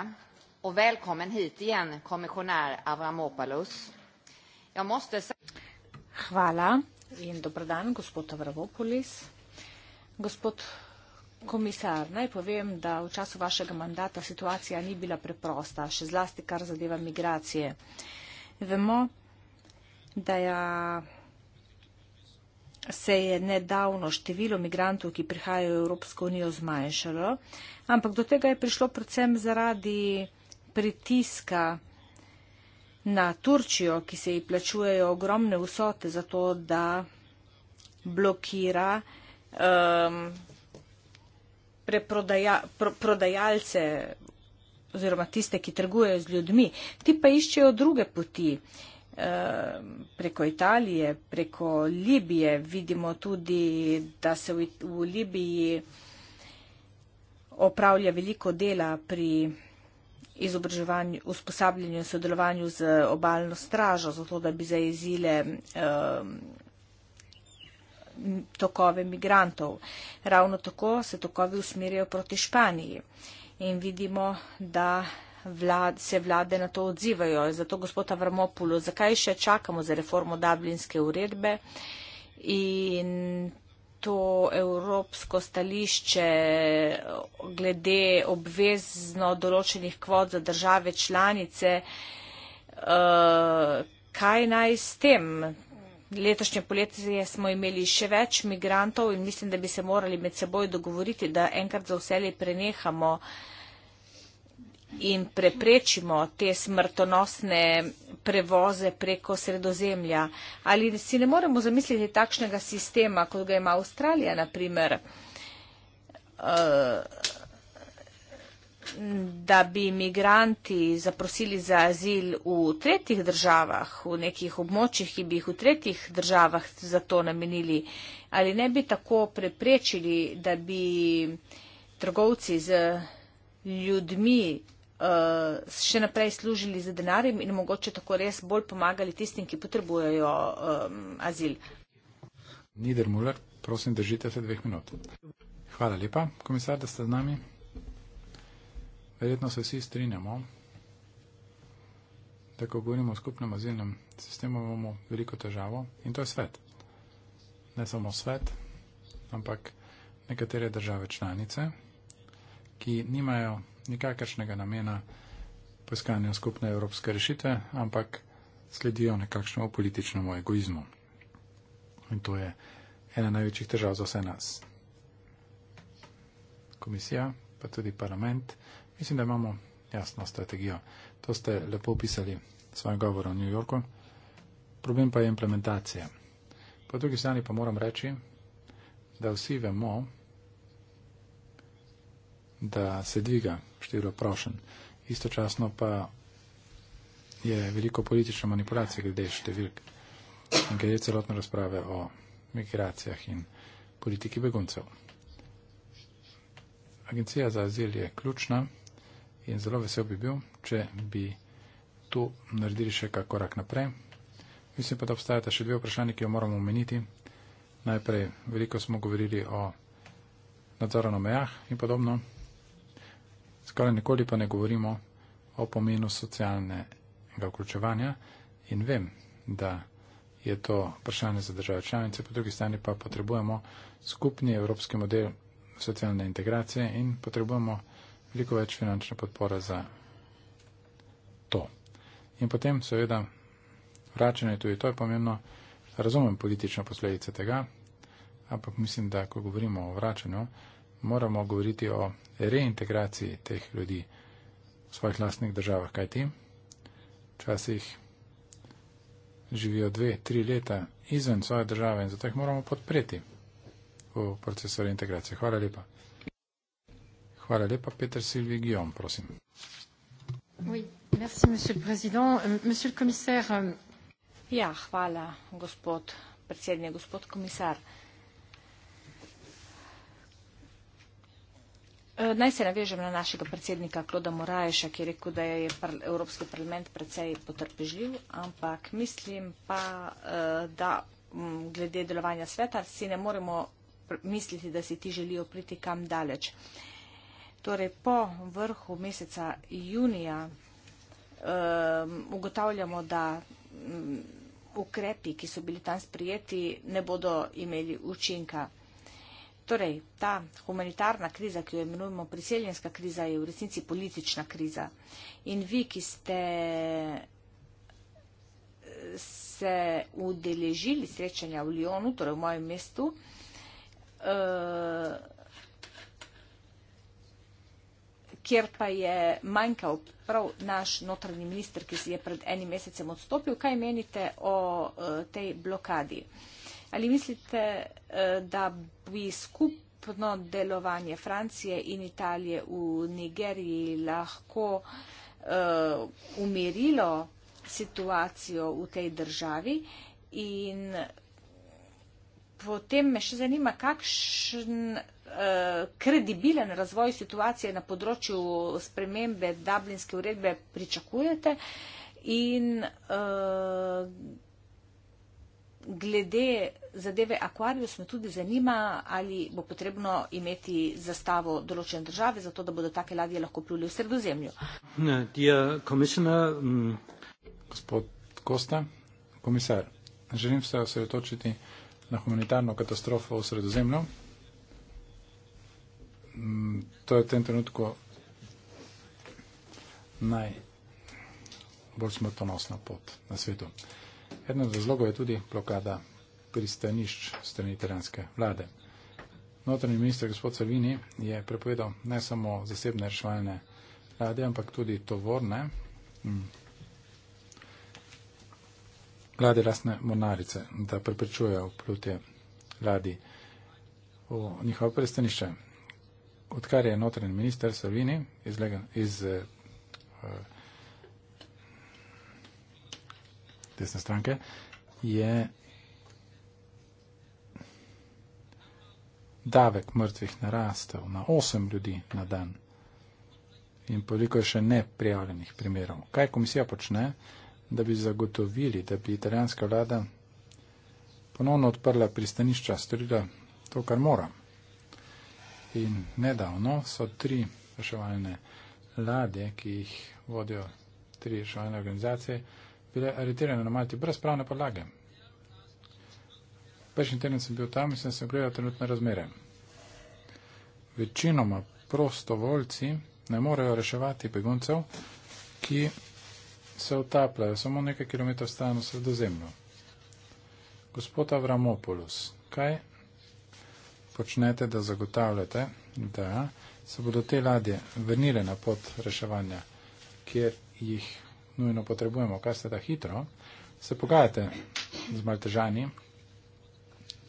och välkommen hit igen, kommissionär Avramopoulos. Jag måste säga... Hvala in dobrodan, gospod Avramopoulos. Gospod Komisar, naj povem, da v času vašega mandata situacija ni bila preprosta, še zlasti kar zadeva migracije. Vemo, da ja, se je nedavno število migrantov, ki prihajajo v Evropsko unijo, zmanjšalo, ampak do tega je prišlo predvsem zaradi pritiska na Turčijo, ki se ji plačujejo ogromne vsote za to, da blokira. Um, preprodaja, pr prodajalce oziroma tiste, ki trgujejo z ljudmi. Ti pa iščejo druge poti ehm, preko Italije, preko Libije. Vidimo tudi, da se v Libiji opravlja veliko dela pri izobraževanju, usposabljanju in sodelovanju z obaljno stražo, zato da bi zajezile um, ehm, tokove migrantov. Ravno tako se tokovi usmerjajo proti Španiji in vidimo, da vlad, se vlade na to odzivajo. Zato, gospod Avramopulo, zakaj še čakamo za reformo Dublinske uredbe in to evropsko stališče glede obvezno določenih kvot za države članice, eh, kaj naj s tem letošnje poletje smo imeli še več migrantov in mislim, da bi se morali med seboj dogovoriti, da enkrat za vseli prenehamo in preprečimo te smrtonosne prevoze preko sredozemlja. Ali si ne moremo zamisliti takšnega sistema, kot ga ima Avstralija, na primer, uh, da bi imigranti zaprosili za azil v tretjih državah, v nekih območjih, ki bi jih v tretjih državah za to namenili, ali ne bi tako preprečili, da bi trgovci z ljudmi uh, še naprej služili za denarjem in mogoče tako res bolj pomagali tistim, ki potrebujejo um, azil. Nidermuller, prosim, držite se dveh minut. Hvala lepa, komisar, da ste z nami. Verjetno se vsi strinjamo, da ko govorimo o skupnem azilnem sistemu, imamo veliko težavo in to je svet. Ne samo svet, ampak nekatere države članice, ki nimajo nikakršnega namena poiskanja skupne evropske rešitve, ampak sledijo nekakšnemu političnemu egoizmu. In to je ena največjih težav za vse nas. Komisija, pa tudi parlament, Mislim, da imamo jasno strategijo. To ste lepo opisali v svojem govoru v New Yorku. Problem pa je implementacija. Po drugi strani pa moram reči, da vsi vemo, da se dviga število prošen. Istočasno pa je veliko politične manipulacije glede številk in glede celotne razprave o migracijah in politiki beguncev. Agencija za azil je ključna in zelo vesel bi bil, če bi tu naredili še kak korak naprej. Mislim pa, da obstajata še dve vprašanje, ki jo moramo omeniti. Najprej veliko smo govorili o nadzoru na mejah in podobno. Skoraj nikoli pa ne govorimo o pomenu socialnega vključevanja in vem, da je to vprašanje za države članice, po drugi strani pa potrebujemo skupni evropski model socialne integracije in potrebujemo veliko več finančne podpore za to. In potem seveda vračanje tudi to je pomembno. Razumem politične posledice tega, ampak mislim, da ko govorimo o vračanju, moramo govoriti o reintegraciji teh ljudi v svojih lastnih državah, kajti včasih živijo dve, tri leta izven svoje države in zato jih moramo podpreti v procesu reintegracije. Hvala lepa. Hvala lepa. Peter Silvi Guillaume, prosim. Euh, euh, ja, hvala, gospod predsednik, gospod komisar. Euh, naj se navežem na našega predsednika Kloda Morajša, ki je rekel, da je Evropski parlament precej potrpežljiv, ampak mislim pa, da mm, glede delovanja sveta si ne moremo misliti, da si ti želijo priti kam daleč. Torej, po vrhu meseca junija um, ugotavljamo, da um, ukrepi, ki so bili tam sprijeti, ne bodo imeli učinka. Torej, ta humanitarna kriza, ki jo imenujemo priseljenska kriza, je v resnici politična kriza. In vi, ki ste se udeležili srečanja v Lyonu, torej v mojem mestu, uh, kjer pa je manjkal prav naš notranji minister, ki si je pred enim mesecem odstopil. Kaj menite o eh, tej blokadi? Ali mislite, eh, da bi skupno delovanje Francije in Italije v Nigeriji lahko eh, umirilo situacijo v tej državi in potem me še zanima, kakšen kredibilen razvoj situacije na področju spremembe Dublinske uredbe pričakujete in eh, glede zadeve Aquarius me tudi zanima, ali bo potrebno imeti zastavo določene države, zato da bodo take ladje lahko pluli v sredozemlju. Mm. Gospod Kosta, komisar, želim se osredotočiti na humanitarno katastrofo v sredozemlju. Mm, to je v tem trenutku najbolj smrtonosna pot na svetu. Eden od razlogov je tudi blokada pristanišč strani italijanske vlade. Notranji minister gospod Salvini je prepovedal ne samo zasebne rešvalne ladje, ampak tudi tovorne mm, ladje lastne mornarice, da preprečujejo vplutje ladi v njihovo pristanišče odkar je notranji minister Salvini iz, iz uh, eh, eh, desne stranke, je davek mrtvih narastel na 8 ljudi na dan in koliko je še neprijavljenih primerov. Kaj komisija počne, da bi zagotovili, da bi italijanska vlada ponovno odprla pristanišča, storila to, kar mora? In nedavno so tri reševalne lade, ki jih vodijo tri reševalne organizacije, bile aretirane na Malti brez pravne podlage. Prejšnji teden sem bil tam in sem se ogledal trenutne razmere. Večinoma prostovoljci ne morejo reševati beguncev, ki se otapljajo samo nekaj kilometrov stran v sredozemlju. Gospod Avramopoulos, kaj počnete, da zagotavljate, da se bodo te ladje vrnile na pot reševanja, kjer jih nujno potrebujemo, kaj ste da hitro, se pogajate z maltežani,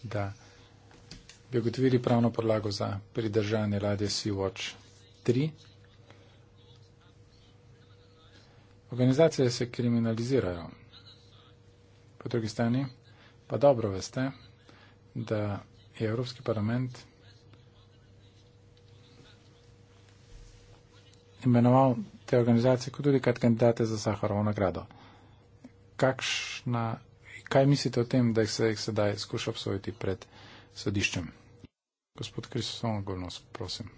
da bi ugotovili pravno podlago za pridržanje ladje Sea-Watch 3. Organizacije se kriminalizirajo. Po drugi strani pa dobro veste, da je Evropski parlament imenoval te organizacije kot tudi kandidate za Saharovo nagrado. Kakšna, kaj mislite o tem, da jih se jih sedaj skuša obsojiti pred sodiščem? Gospod Krisosom, govno, prosim.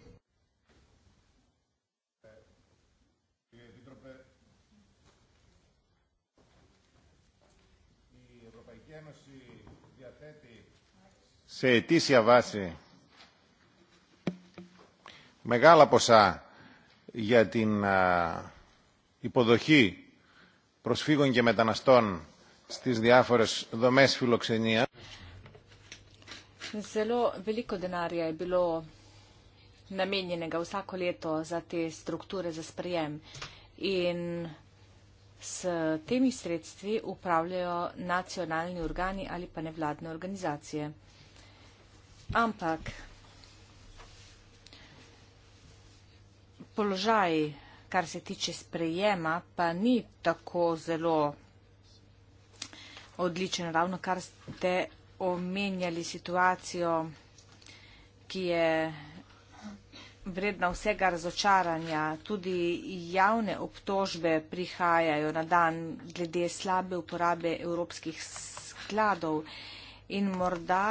Se ti si αβάσει μεγάλα ποσά για την υποδοχή προσφύγων και μεταναστών στις διάφορες δομές φιλοξενίας. Zelo veliko denarja je bilo namenjenega vsako leto za te strukture za sprejem in s temi sredstvi upravljajo nacionalni organi ali pa nevladne organizacije. Ampak položaj, kar se tiče sprejema, pa ni tako zelo odličen. Ravno kar ste omenjali situacijo, ki je vredna vsega razočaranja. Tudi javne obtožbe prihajajo na dan glede slabe uporabe evropskih skladov. In morda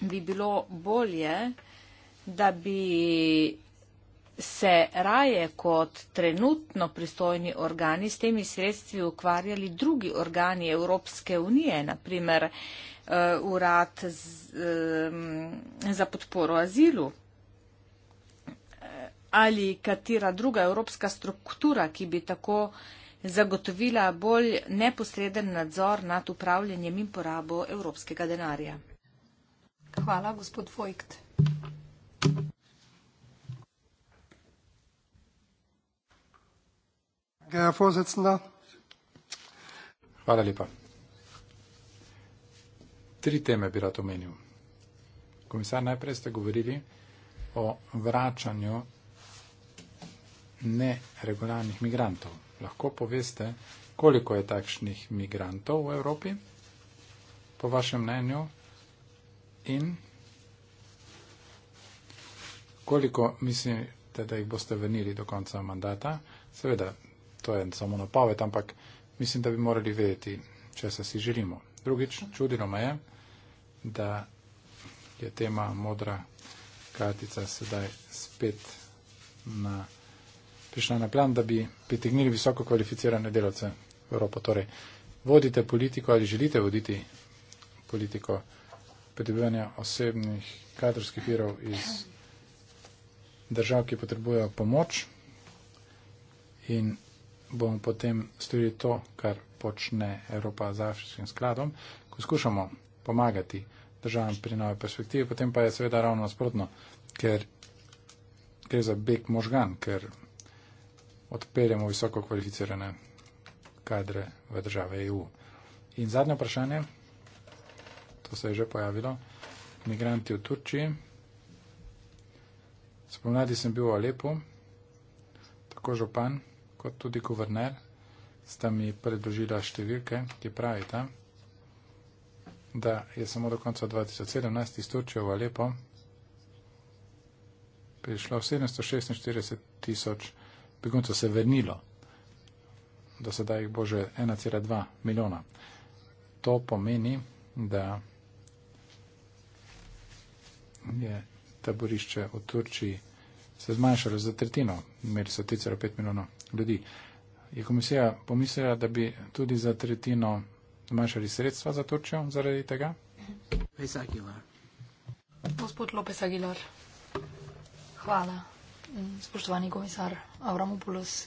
bi bilo bolje, da bi se raje kot trenutno pristojni organi s temi sredstvi ukvarjali drugi organi Evropske unije, naprimer uh, eh, Urad z, um, za podporo azilu eh, ali katera druga evropska struktura, ki bi tako zagotovila bolj neposreden nadzor nad upravljanjem in porabo evropskega denarja. Hvala, gospod Vojkt. Hvala lepa. Tri teme bi rad omenil. Komisar, najprej ste govorili o vračanju neregularnih migrantov. Lahko poveste, koliko je takšnih migrantov v Evropi, po vašem mnenju, in koliko mislite, da jih boste vrnili do konca mandata. Seveda, to je samo napoved, ampak mislim, da bi morali vedeti, če se si želimo. Drugič, čudilo me je, da je tema modra kartica sedaj spet na, prišla na plan, da bi pritegnili visoko kvalificirane delavce v Evropo. Torej, vodite politiko ali želite voditi politiko pridobivanja osebnih kadrovskih virov iz držav, ki potrebujejo pomoč in bomo potem storili to, kar počne Evropa z Afriškim skladom, ko skušamo pomagati državam pri nove perspektive, potem pa je seveda ravno nasprotno, ker gre za beg možgan, ker odpeljamo visoko kvalificirane kadre v države EU. In zadnje vprašanje to se je že pojavilo, migranti v Turčiji. Spomladi sem bil v Alepu, tako župan kot tudi guverner, sta mi predložila številke, ki pravita, da je samo do konca 2017 iz Turčije v Alepo prišlo 746 tisoč beguncev, se vrnilo. Do sedaj jih bo že 1,2 milijona. To pomeni, da je taborišče v Turčiji se zmanjšalo za tretjino, imeli so 3,5 milijona ljudi. Je komisija pomislila, da bi tudi za tretjino zmanjšali sredstva za Turčijo zaradi tega? Gospod Lopes Aguilar, hvala. Spoštovani komisar Avramopoulos,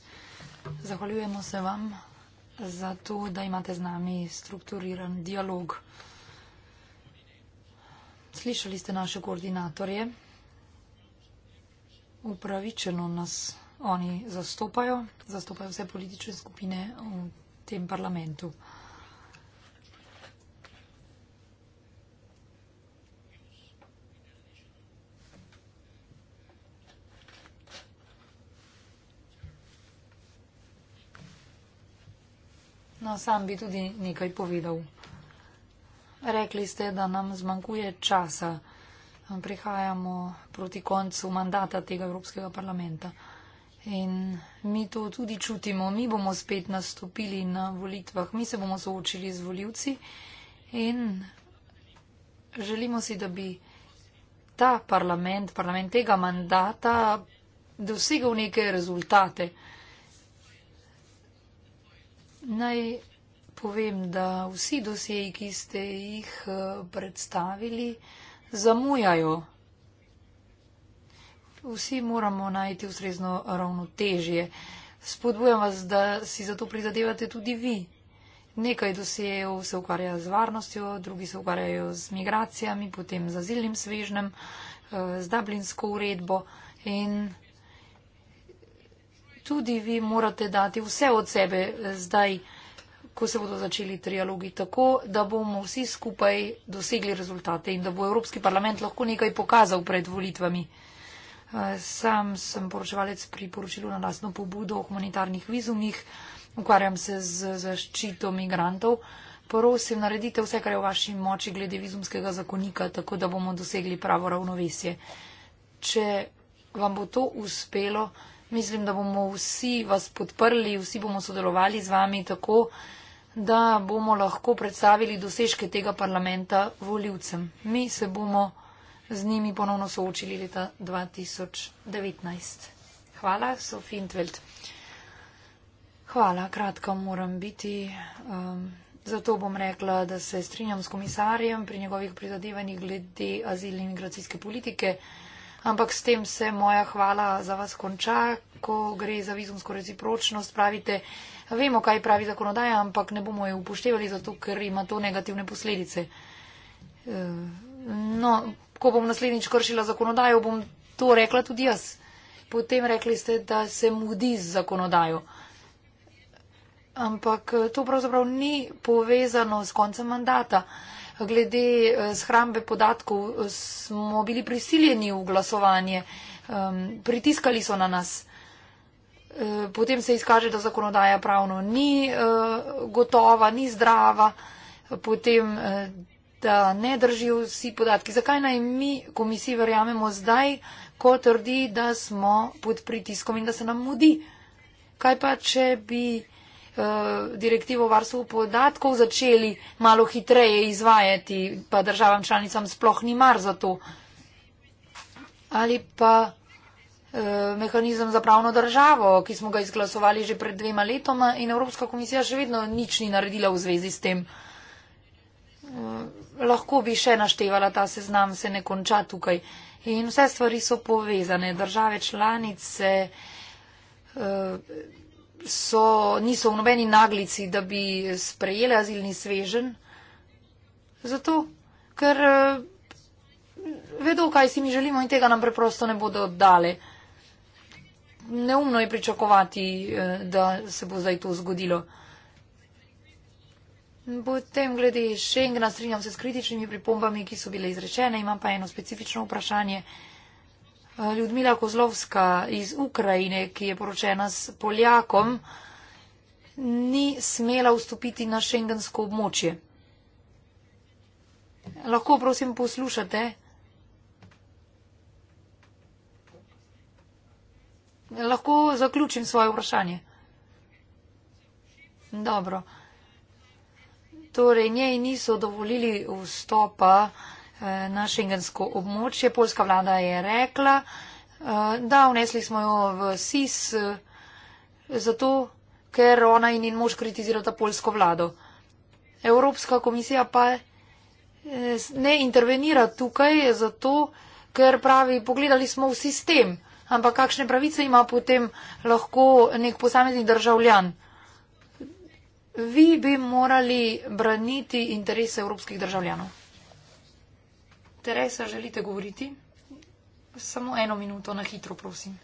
zahvaljujemo se vam za to, da imate z nami strukturiran dialog. Slišali ste naše koordinatorje. Upravičeno nas oni zastopajo, zastopajo vse politične skupine v tem parlamentu. No, sam bi tudi nekaj povedal. Rekli ste, da nam zmanjkuje časa. Prihajamo proti koncu mandata tega Evropskega parlamenta. In mi to tudi čutimo. Mi bomo spet nastopili na volitvah, mi se bomo soočili z voljivci in želimo si, da bi ta parlament, parlament tega mandata, dosegal neke rezultate. Naj povem, da vsi dosjeji, ki ste jih eh, predstavili, zamujajo. Vsi moramo najti ustrezno ravnotežje. Spodbujam vas, da si zato prizadevate tudi vi. Nekaj dosjejev se ukvarja z varnostjo, drugi se ukvarjajo z migracijami, potem z azilnim svežnem, eh, z dublinsko uredbo in tudi vi morate dati vse od sebe zdaj ko se bodo začeli trialogi, tako da bomo vsi skupaj dosegli rezultate in da bo Evropski parlament lahko nekaj pokazal pred volitvami. Eh, sam sem poročevalec pri poročilu na lastno pobudo o humanitarnih vizumih, ukvarjam se z zaščito migrantov. Prosim, naredite vse, kar je v vaši moči glede vizumskega zakonika, tako da bomo dosegli pravo ravnovesje. Če vam bo to uspelo, mislim, da bomo vsi vas podprli, vsi bomo sodelovali z vami tako, da bomo lahko predstavili dosežke tega parlamenta voljivcem. Mi se bomo z njimi ponovno soočili leta 2019. Hvala, Sofi Intveld. Hvala, kratka moram biti. Um, zato bom rekla, da se strinjam s komisarjem pri njegovih prizadevanjih glede azilne in migracijske politike, ampak s tem se moja hvala za vas konča, ko gre za vizumsko recipročnost, pravite, vemo, kaj pravi zakonodaja, ampak ne bomo jo upoštevali, zato ker ima to negativne posledice. Eh, no, ko bom naslednjič kršila zakonodajo, bom to rekla tudi jaz. Potem rekli ste, da se mudi z zakonodajo. Ampak eh, to pravzaprav ni povezano s koncem mandata. Glede eh, shrambe podatkov smo bili prisiljeni v glasovanje, pritiskali so na nas. Eh, potem se izkaže, da zakonodaja pravno ni eh, gotova, ni zdrava, potem eh, da ne držijo vsi podatki. Zakaj naj mi komisiji verjamemo zdaj, ko trdi, da smo pod pritiskom in da se nam mudi? Kaj pa, če bi direktivo varstvu podatkov začeli malo hitreje izvajati, pa državam članicam sploh ni mar za to? Ali pa Eh, mehanizem za pravno državo, ki smo ga izglasovali že pred dvema letoma in Evropska komisija še vedno nič ni naredila v zvezi s tem. Eh, lahko bi še naštevala ta seznam, se ne konča tukaj. In vse stvari so povezane. Države članice eh, so, niso v nobeni naglici, da bi sprejele azilni svežen. Zato, ker vedo, kaj si mi želimo in tega nam preprosto ne bodo dale neumno je pričakovati, eh, da se bo zdaj to zgodilo. Potem glede Schengena strinjam se s kritičnimi pripombami, ki so bile izrečene. Imam pa eno specifično vprašanje. Eh, Ljudmila Kozlovska iz Ukrajine, ki je poročena s Poljakom, ni smela vstopiti na šengensko območje. Lahko, prosim, poslušate. lahko zaključim svoje vprašanje. Dobro. Torej, njej niso dovolili vstopa eh, na šengensko območje. Polska vlada je rekla, eh, da vnesli smo jo v SIS eh, zato, ker ona in njen mož kritizirata polsko vlado. Evropska komisija pa ne intervenira tukaj zato, ker pravi, pogledali smo v sistem ampak kakšne pravice ima potem lahko nek posamezni državljan. Vi bi morali braniti interese evropskih državljanov. Teresa, želite govoriti? Samo eno minuto na hitro, prosim.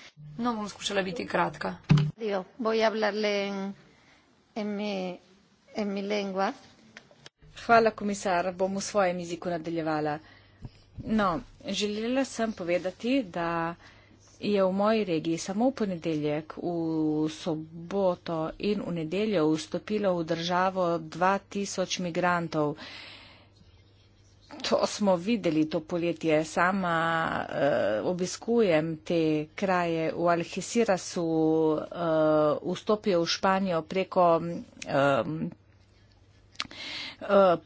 [LAUGHS] No, bom skušala biti kratka en mi lengua. Hvala, komisar, bom v svojem jeziku nadaljevala. No, želela sem povedati, da je v moji regiji samo v ponedeljek, v soboto in v nedeljo vstopilo v državo 2000 migrantov. To smo videli to poletje. Sama uh, obiskujem te kraje v Alhesirasu, uh, eh, vstopijo v Španijo preko. Um, Eh,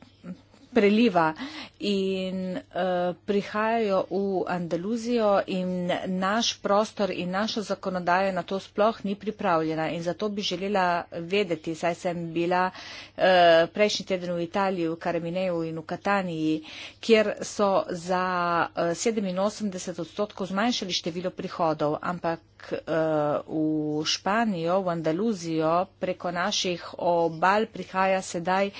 preliva in uh, prihajajo v Andaluzijo in naš prostor in naša zakonodaja na to sploh ni pripravljena. In zato bi želela vedeti, saj sem bila uh, prejšnji teden v Italiji, v Karamineju in v Kataniji, kjer so za uh, eh, 87 odstotkov zmanjšali število prihodov, ampak uh, v Španijo, v Andaluzijo preko naših obal prihaja sedaj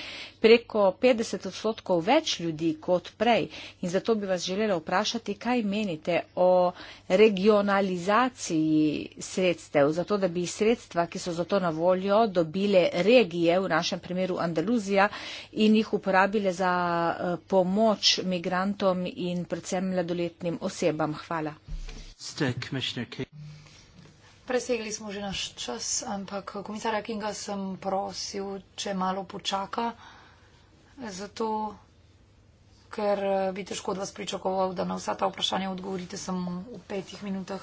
preko 50 odstotkov več ljudi, kot prej. In zato bi vas želela vprašati, kaj menite o regionalizaciji sredstev, zato da bi sredstva, ki so zato na voljo, dobile regije, v našem primeru Andaluzija, in jih uporabile za eh, pomoč migrantom in predvsem mladoletnim osebam. Hvala. Presegli smo že naš čas, ampak komisar Kinga sem prosil, če malo počaka. Zato ker eh, bi težko od vas pričakoval, da na vsa ta vprašanja odgovorite samo v petih minutah.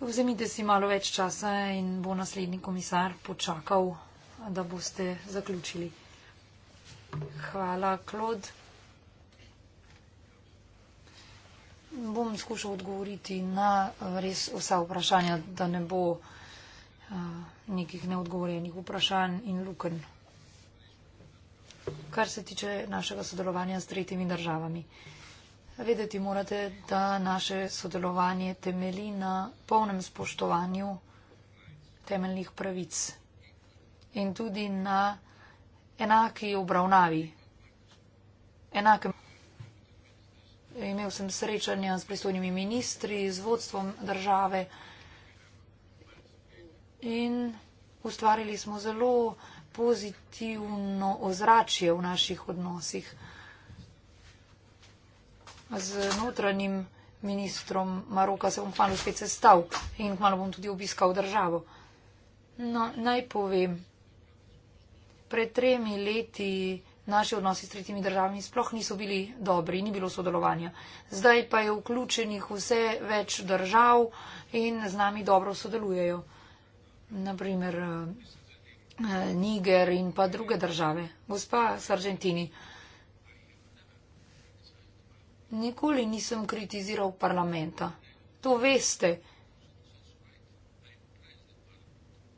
Vzemite si malo več časa in bo naslednji komisar počakal, da boste zaključili. Hvala, Klod. Bom skušal odgovoriti na eh, res vsa vprašanja, da ne bo uh, nekih neodgovorjenih vprašanj in lukenj kar se tiče našega sodelovanja s tretjimi državami. Vedeti morate, da naše sodelovanje temeli na polnem spoštovanju temeljnih pravic in tudi na enaki obravnavi. Enakem. Imel sem srečanja s pristojnimi ministri, z vodstvom države in ustvarili smo zelo pozitivno ozračje v naših odnosih z notranjim ministrom Maroka se bom kmalo spet sestav in kmalo bom tudi obiskal državo. No, naj povem, pred tremi leti naši odnosi s tretjimi državami sploh niso bili dobri, ni bilo sodelovanja. Zdaj pa je vključenih vse več držav in z nami dobro sodelujejo. Naprimer, Eh, Niger in pa druge države. Gospa s Argentini. Nikoli nisem kritiziral parlamenta. To veste.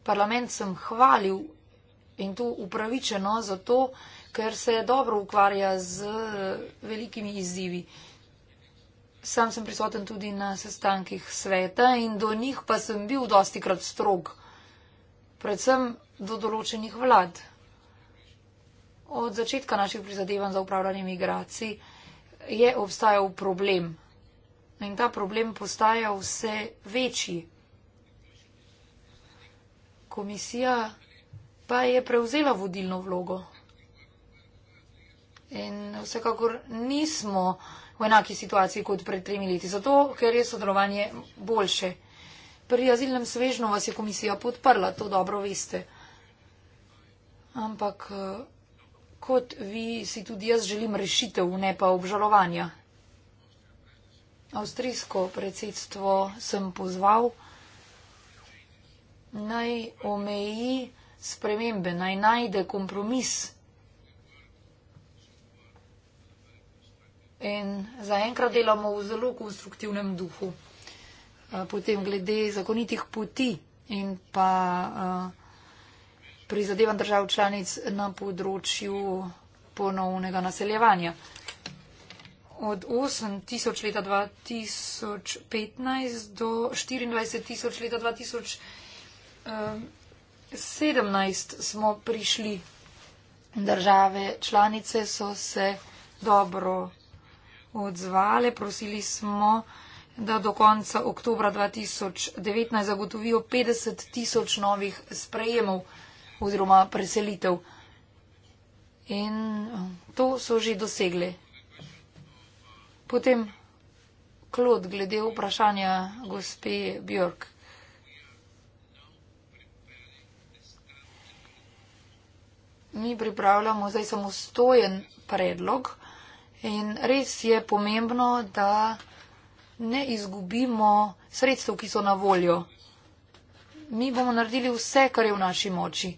Parlament sem hvalil in to upravičeno zato, ker se dobro ukvarja z eh, velikimi izzivi. Sam sem prisoten tudi na sestankih sveta in do njih pa sem bil dosti krat strog. Predvsem do določenih vlad. Od začetka naših prizadevanj za upravljanje migracij je obstajal problem in ta problem postaja vse večji. Komisija pa je prevzela vodilno vlogo in vsekakor nismo v enaki situaciji kot pred tremi leti, zato ker je sodelovanje boljše. Pri azilnem svežnju vas je komisija podprla, to dobro veste. Ampak eh, kot vi si tudi jaz želim rešitev, ne pa obžalovanja. Avstrijsko predsedstvo sem pozval, naj omeji spremembe, naj najde kompromis. In zaenkrat delamo v zelo konstruktivnem duhu. Eh, potem glede zakonitih poti in pa. Uh, prizadevanj držav članic na področju ponovnega naseljevanja. Od 8 tisoč leta 2015 do 24 tisoč leta 2017 eh, smo prišli. Države članice so se dobro odzvale. Prosili smo, da do konca oktobra 2019 zagotovijo 50 tisoč novih sprejemov oziroma preselitev. In eh, to so že dosegli. Potem klod glede vprašanja gospe Björk. Mi pripravljamo zdaj samostojen predlog in res je pomembno, da ne izgubimo sredstev, ki so na voljo. Mi bomo naredili vse, kar je v naši moči.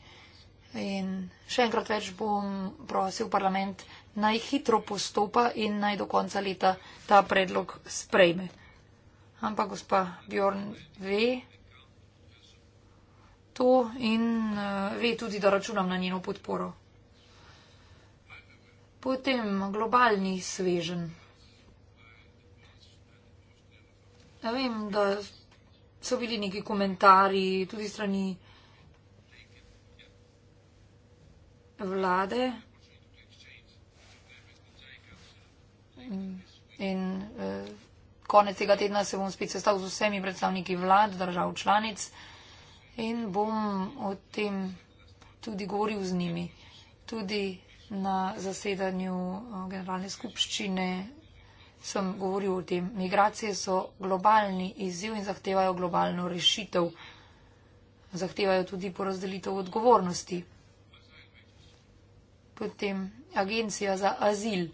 In še enkrat več bom prosil parlament naj hitro postopa in naj do konca leta ta predlog sprejme. Ampak gospa Bjorn ve to in eh, ve tudi, da računam na njeno podporo. Potem globalni svežen. Ja, vem, da so bili neki komentarji tudi strani. vlade in eh, konec tega tedna se bom spet sestal z vsemi predstavniki vlad, držav članic in bom o tem tudi govoril z njimi. Tudi na zasedanju eh, generalne skupščine sem govoril o tem. Migracije so globalni izziv in zahtevajo globalno rešitev. Zahtevajo tudi porazdelitev odgovornosti potem agencija za azil.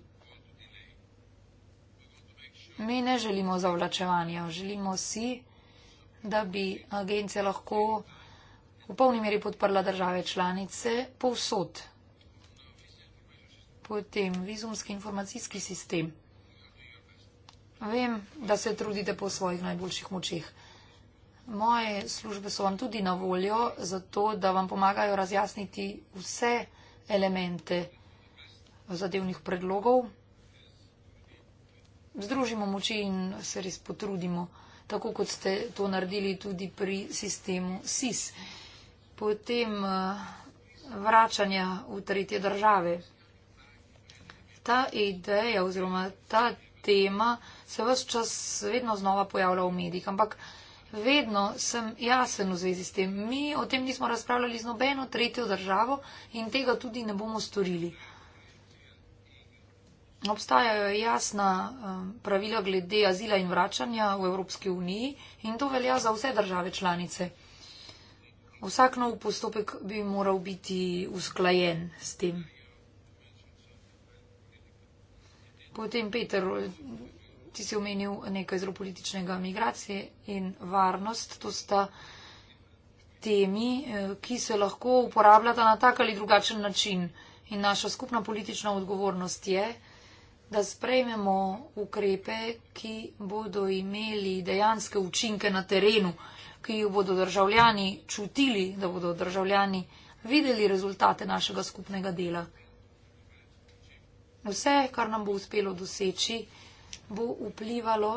Mi ne želimo zavlačevanja, želimo si, da bi agencija lahko v polni meri podprla države članice povsod. Potem vizumski informacijski sistem. Vem, da se trudite po svojih najboljših močeh. Moje službe so vam tudi na voljo, zato da vam pomagajo razjasniti vse, elemente zadevnih predlogov. Združimo moči in se res potrudimo, tako kot ste to naredili tudi pri sistemu SIS. Potem eh, vračanja v tretje države. Ta ideja oziroma ta tema se vse čas vedno znova pojavlja v medijih, ampak vedno sem jasen v zvezi s tem. Mi o tem nismo razpravljali z nobeno tretjo državo in tega tudi ne bomo storili. Obstajajo jasna um, pravila glede azila in vračanja v Evropski uniji in to velja za vse države članice. Vsak nov postopek bi moral biti usklajen s tem. Potem Peter ti si omenil nekaj zelo političnega, migracije in varnost. To sta temi, eh, ki se lahko uporabljata na tak ali drugačen način. In naša skupna politična odgovornost je, da sprejmemo ukrepe, ki bodo imeli dejanske učinke na terenu, ki jih bodo državljani čutili, da bodo državljani videli rezultate našega skupnega dela. Vse, kar nam bo uspelo doseči, bo vplivalo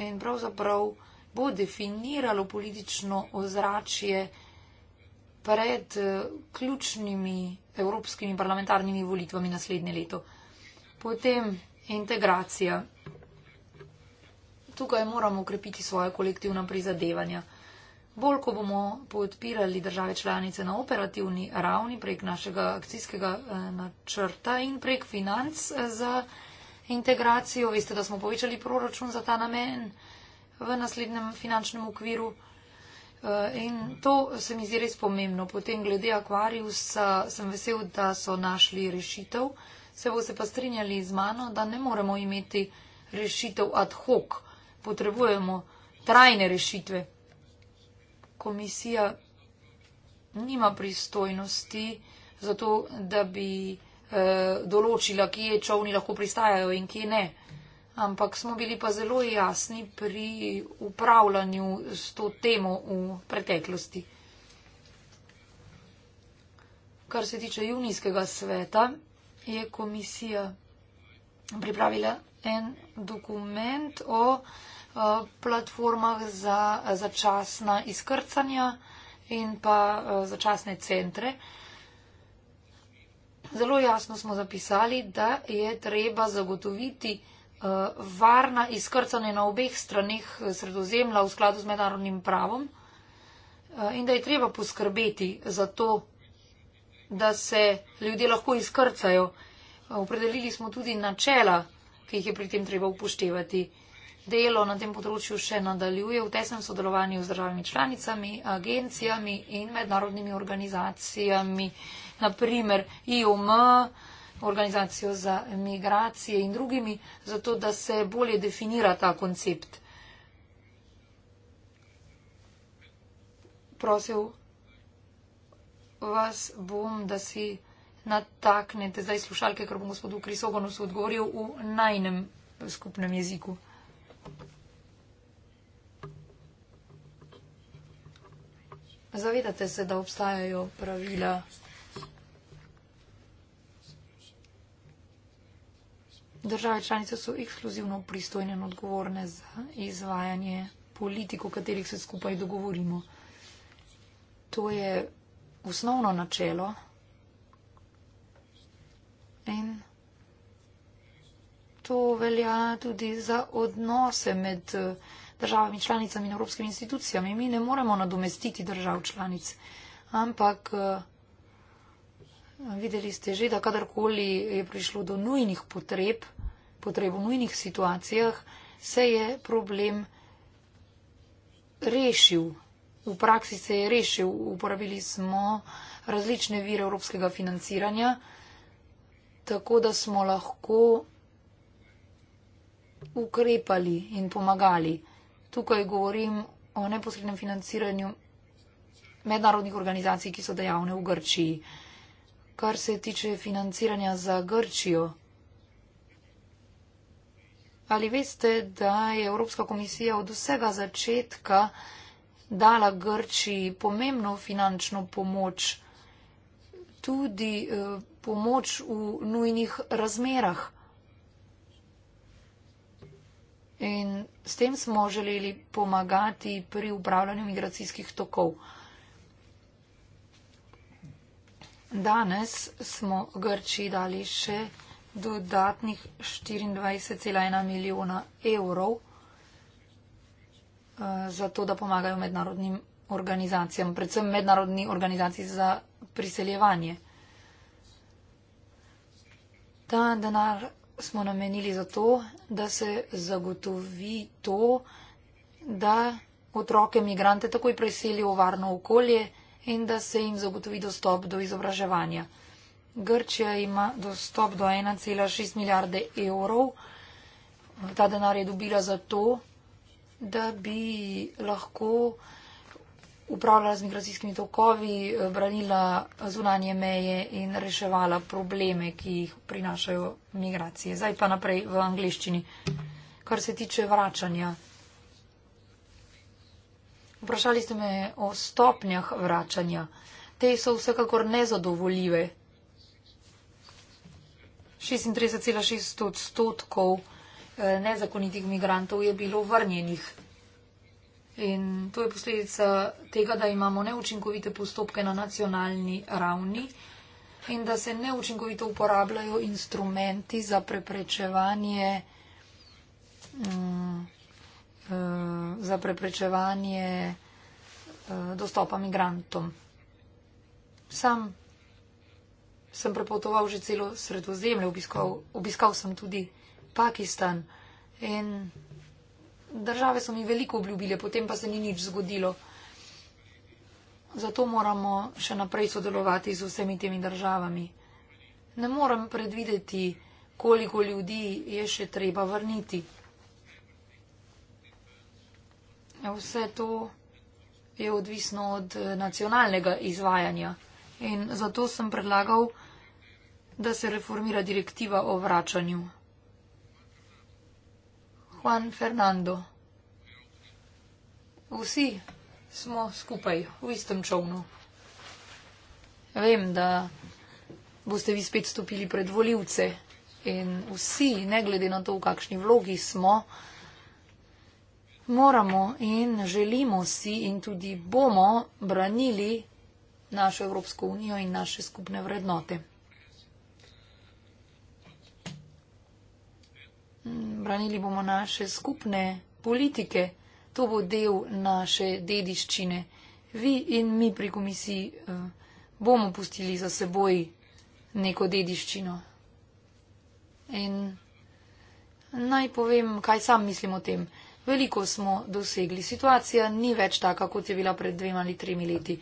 in pravzaprav bo definiralo politično ozračje pred eh, ključnimi evropskimi parlamentarnimi volitvami naslednje leto. Potem integracija. Tukaj moramo ukrepiti svoje kolektivna prizadevanja. Bolj, ko bomo podpirali države članice na operativni ravni prek našega akcijskega eh, načrta in prek financ eh, za integracijo. Veste, da smo povečali proračun za ta namen v naslednjem finančnem okviru. Eh, in to se mi zdi res pomembno. Potem glede Aquarius sem vesel, da so našli rešitev. Se boste pa strinjali z mano, da ne moremo imeti rešitev ad hoc. Potrebujemo trajne rešitve. Komisija nima pristojnosti za to, da bi. Eh, določila, kje čovni lahko pristajajo in kje ne. Ampak smo bili pa zelo jasni pri upravljanju s to temo v preteklosti. Kar se tiče junijskega sveta, je komisija pripravila en dokument o eh, platformah za začasna izkrcanja in pa eh, začasne centre zelo jasno smo zapisali, da je treba zagotoviti uh, varna izkrcanje na obeh stranih eh, sredozemlja v skladu z mednarodnim pravom uh, in da je treba poskrbeti za to, da se ljudje lahko izkrcajo. Opredelili smo tudi načela, ki jih je pri tem treba upoštevati. Delo na tem področju še nadaljuje v tesnem sodelovanju z državami članicami, agencijami in mednarodnimi organizacijami naprimer IOM, organizacijo za migracije in drugimi, zato da se bolje definira ta koncept. Prosil vas bom, da si nataknete zdaj slušalke, ker bom gospodu Krisogonu se odgovoril v najnem skupnem jeziku. Zavedate se, da obstajajo pravila. Države članice so ekskluzivno pristojne in odgovorne za izvajanje politik, o katerih se skupaj dogovorimo. To je osnovno načelo. In to velja tudi za odnose med eh, državami članicami in evropskimi institucijami. Mi ne moremo nadomestiti držav članic, ampak eh, Videli ste že, da kadarkoli je prišlo do nujnih potreb, potreb v nujnih situacijah, se je problem rešil. V praksi se je rešil. Uporabili smo različne vire evropskega financiranja, tako da smo lahko ukrepali in pomagali. Tukaj govorim o neposrednem financiranju mednarodnih organizacij, ki so dejavne v Grčiji kar se tiče financiranja za Grčijo. Ali veste, da je Evropska komisija od vsega začetka dala Grčiji pomembno finančno pomoč, tudi eh, pomoč v nujnih razmerah? In s tem smo želeli pomagati pri upravljanju migracijskih tokov. Danes smo Grči dali še dodatnih 24,1 milijona evrov eh, za to, da pomagajo mednarodnim organizacijam, predvsem mednarodni organizaciji za priseljevanje. Ta denar smo namenili za to, da se zagotovi to, da otroke migrante takoj preselijo v varno okolje in da se jim zagotovi dostop do izobraževanja. Grčija ima dostop do 1,6 milijarde evrov. Ta denar je dobila zato, da bi lahko upravljala z migracijskimi tokovi, branila zunanje meje in reševala probleme, ki jih prinašajo migracije. Zdaj pa naprej v angliščini. Kar se tiče vračanja. Vprašali ste me o stopnjah vračanja. Te so vsekakor nezadovoljive. 36,6 odstotkov eh, nezakonitih migrantov je bilo vrnjenih. In to je posledica tega, da imamo neučinkovite postopke na nacionalni ravni in da se neučinkovito uporabljajo instrumenti za preprečevanje. Mm, Eh, za preprečevanje eh, dostopa migrantom. Sam sem prepotoval že celo sredozemlje, obiskal, obiskal sem tudi Pakistan in države so mi veliko obljubile, potem pa se ni nič zgodilo. Zato moramo še naprej sodelovati z vsemi temi državami. Ne morem predvideti, koliko ljudi je še treba vrniti. Vse to je odvisno od eh, nacionalnega izvajanja. In zato sem predlagal, da se reformira direktiva o vračanju. Juan Fernando. Vsi smo skupaj v istem čovnu. Vem, da boste vi spet stopili pred voljivce in vsi, ne glede na to, v kakšni vlogi smo, moramo in želimo si in tudi bomo branili našo Evropsko unijo in naše skupne vrednote. Branili bomo naše skupne politike, to bo del naše dediščine. Vi in mi pri komisiji eh, bomo pustili za seboj neko dediščino. In naj povem, kaj sam mislim o tem veliko smo dosegli. Situacija ni več taka, kot je bila pred dvema ali tremi leti.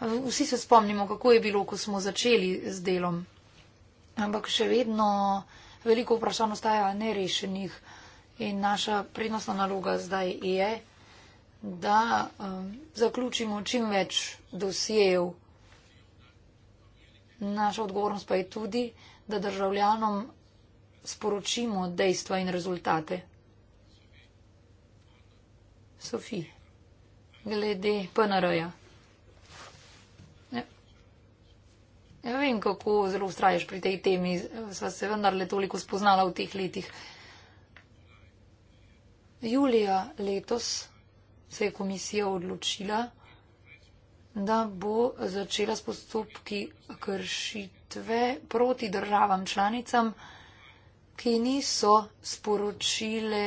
Vsi se spomnimo, kako je bilo, ko smo začeli z delom. Ampak še vedno veliko vprašanj ostaja nerešenih in naša prednostna naloga zdaj je, da um, zaključimo čim več dosijev. Naša odgovornost pa je tudi, da državljanom sporočimo dejstva in rezultate. Sofi, glede PNR-ja. Ja. ja, vem, kako zelo ustraješ pri tej temi, sva se vendarle toliko spoznala v teh letih. Julija letos se je komisija odločila, da bo začela s postopki kršitve proti državam članicam, ki niso sporočile,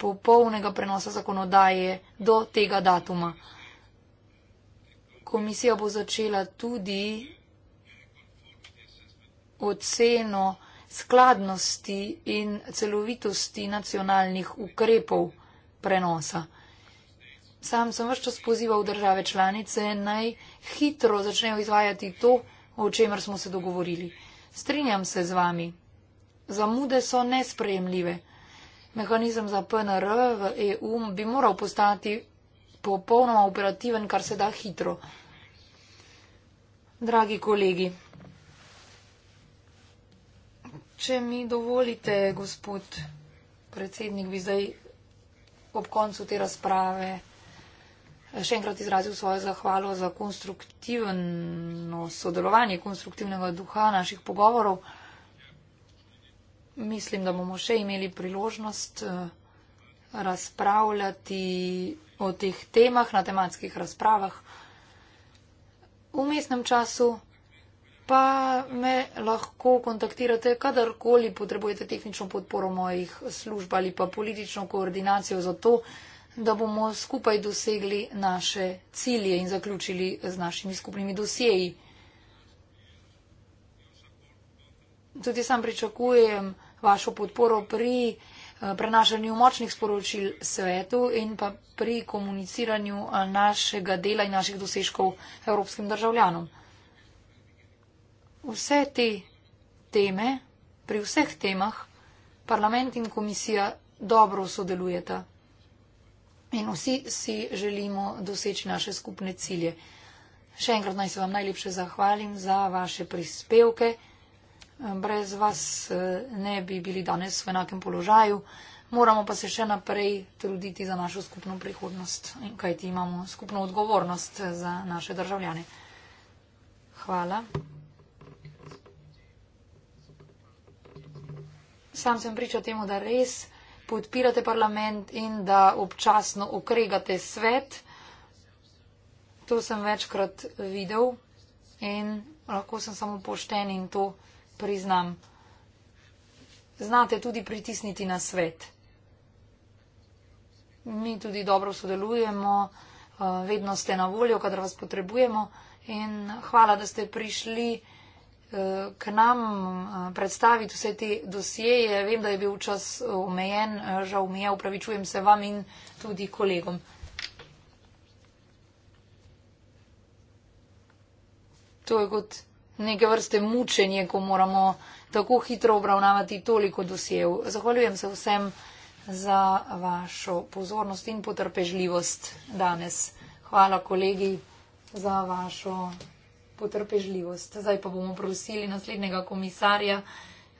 popolnega prenosa zakonodaje do tega datuma. Komisija bo začela tudi oceno skladnosti in celovitosti nacionalnih ukrepov prenosa. Sam sem vse čas pozival države članice naj hitro začnejo izvajati to, o čemer smo se dogovorili. Strinjam se z vami. Zamude so nespremljive. Mehanizem za PNR v EU bi moral postati popolnoma operativen, kar se da hitro. Dragi kolegi, če mi dovolite, gospod predsednik, bi zdaj ob koncu te razprave še enkrat izrazil svojo zahvalo za konstruktivno sodelovanje, konstruktivnega duha naših pogovorov mislim, da bomo še imeli priložnost eh, razpravljati o teh temah na tematskih razpravah. V mestnem času pa me lahko kontaktirate, kadarkoli potrebujete tehnično podporo mojih služb ali pa politično koordinacijo za to, da bomo skupaj dosegli naše cilje in zaključili z našimi skupnimi dosjeji. tudi sam pričakujem vašo podporo pri eh, prenašanju močnih sporočil svetu in pa pri komuniciranju eh, našega dela in naših dosežkov evropskim državljanom. Vse te teme, pri vseh temah, parlament in komisija dobro sodelujeta in vsi si želimo doseči naše skupne cilje. Še enkrat naj se vam najlepše zahvalim za vaše prispevke brez vas eh, ne bi bili danes v enakem položaju. Moramo pa se še naprej truditi za našo skupno prihodnost, kajti imamo skupno odgovornost eh, za naše državljane. Hvala. Sam sem priča temu, da res podpirate parlament in da občasno okregate svet. To sem večkrat videl in lahko sem samo pošten in to priznam, znate tudi pritisniti na svet. Mi tudi dobro sodelujemo, eh, vedno ste na voljo, kadar vas potrebujemo in hvala, da ste prišli eh, k nam eh, predstaviti vse te dosjeje. Vem, da je bil čas omejen, žal mi je, upravičujem se vam in tudi kolegom. To je kot neke vrste mučenje, ko moramo tako hitro obravnavati toliko dosjev. Zahvaljujem se vsem za vašo pozornost in potrpežljivost danes. Hvala kolegi za vašo potrpežljivost. Zdaj pa bomo prosili naslednjega komisarja,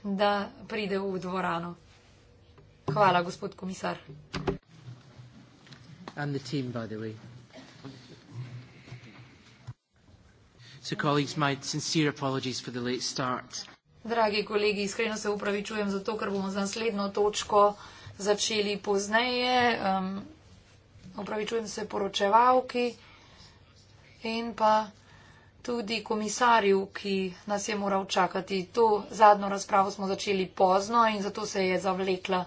da pride v dvorano. Hvala, gospod komisar. And the team, by the way. to colleagues my sincere apologies for the late start. Dragi kolegi, iskreno se upravičujem za to, ker bomo z naslednjo točko začeli pozneje. Um, upravičujem se poročevalki in pa tudi komisarju, ki nas je moral čakati. To zadnjo razpravo smo začeli pozno in zato se je zavlekla.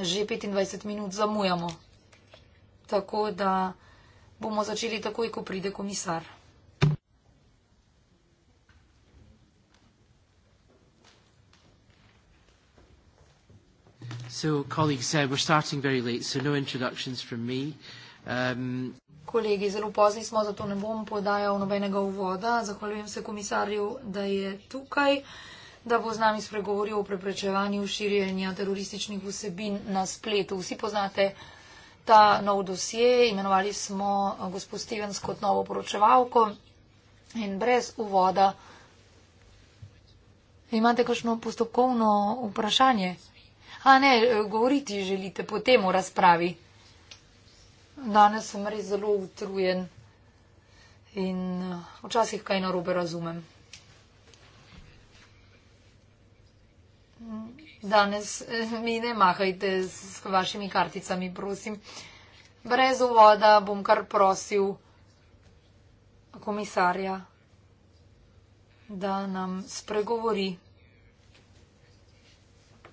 Že 25 minut zamujamo. Tako da bomo začeli takoj, ko pride komisar. So, colleagues said uh, we're starting very late, so no introductions from me. Um, Kolegi, zelo pozni smo, zato ne bom podajal nobenega uvoda. Zahvaljujem se komisarju, da je tukaj, da bo z nami spregovoril o preprečevanju širjenja terorističnih vsebin na spletu. Vsi poznate ta nov dosje, imenovali smo eh, gospod Stevens kot novo poročevalko in brez uvoda. Imate kakšno postopkovno vprašanje? A ne, eh, govoriti želite potem v razpravi. Danes sem res zelo utrujen in eh, včasih kaj narobe razumem. Danes eh, mi ne mahajte s vašimi karticami, prosim. Brez uvoda bom kar prosil komisarja, da nam spregovori.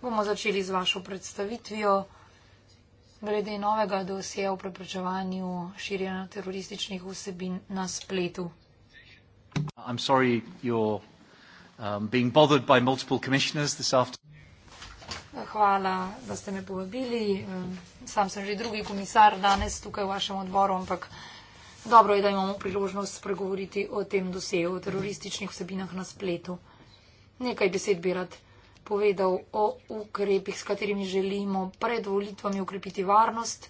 Bomo začeli z vašo predstavitvijo glede novega dosija o preprečevanju širjenja terorističnih vsebin na spletu. I'm sorry you're um, being bothered by multiple commissioners this afternoon. Hvala, da ste me povabili. Sam sem že drugi komisar danes tukaj v vašem odboru, ampak dobro je, da imamo priložnost spregovoriti o tem dosegu, o terorističnih vsebinah na spletu. Nekaj besed bi rad povedal o ukrepih, s katerimi želimo pred volitvami ukrepiti varnost.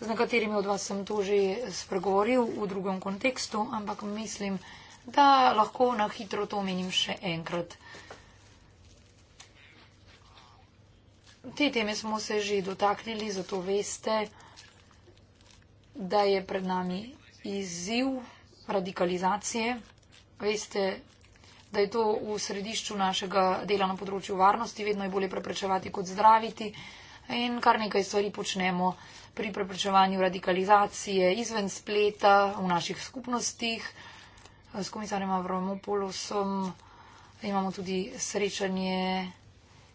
Z nekaterimi od vas sem to že spregovoril v drugem kontekstu, ampak mislim, da lahko na hitro to omenim še enkrat. te teme smo se že dotaknili, zato veste, da je pred nami izziv radikalizacije. Veste, da je to v središču našega dela na področju varnosti, vedno je bolje preprečevati kot zdraviti in kar nekaj stvari počnemo pri preprečevanju radikalizacije izven spleta, v naših skupnostih. S komisarjem Avramopolosom imamo tudi srečanje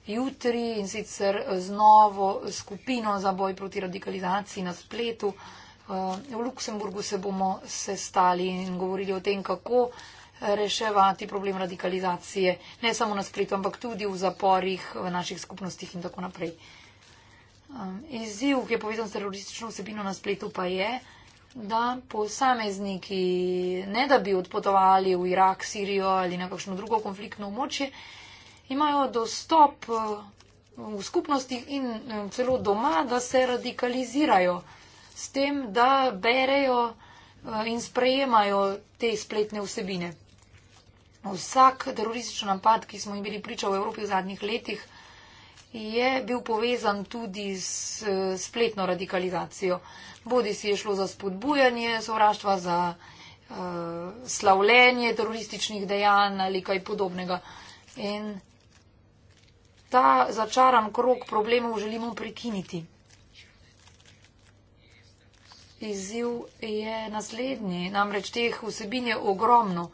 jutri in sicer z novo skupino za boj proti radikalizaciji na spletu. Eh, v Luksemburgu se bomo sestali in govorili o tem, kako reševati problem radikalizacije, ne samo na spletu, ampak tudi v zaporih, v naših skupnostih in tako naprej. Um, izziv, ki je povezan s teroristično vsebino na spletu, pa je, da posamezniki, ne da bi odpotovali v Irak, Sirijo ali na kakšno drugo konfliktno območje, imajo dostop eh, v skupnosti in eh, celo doma, da se radikalizirajo s tem, da berejo eh, in sprejemajo te spletne vsebine. Vsak terorističen napad, ki smo jim bili priča v Evropi v zadnjih letih, je bil povezan tudi s spletno radikalizacijo. Bodi si je šlo za spodbujanje sovraštva, za uh, slavljenje terorističnih dejanj ali kaj podobnega. In ta začaran krok problemov želimo prekiniti. Izziv je naslednji, namreč teh vsebin je ogromno.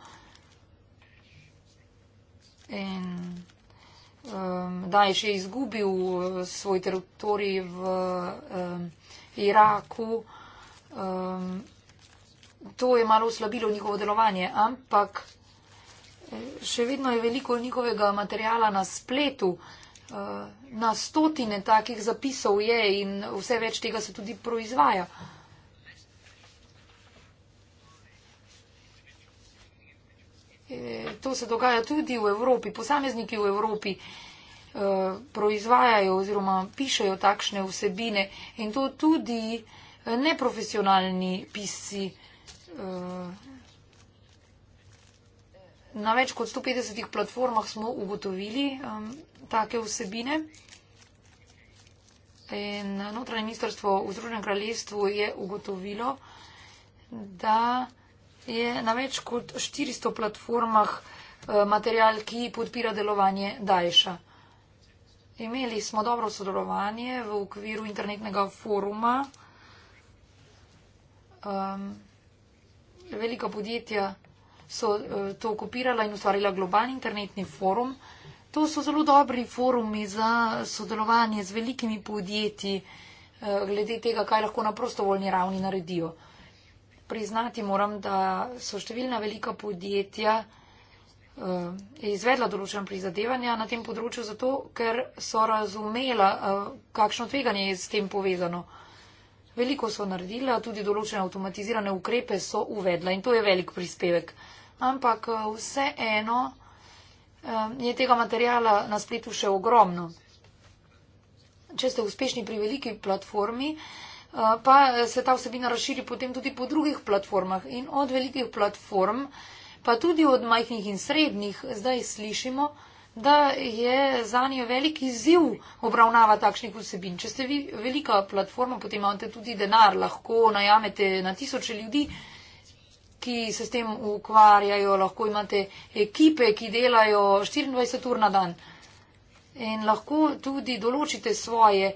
In um, da je še izgubil uh, svoj teritorij v um, Iraku, um, to je malo oslabilo njihovo delovanje, ampak eh, še vedno je veliko njihovega materijala na spletu. Eh, na stotine takih zapisov je in vse več tega se tudi proizvaja. Eh, to se dogaja tudi v Evropi. Posamezniki v Evropi eh, proizvajajo oziroma pišejo takšne vsebine in to tudi neprofesionalni pisci na več kot 150 platformah smo ugotovili um, take vsebine. In notranje ministrstvo v Združenem kraljestvu je ugotovilo, da je na več kot 400 platformah uh, material, ki podpira delovanje Dajša. Imeli smo dobro sodelovanje v okviru internetnega foruma. Um, velika podjetja so eh, to okupirala in ustvarila globalni internetni forum. To so zelo dobri forumi za sodelovanje z velikimi podjetji eh, glede tega, kaj lahko na prostovoljni ravni naredijo. Priznati moram, da so številna velika podjetja eh, izvedla določen prizadevanja na tem področju zato, ker so razumela, kakšno tveganje je s tem povezano. Veliko so naredila, tudi določene avtomatizirane ukrepe so uvedla in to je velik prispevek. Ampak eh, vseeno eh, je tega materijala na spletu še ogromno. Če ste uspešni pri veliki platformi, eh, pa se ta vsebina razširi potem tudi po drugih platformah. In od velikih platform, pa tudi od majhnih in srednjih, zdaj slišimo, da je za njo velik izziv obravnava takšnih vsebin. Če ste vi velika platforma, potem imate tudi denar, lahko najamete na tisoče ljudi, ki se s tem ukvarjajo, lahko imate ekipe, ki delajo 24 ur na dan in lahko tudi določite svoje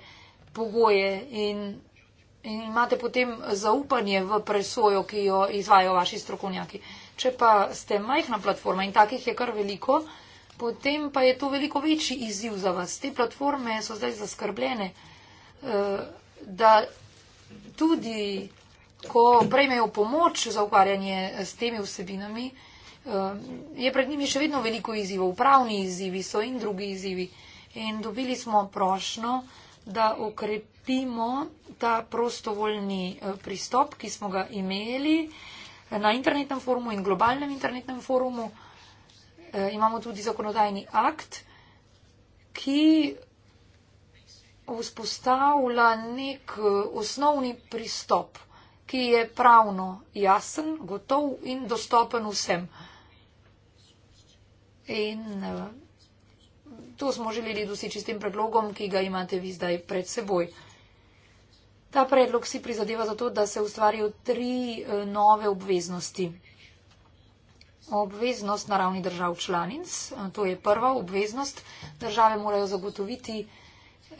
pogoje in, in imate potem zaupanje v presojo, ki jo izvajo vaši strokovnjaki. Če pa ste majhna platforma in takih je kar veliko, potem pa je to veliko večji izziv za vas. Te platforme so zdaj zaskrbljene, eh, da tudi, ko prejmejo pomoč za ukvarjanje eh, s temi vsebinami, eh, je pred njimi še vedno veliko izzivov. Pravni izzivi so in drugi izzivi. In dobili smo prošno, da okrepimo ta prostovoljni pristop, ki smo ga imeli na internetnem forumu in globalnem internetnem forumu. Eh, imamo tudi zakonodajni akt, ki vzpostavlja nek eh, osnovni pristop, ki je pravno jasen, gotov in dostopen vsem. In eh, to smo želeli doseči s tem predlogom, ki ga imate vi zdaj pred seboj. Ta predlog si prizadeva za to, da se ustvarijo tri nove obveznosti obveznost na ravni držav članic. Eh, to je prva obveznost. Države morajo zagotoviti,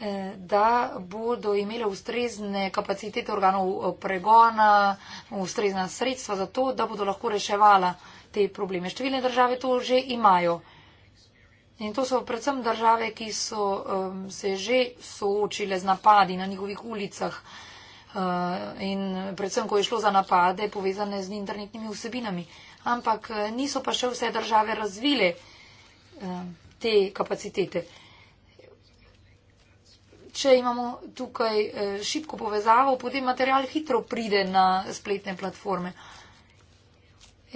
eh, da bodo imele ustrezne kapacitete organov eh, pregona, ustrezna sredstva za to, da bodo lahko reševala te probleme. Številne države to že imajo. In to so predvsem države, ki so ehm, se že soočile z napadi na njihovih ulicah in predvsem, ko je šlo za napade povezane z internetnimi vsebinami ampak eh, niso pa še vse države razvile eh, te kapacitete. Če imamo tukaj eh, šibko povezavo, potem material hitro pride na spletne platforme.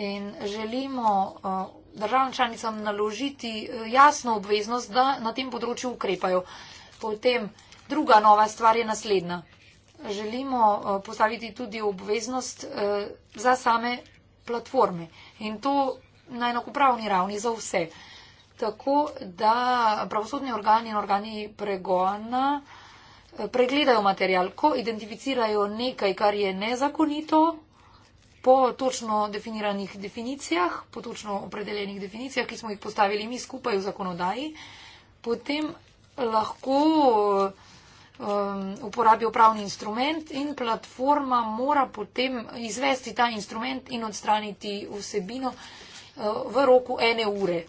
In želimo državam članicam naložiti jasno obveznost, da na tem področju ukrepajo. Potem druga nova stvar je naslednja. Želimo postaviti tudi obveznost za same platforme in to na enakopravni ravni za vse. Tako da pravosodni organi in organi pregona eh, pregledajo material, ko identificirajo nekaj, kar je nezakonito, po točno definiranih definicijah, po točno opredeljenih definicijah, ki smo jih postavili mi skupaj v zakonodaji, potem lahko eh, um, uporabijo pravni instrument in platforma mora potem izvesti ta instrument in odstraniti vsebino uh, v roku ene ure.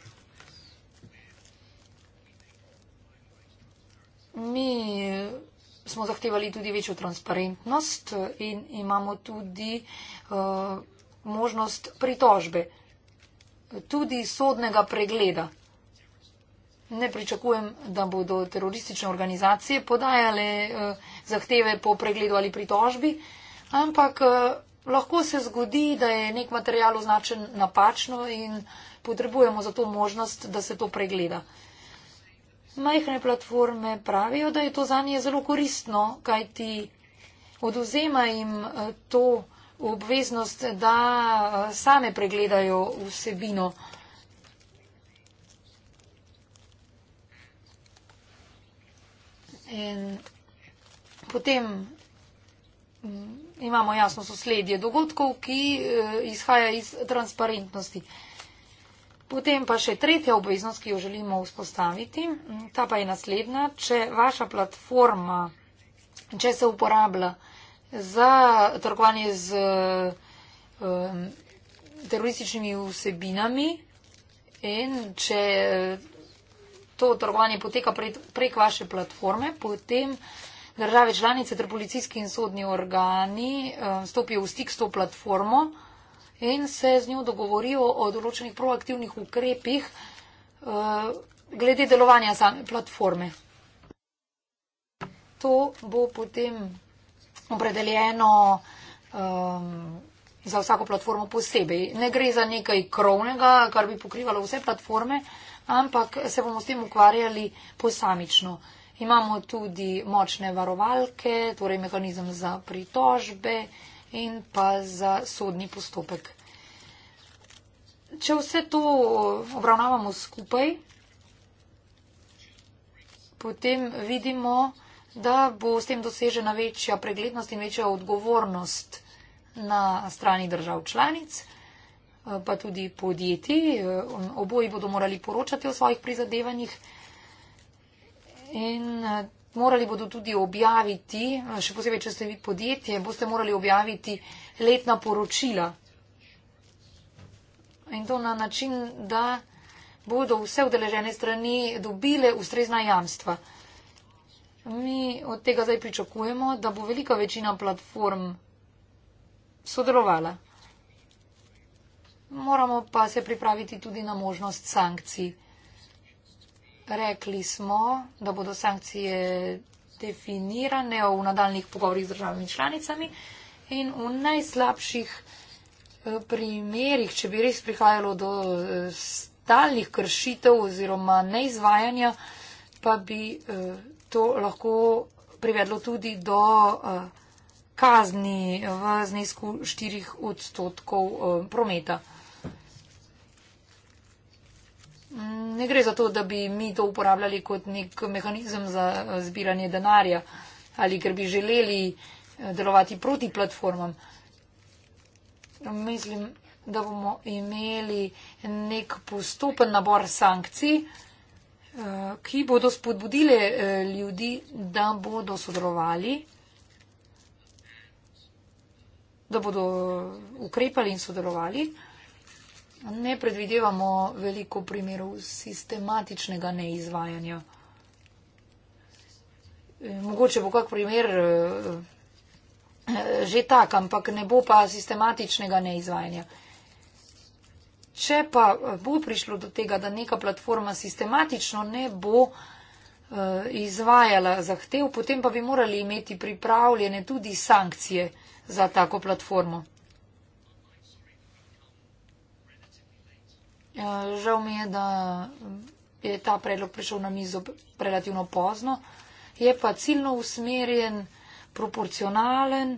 Mi uh, smo zahtevali tudi večjo transparentnost uh, in imamo tudi uh, možnost pritožbe, tudi sodnega pregleda. Ne pričakujem, da bodo teroristične organizacije podajale eh, zahteve po pregledu ali pritožbi, ampak eh, lahko se zgodi, da je nek material označen napačno in potrebujemo za to možnost, da se to pregleda. Majhne platforme pravijo, da je to za nje zelo koristno, kaj ti oduzema jim eh, to obveznost, da same pregledajo vsebino. In potem mm, imamo jasno sosledje dogodkov, ki eh, izhaja iz transparentnosti. Potem pa še tretja obveznost, ki jo želimo vzpostaviti, mm, ta pa je naslednja. Če vaša platforma, če se uporablja za trgovanje z um, terorističnimi vsebinami in če eh, to trgovanje poteka prek vaše platforme, potem države članice ter policijski in sodni organi eh, stopijo v stik s to platformo in se z njo dogovorijo o določenih proaktivnih ukrepih eh, glede delovanja same platforme. To bo potem opredeljeno um, za vsako platformo posebej. Ne gre za nekaj krovnega, kar bi pokrivalo vse platforme, uh, ampak se bomo s tem ukvarjali posamično. Imamo tudi močne varovalke, torej mehanizem za pritožbe in pa za sodni postopek. Če vse to obravnavamo skupaj, potem vidimo, da bo s tem dosežena večja preglednost in večja odgovornost na strani držav članic pa tudi podjetij. Oboji bodo morali poročati o svojih prizadevanjih in eh, morali bodo tudi objaviti, eh, še posebej, če ste vi podjetje, boste morali objaviti letna poročila. In to na način, da bodo vse vdeležene strani dobile ustrezna jamstva. Mi od tega zdaj pričakujemo, da bo velika večina platform sodelovala. Moramo pa se pripraviti tudi na možnost sankcij. Rekli smo, da bodo sankcije definirane v nadaljnih pogovorih z državami članicami in v najslabših eh, primerih, če bi res prihajalo do eh, stalnih kršitev oziroma neizvajanja, pa bi eh, to lahko privedlo tudi do kazni v znesku 4 odstotkov prometa. Mm, ne gre za to, da bi mi to uporabljali kot nek mehanizem za eh, zbiranje denarja ali ker bi želeli eh, delovati proti platformam. Mislim, da bomo imeli nek postopen nabor sankcij, eh, ki bodo spodbudile ljudi, da bodo sodelovali, da bodo ukrepali in sodelovali. Ne predvidevamo veliko primerov sistematičnega neizvajanja. E, mogoče bo kak primer e, že tak, ampak ne bo pa sistematičnega neizvajanja. Če pa bo prišlo do tega, da neka platforma sistematično ne bo e, izvajala zahtev, potem pa bi morali imeti pripravljene tudi sankcije za tako platformo. Eh, žal mi je, da je ta predlog prišel na mizo relativno pozno. Je pa ciljno usmerjen, proporcionalen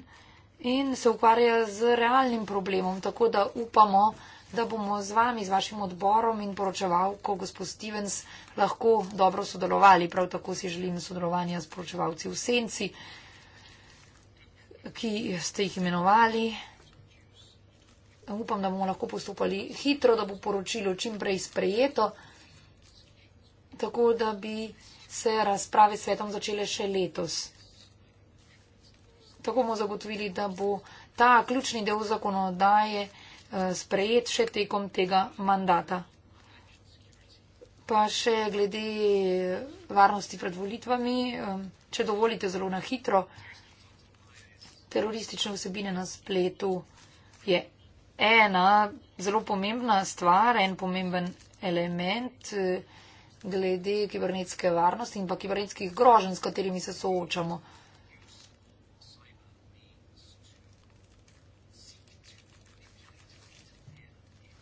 in se ukvarja z realnim problemom. Tako da upamo, da bomo z vami, z vašim odborom in poročevalko, gospod Stevens, lahko dobro sodelovali. Prav tako si želim sodelovanja s poročevalci v senci, ki ste jih imenovali upam, da bomo lahko postopali hitro, da bo poročilo čim prej sprejeto, tako da bi se razprave s svetom začele še letos. Tako bomo zagotovili, da bo ta ključni del zakonodaje eh, sprejet še tekom tega mandata. Pa še glede varnosti pred volitvami, eh, če dovolite zelo na hitro, teroristične vsebine na spletu je ena zelo pomembna stvar, en pomemben element eh, glede kibernetske varnosti in pa kibernetskih groženj, s katerimi se soočamo.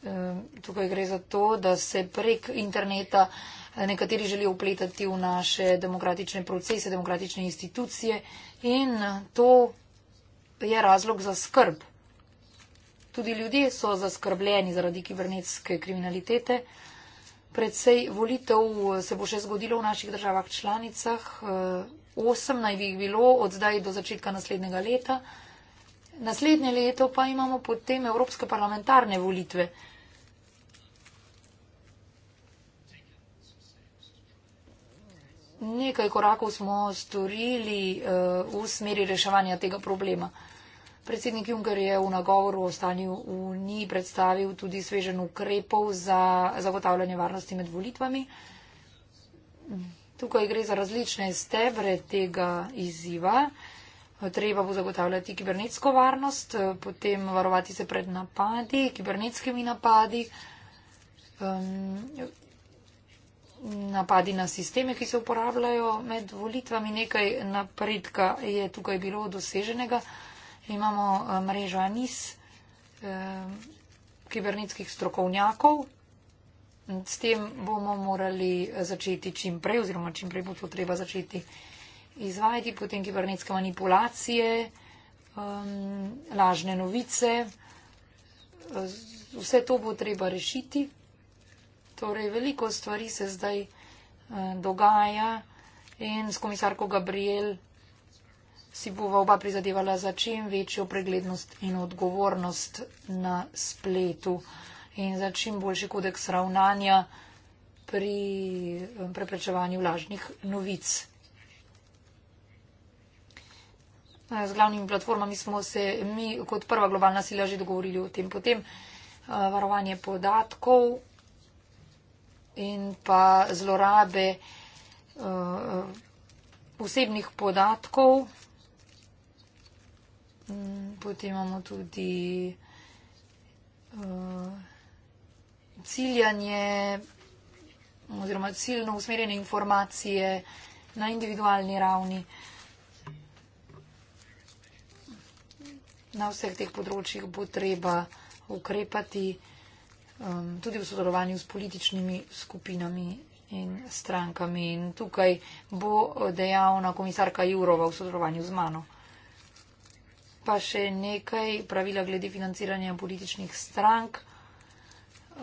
Ehm, tukaj gre za to, da se prek interneta eh, nekateri želijo upletati v naše demokratične procese, demokratične institucije in to je razlog za skrb. Tudi ljudje so zaskrbljeni zaradi kibernetske kriminalitete. Predvsej volitev eh, se bo še zgodilo v naših državah članicah. Eh, osem naj bi jih bilo od zdaj do začetka naslednjega leta. Naslednje leto pa imamo potem evropske parlamentarne volitve. Nekaj korakov smo storili eh, v smeri reševanja tega problema. Predsednik Juncker je v nagovoru o stanju v Uniji predstavil tudi svežen ukrepov za zagotavljanje varnosti med volitvami. Tukaj gre za različne stebre tega izziva. Treba bo zagotavljati kibernetsko varnost, potem varovati se pred napadi, kibernetskimi napadi, um, napadi na sisteme, ki se uporabljajo med volitvami. Nekaj napredka je tukaj bilo doseženega imamo eh, mrežo ANIS, eh, kibernetskih strokovnjakov. S tem bomo morali eh, začeti čim prej, oziroma čim prej bo to treba začeti izvajati, potem kibernetske manipulacije, ehm, lažne novice. Vse to bo treba rešiti. Torej, veliko stvari se zdaj dogaja in s komisarko Gabriel si bova oba prizadevala za čim večjo preglednost in odgovornost na spletu in za čim boljši kodeks ravnanja pri eh, preprečevanju lažnih novic. Eh, z glavnimi platformami smo se mi kot prva globalna sila že dogovorili o tem. Potem eh, varovanje podatkov in pa zlorabe osebnih podatkov. Potem imamo tudi uh, ciljanje oziroma ciljno usmerjene informacije na individualni ravni. Na vseh teh področjih bo treba ukrepati um, tudi v sodelovanju s političnimi skupinami in strankami. In tukaj bo dejavna komisarka Jurova v sodelovanju z mano pa še nekaj pravila glede financiranja političnih strank.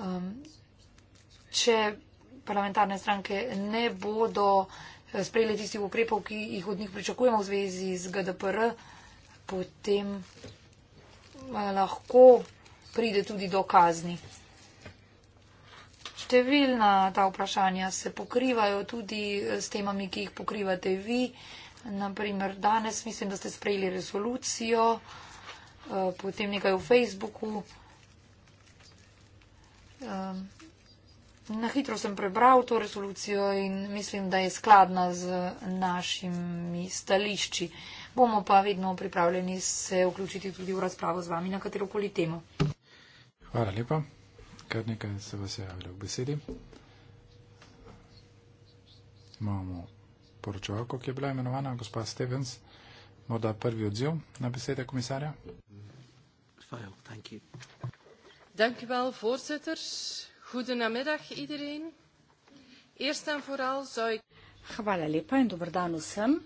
Um, če parlamentarne stranke ne bodo sprejeli tistih ukrepov, ki jih od njih pričakujemo v zvezi z GDPR, potem uh, lahko pride tudi do kazni. Številna ta vprašanja se pokrivajo tudi eh, s temami, ki jih pokrivate vi. Naprimer, danes mislim, da ste sprejeli resolucijo, eh, potem nekaj v Facebooku. Ehm, na hitro sem prebral to resolucijo in mislim, da je skladna z našimi stališči. Bomo pa vedno pripravljeni se vključiti tudi v razpravo z vami na katero koli temo. Hvala lepa. Kar nekaj se vas je javilo v besedi. Imamo poročevalko, ki je bila imenovana, gospa Stevens, morda prvi odziv na besede komisarja. Dank u wel, voorzitter. Goedemiddag iedereen. Eerst en vooral zou ik. Hvala lepa in dobrodan vsem.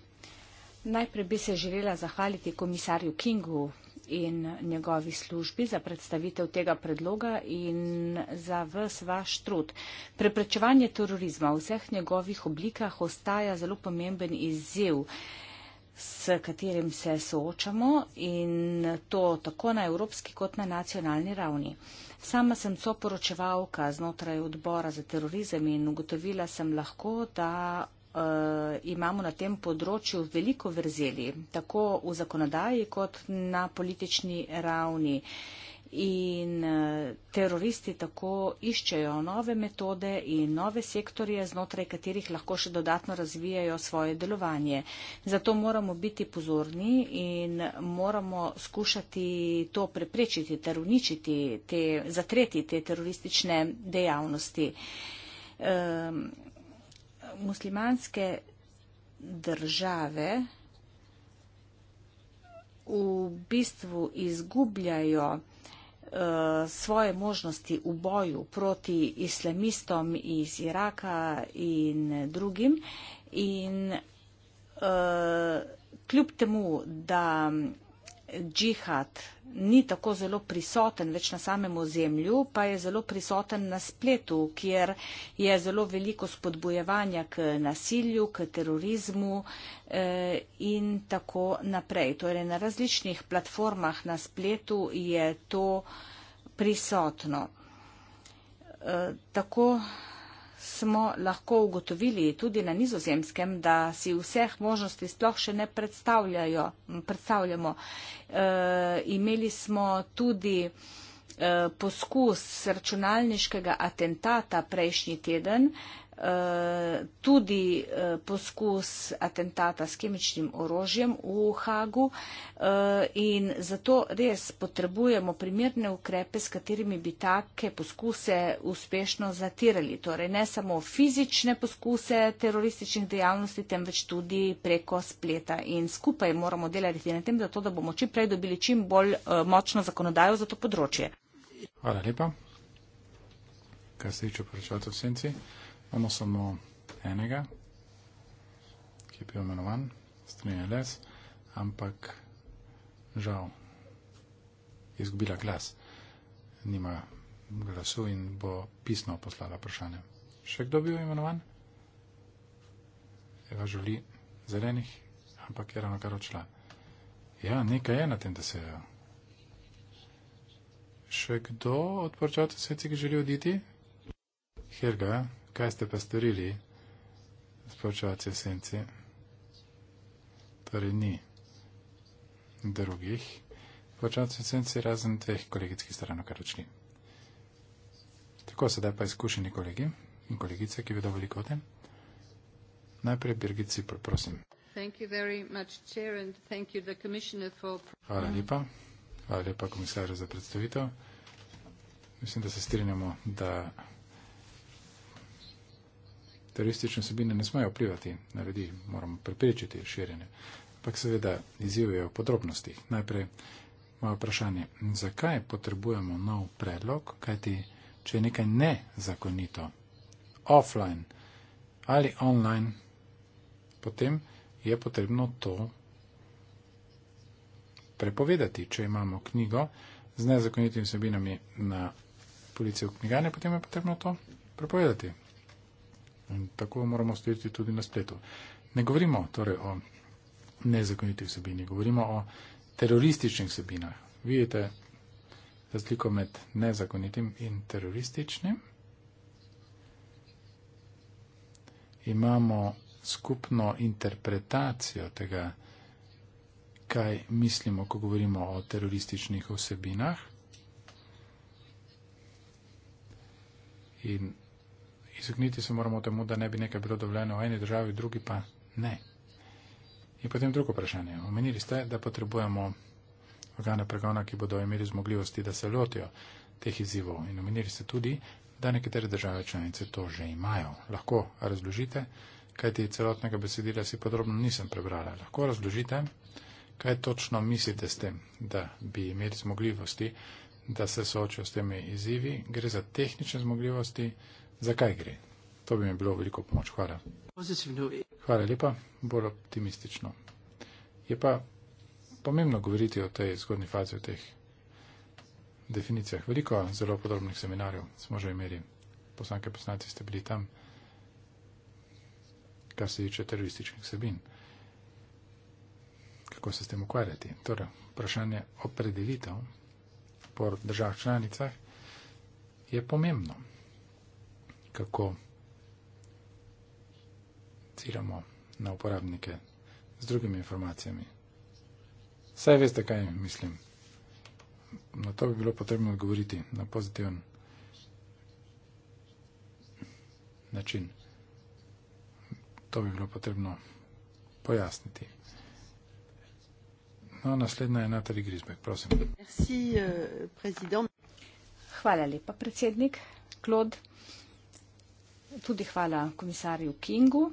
Najprej bi se želela zahvaliti komisarju Kingu in njegovi službi za predstavitev tega predloga in za vse vaš trud. Preprečevanje terorizma v vseh njegovih oblikah ostaja zelo pomemben izziv s katerim se soočamo in to tako na evropski kot na nacionalni ravni. Sama sem soporočevalka znotraj odbora za terorizem in ugotovila sem lahko, da uh, imamo na tem področju veliko vrzeli, tako v zakonodaji kot na politični ravni. In uh, teroristi tako iščejo nove metode in nove sektorje, znotraj katerih lahko še dodatno razvijajo svoje delovanje. Zato moramo biti pozorni in moramo skušati to preprečiti ter uničiti, te, zatreti te teroristične dejavnosti. Um, muslimanske države v bistvu izgubljajo eh, svoje možnosti v boju proti islamistom iz Iraka in drugim. In uh, kljub temu, da džihad ni tako zelo prisoten več na samem ozemlju, pa je zelo prisoten na spletu, kjer je zelo veliko spodbujevanja k nasilju, k terorizmu eh, in tako naprej. Torej, na različnih platformah na spletu je to prisotno. Eh, tako smo lahko ugotovili tudi na nizozemskem, da si vseh možnosti sploh še ne predstavljamo. E, imeli smo tudi e, poskus računalniškega atentata prejšnji teden, Eh, tudi eh, poskus atentata s kemičnim orožjem v Hagu eh, in zato res potrebujemo primerne ukrepe, s katerimi bi take poskuse uspešno zatirali. Torej ne samo fizične poskuse terorističnih dejavnosti, temveč tudi preko spleta. In skupaj moramo delati na tem, zato, da bomo čim prej dobili čim bolj močno zakonodajo za to področje. Hvala lepa. Kar se tiče vprašanja v senci imamo samo enega, ki je bil imenovan, strinja les, ampak žal je izgubila glas, nima glasu in bo pisno poslala vprašanje. Še kdo bil imenovan? Eva želi zelenih, ampak je ravno kar odšla. Ja, nekaj je na tem, da se je. Še kdo od poročavcev svetci, ki želi oditi? Hirga, ja? kaj ste pa storili, spočevalci esenci? Torej ni drugih. Počasno sem si razen dveh kolegijskih stran, kar učni. Tako sedaj pa izkušeni kolegi in kolegice, ki vedo veliko o tem. Najprej Birgit Cipr, prosim. Hvala lepa. Hvala lepa komisarju za predstavitev. Mislim, da se strinjamo, da teroristične sobine ne smejo vplivati na ljudi, moramo preprečiti širjenje. Ampak seveda izjiv je v podrobnostih. Najprej moje vprašanje, zakaj potrebujemo nov predlog, kajti če je nekaj nezakonito, offline ali online, potem je potrebno to prepovedati. Če imamo knjigo z nezakonitimi sobinami na policijo knjigane, potem je potrebno to prepovedati. In tako moramo storiti tudi na spletu. Ne govorimo torej o nezakonitih vsebini, govorimo o terorističnih vsebinah. Vidite razliko med nezakonitim in terorističnim. Imamo skupno interpretacijo tega, kaj mislimo, ko govorimo o terorističnih vsebinah. In izogniti se moramo temu, da ne bi nekaj bilo dovoljeno v eni državi, drugi pa ne. In potem drugo vprašanje. Omenili ste, da potrebujemo organe pregona, ki bodo imeli zmogljivosti, da se lotijo teh izzivov. In omenili ste tudi, da nekatere države članice to že imajo. Lahko razložite, kaj ti celotnega besedila si podrobno nisem prebrala. Lahko razložite, kaj točno mislite s tem, da bi imeli zmogljivosti, da se soočijo s temi izzivi. Gre za tehnične zmogljivosti, zakaj gre. To bi mi bilo veliko pomoč. Hvala. Hvala lepa, bolj optimistično. Je pa pomembno govoriti o tej zgodni fazi, o teh definicijah. Veliko zelo podrobnih seminarjev smo že imeli. Poslanke, poslanci ste bili tam, kar se tiče terorističnih sebin. Kako se s tem ukvarjati? Torej, vprašanje opredelitev po državah članicah je pomembno kako ciljamo na uporabnike z drugimi informacijami. Saj veste, kaj mislim. Na to bi bilo potrebno odgovoriti na pozitiven način. To bi bilo potrebno pojasniti. No, naslednja je Natalie Grisbeck, prosim. Merci, uh, Hvala lepa, predsednik Klod. Uh, tudi hvala komisarju Kingu,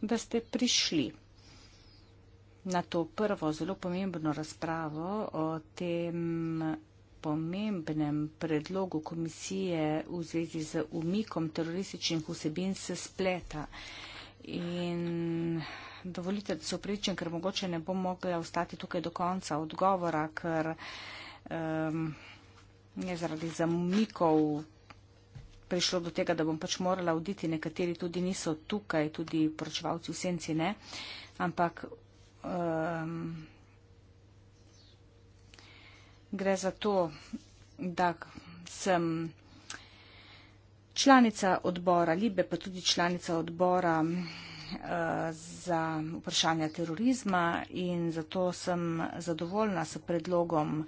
da ste prišli na to prvo zelo pomembno razpravo o tem pomembnem predlogu komisije v zvezi z umikom terorističnih vsebin se spleta. In dovolite, da se oprečem, ker mogoče ne bom mogla ostati tukaj do konca odgovora, ker um, je zaradi zamikov prišlo do tega, da bom pač morala oditi, nekateri tudi niso tukaj, tudi poročevalci v senci ne, ampak um, gre za to, da sem članica odbora Libe, pa tudi članica odbora eh, za vprašanja terorizma in zato sem zadovoljna s predlogom,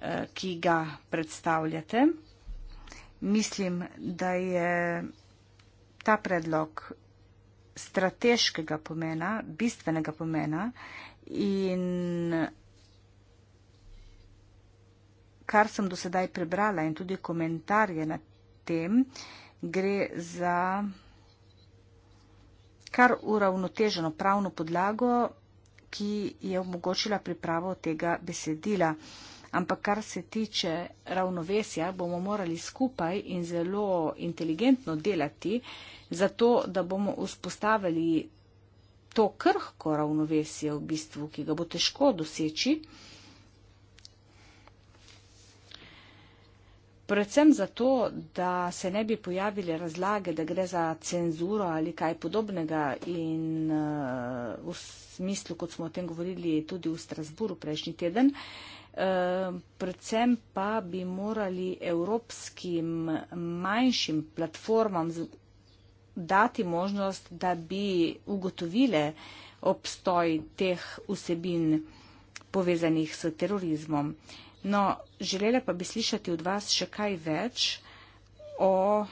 eh, ki ga predstavljate mislim, da je ta predlog strateškega pomena, bistvenega pomena in kar sem do sedaj prebrala in tudi komentarje na tem, gre za kar uravnoteženo pravno podlago, ki je omogočila pripravo tega besedila ampak kar se tiče ravnovesja, bomo morali skupaj in zelo inteligentno delati, zato da bomo vzpostavili to krhko ravnovesje, v bistvu, ki ga bo težko doseči. Predvsem zato, da se ne bi pojavile razlage, da gre za cenzuro ali kaj podobnega in uh, v smislu, kot smo o tem govorili tudi v Strasburu prejšnji teden, uh, Ehm, predvsem pa bi morali evropskim manjšim platformam dati možnost, da bi ugotovile obstoj teh vsebin povezanih s terorizmom. No, želela pa bi slišati od vas še kaj več o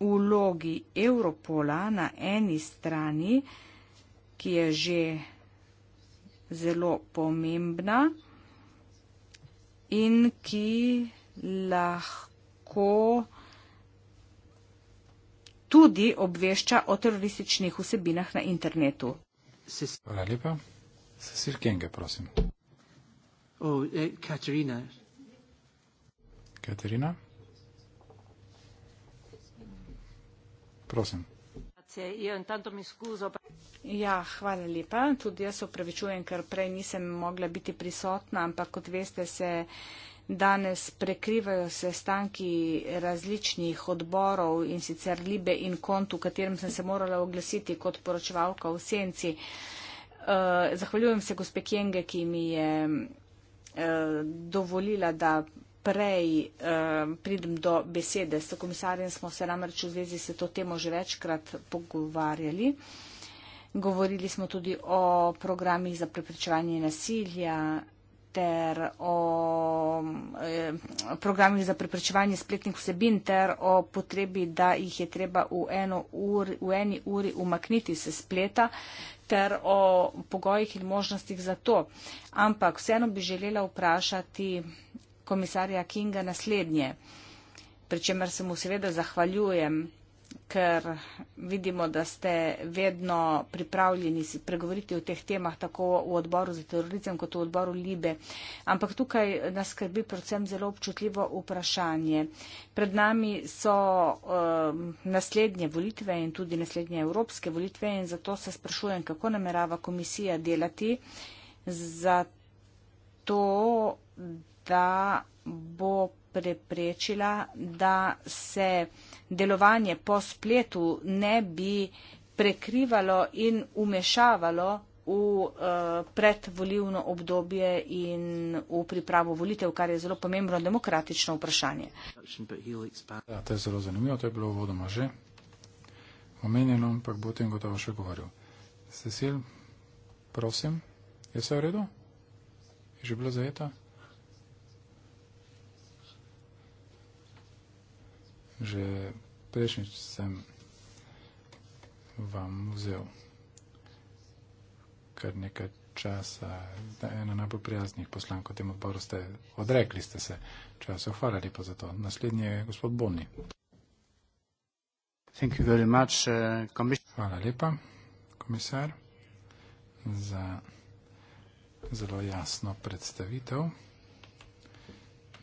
vlogi Europola na eni strani, ki je že zelo pomembna in ki lahko tudi obvešča o terorističnih vsebinah na internetu. Hvala lepa. Sesir Kenge, prosim. Katerina. Oh, eh, Katerina. Prosim situacije. Io intanto mi scuso. Ja, hvala lepa. Tudi jaz opravičujem, ker prej nisem mogla biti prisotna, ampak kot veste, se danes prekrivajo sestanki različnih odborov in sicer Libe in Kont, v katerem sem se morala oglasiti kot poročevalka v Senci. Eh, zahvaljujem se gospe Kjenge, ki mi je eh, dovolila, da prej um, pridem do besede. S komisarjem smo se namreč v zvezi s to temo že večkrat pogovarjali. Govorili smo tudi o programih za preprečevanje nasilja ter o eh, programih za preprečevanje spletnih vsebin ter o potrebi, da jih je treba v, uri, v eni uri umakniti se spleta ter o pogojih in možnostih za to. Ampak vseeno bi želela vprašati komisarja Kinga naslednje, pri čemer se mu seveda zahvaljujem, ker vidimo, da ste vedno pripravljeni pregovoriti o teh temah tako v odboru za terorizem kot v odboru Libe. Ampak tukaj nas skrbi predvsem zelo občutljivo vprašanje. Pred nami so um, naslednje volitve in tudi naslednje evropske volitve in zato se sprašujem, kako namerava komisija delati za to, da bo preprečila, da se delovanje po spletu ne bi prekrivalo in umešavalo v uh, eh, predvolivno obdobje in v pripravo volitev, kar je zelo pomembno demokratično vprašanje. Ja, to je zelo zanimivo, to je bilo uvodoma že omenjeno, ampak bo o tem gotovo še govoril. Cecil, prosim, je vse v redu? Je že bilo zajeto? že prejšnjič sem vam vzel kar nekaj časa, da ena najbolj prijaznih poslankov tem odboru ste odrekli ste se času. Hvala lepa za to. Naslednji je gospod Bonni. Thank you very much, uh, Hvala lepa, komisar, za zelo jasno predstavitev.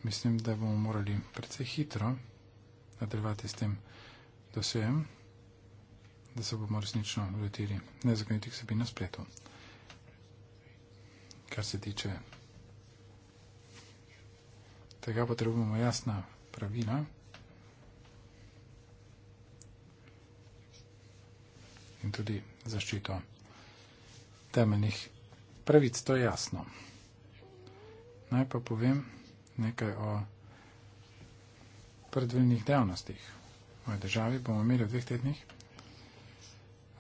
Mislim, da bomo morali precej hitro nadaljevati s tem dosejem, da se bomo resnično lotili nezakonitih sebi na spletu. Kar se tiče tega, potrebujemo jasna pravila in tudi zaščito temeljnih pravic, to je jasno. Naj pa povem nekaj o predvidenih dejavnostih. V državi bomo imeli v dveh tednih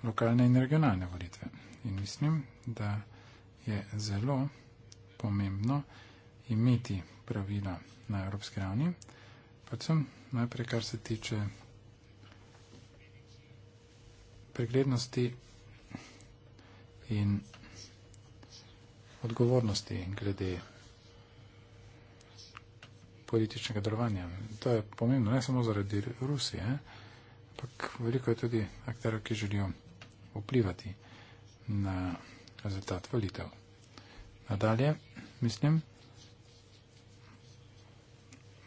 lokalne in regionalne volitve. In mislim, da je zelo pomembno imeti pravila na evropski ravni, predvsem najprej, kar se tiče preglednosti in odgovornosti glede političnega delovanja. To je pomembno ne samo zaradi Rusije, ampak veliko je tudi akterov, ki želijo vplivati na rezultat volitev. Nadalje mislim,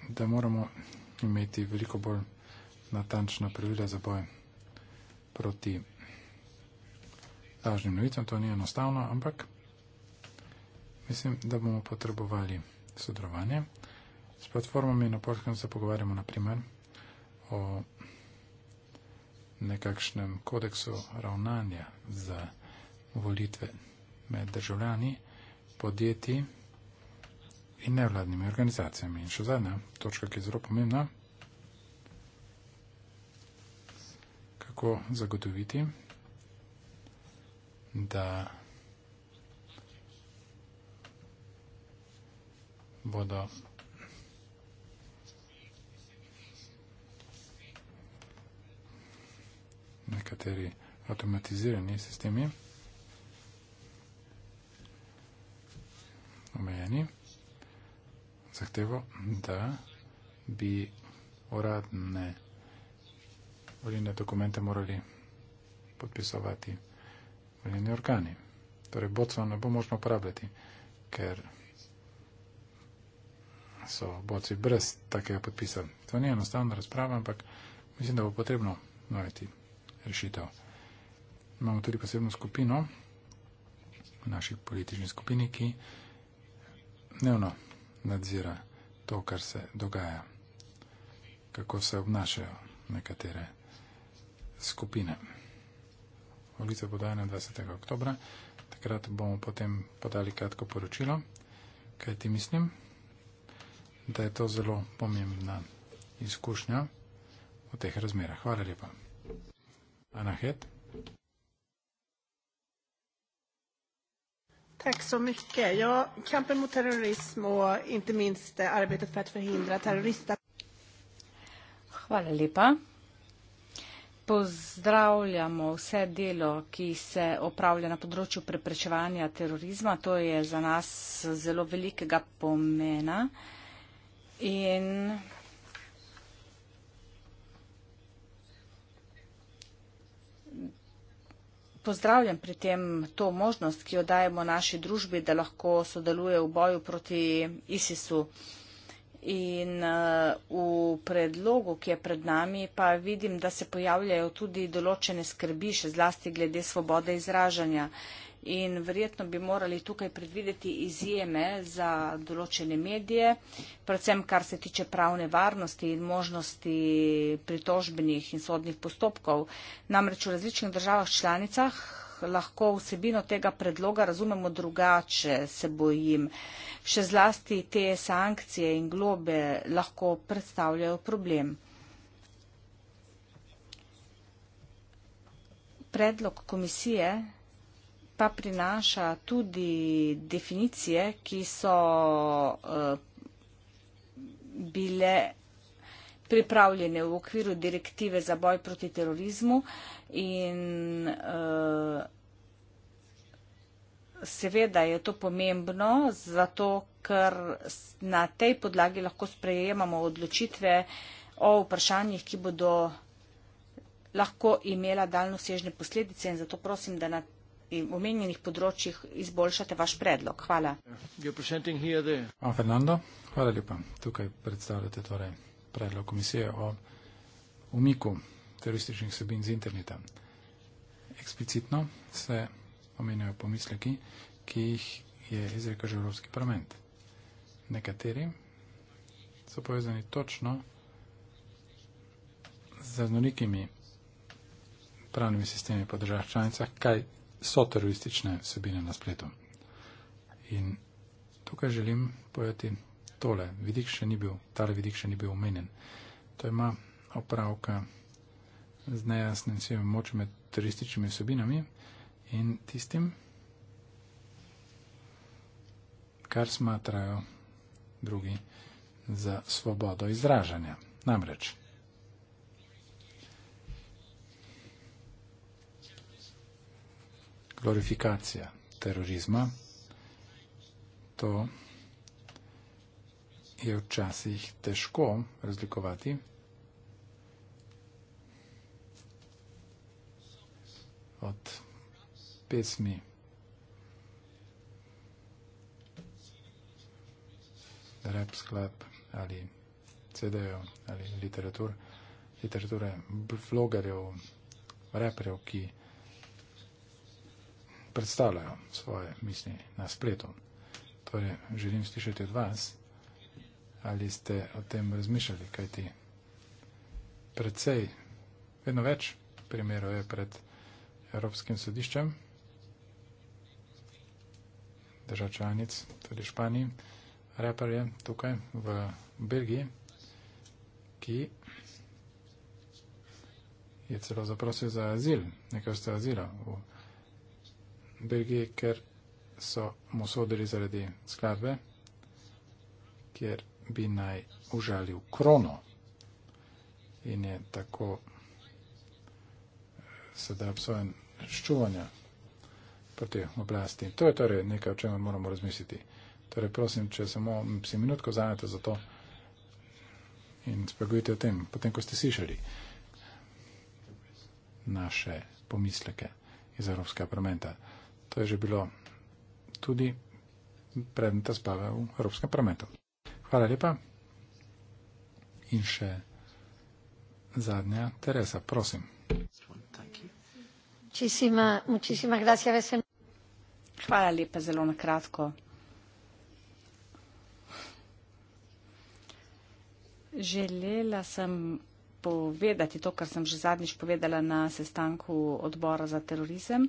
da moramo imeti veliko bolj natančna pravila za boj proti lažnim novicam. To ni enostavno, ampak mislim, da bomo potrebovali sodelovanje. S platformami na Polskem se pogovarjamo na primer o nekakšnem kodeksu ravnanja za volitve med državljani, podjetji in nevladnimi organizacijami. In še zadnja točka, ki je zelo pomembna, kako zagotoviti, da bodo nekateri avtomatizirani sistemi omejeni zahtevo, da bi uradne volilne dokumente morali podpisovati volilni organi. Torej, bocov ne bo možno uporabljati, ker so boci brez takega podpisa. To ni enostavna razprava, ampak mislim, da bo potrebno noviti rešitev. Imamo tudi posebno skupino v naši politični skupini, ki dnevno nadzira to, kar se dogaja, kako se obnašajo nekatere skupine. Volitve bodo 21. oktobra, takrat bomo potem podali kratko poročilo, kaj ti mislim, da je to zelo pomembna izkušnja v teh razmerah. Hvala lepa. Anahet. Tack så mycket. Ja, kampen mot terrorism och inte minst eh, arbetet för att förhindra terrorister. Hvala lepa. Pozdravljamo vse delo, ki se opravlja na področju preprečevanja terorizma. To je za nas zelo velikega pomena. In pozdravljam pri tem to možnost, ki jo dajemo naši družbi, da lahko sodeluje v boju proti ISIS-u. In eh, v predlogu, ki je pred nami, pa vidim, da se pojavljajo tudi določene skrbi, še zlasti glede svobode izražanja in verjetno bi morali tukaj predvideti izjeme za določene medije, predvsem kar se tiče pravne varnosti in možnosti pritožbenih in sodnih postopkov. Namreč v različnih državah članicah lahko vsebino tega predloga razumemo drugače, se bojim. Še zlasti te sankcije in globe lahko predstavljajo problem. Predlog komisije pa prinaša tudi definicije, ki so eh, bile pripravljene v okviru direktive za boj proti terorizmu in eh, seveda je to pomembno, zato ker na tej podlagi lahko sprejemamo odločitve o vprašanjih, ki bodo lahko imela daljnosežne posledice in zato prosim, da na in omenjenih področjih izboljšate vaš predlog. Hvala. Fernando, hvala lepa. Tukaj predstavljate torej predlog komisije o umiku terorističnih sebin z interneta. Eksplicitno se omenjajo pomisleki, ki jih je izrekel že Evropski parlament. Nekateri so povezani točno z raznolikimi pravnimi sistemi po državah članicah, kaj so teroristične vsebine na spletu. In tukaj želim pojeti tole. Vidik še ni bil, tale vidik še ni bil omenjen. To ima opravka z nejasnim svojim močem med terorističnimi vsebinami in tistim, kar smatrajo drugi za svobodo izražanja. Namreč, glorifikacija terorizma. To je včasih težko razlikovati. od pesmi rap sklep ali cd ali literatur, literature blogerjev, raperjev, ki predstavljajo svoje misli na spletu. Torej, želim slišati od vas, ali ste o tem razmišljali, kajti predvsej, vedno več primerov je pred Evropskim sodiščem držav članic, tudi Španiji, reper je tukaj v Belgiji, ki je celo zaprosil za azil, nekaj vste azila v Belgiji. Belgiji, ker so mu sodili zaradi skladbe, ker bi naj užalil krono. In je tako sedaj obsojen ščuvanja proti oblasti. To je torej nekaj, o čem moramo razmisliti. Torej, prosim, če samo si minutko zanete za to in spregovite o tem, potem, ko ste slišali naše pomisleke iz Evropskega parlamenta. To je že bilo tudi predmet razprave v Evropskem parlamentu. Hvala lepa. In še zadnja, Teresa, prosim. Hvala lepa, zelo na kratko. Želela sem povedati to, kar sem že zadnjič povedala na sestanku odbora za terorizem.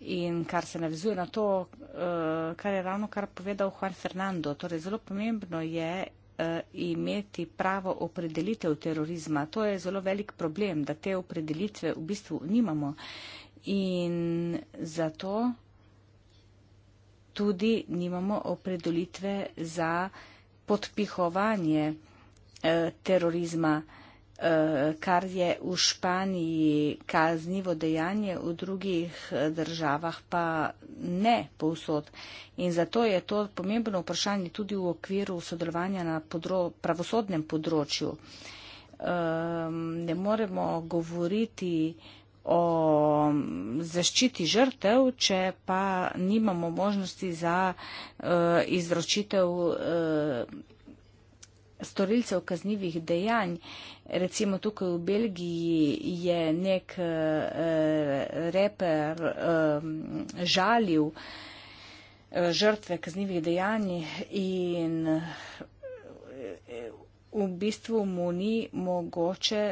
In kar se navezuje na to, eh, kar je ravno kar povedal Juan Fernando, torej zelo pomembno je eh, imeti pravo opredelitev terorizma. To je zelo velik problem, da te opredelitve v bistvu nimamo. In zato tudi nimamo opredelitve za podpihovanje eh, terorizma. Eh, kar je v Španiji kaznivo dejanje, v drugih eh, državah pa ne povsod. In zato je to pomembno vprašanje tudi v okviru sodelovanja na podro pravosodnem področju. Ehm, ne moremo govoriti o mm, zaščiti žrtev, če pa nimamo možnosti za eh, izročitev storilcev kaznjivih dejanj. Recimo tukaj v Belgiji je nek uh, reper uh, žalil eh, žrtve kaznjivih dejanj in v bistvu mu ni mogoče,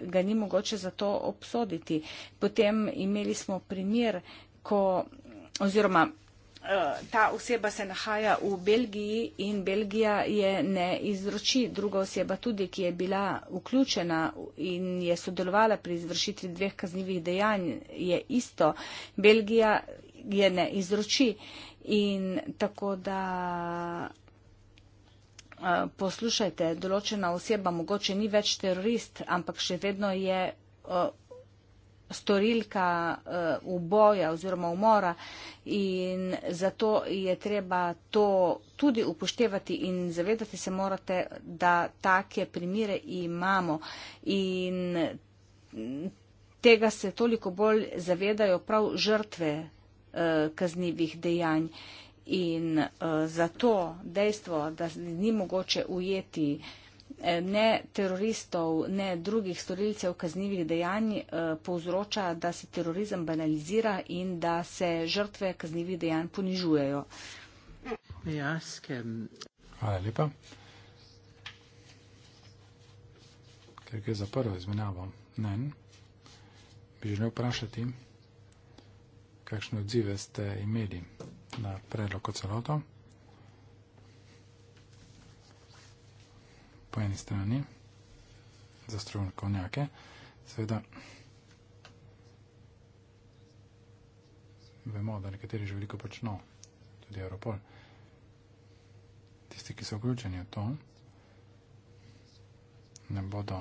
ga ni mogoče za to obsoditi. Potem imeli smo primer, ko oziroma Eh, ta oseba se nahaja v Belgiji in Belgija je ne izroči. Druga oseba tudi, ki je bila vključena in je sodelovala pri izvršitvi dveh kaznjivih dejanj, je isto. Belgija je ne izroči. In tako da. Eh, poslušajte, določena oseba mogoče ni več terorist, ampak še vedno je eh, storilka uh, uboja oziroma umora in zato je treba to tudi upoštevati in zavedati se morate, da take primire imamo in tega se toliko bolj zavedajo prav žrtve uh, kaznivih dejanj in uh, zato dejstvo, da ni mogoče ujeti uh, Eh, ne teroristov, ne drugih storilcev kaznjivih dejanj eh, povzroča, da se terorizem banalizira in da se žrtve kaznjivih dejanj ponižujejo. Um, Hvala lepa. Ker gre za prvo izmenjavo, ne, bi želel vprašati, kakšne odzive ste imeli na predlog o celoto. po eni strani za strokovnjake, seveda vemo, da nekateri že veliko počno, tudi Europol, tisti, ki so vključeni v to, ne bodo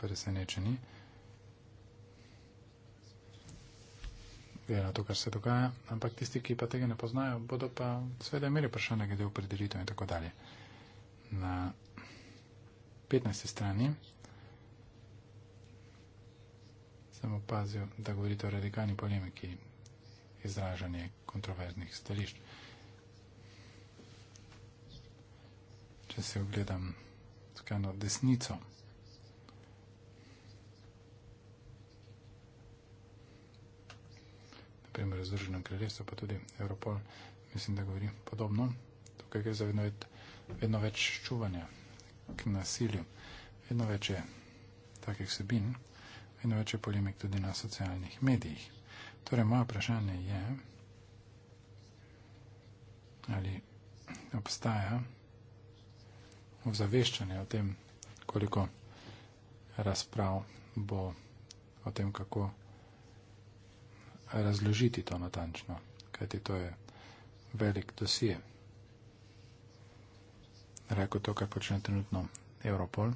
presenečeni. Gre na to, kar se dogaja, ampak tisti, ki pa tega ne poznajo, bodo pa seveda imeli vprašanje glede opredelitev in tako dalje. Na 15. strani, sem opazil, da govorite o radikalni polemiki izražanje kontroverznih stališč. Če se ogledam skajno desnico, naprimer Združeno kraljestvo, pa tudi Evropol, mislim, da govori podobno. Tukaj gre za vedno, vedno več čuvanja k nasilju. Vedno več je takih vsebin, vedno več je polemik tudi na socialnih medijih. Torej, moje vprašanje je, ali obstaja ozaveščanje o tem, koliko razprav bo o tem, kako razložiti to natančno, kajti to je velik dosije rekel to, kar počne trenutno Europol.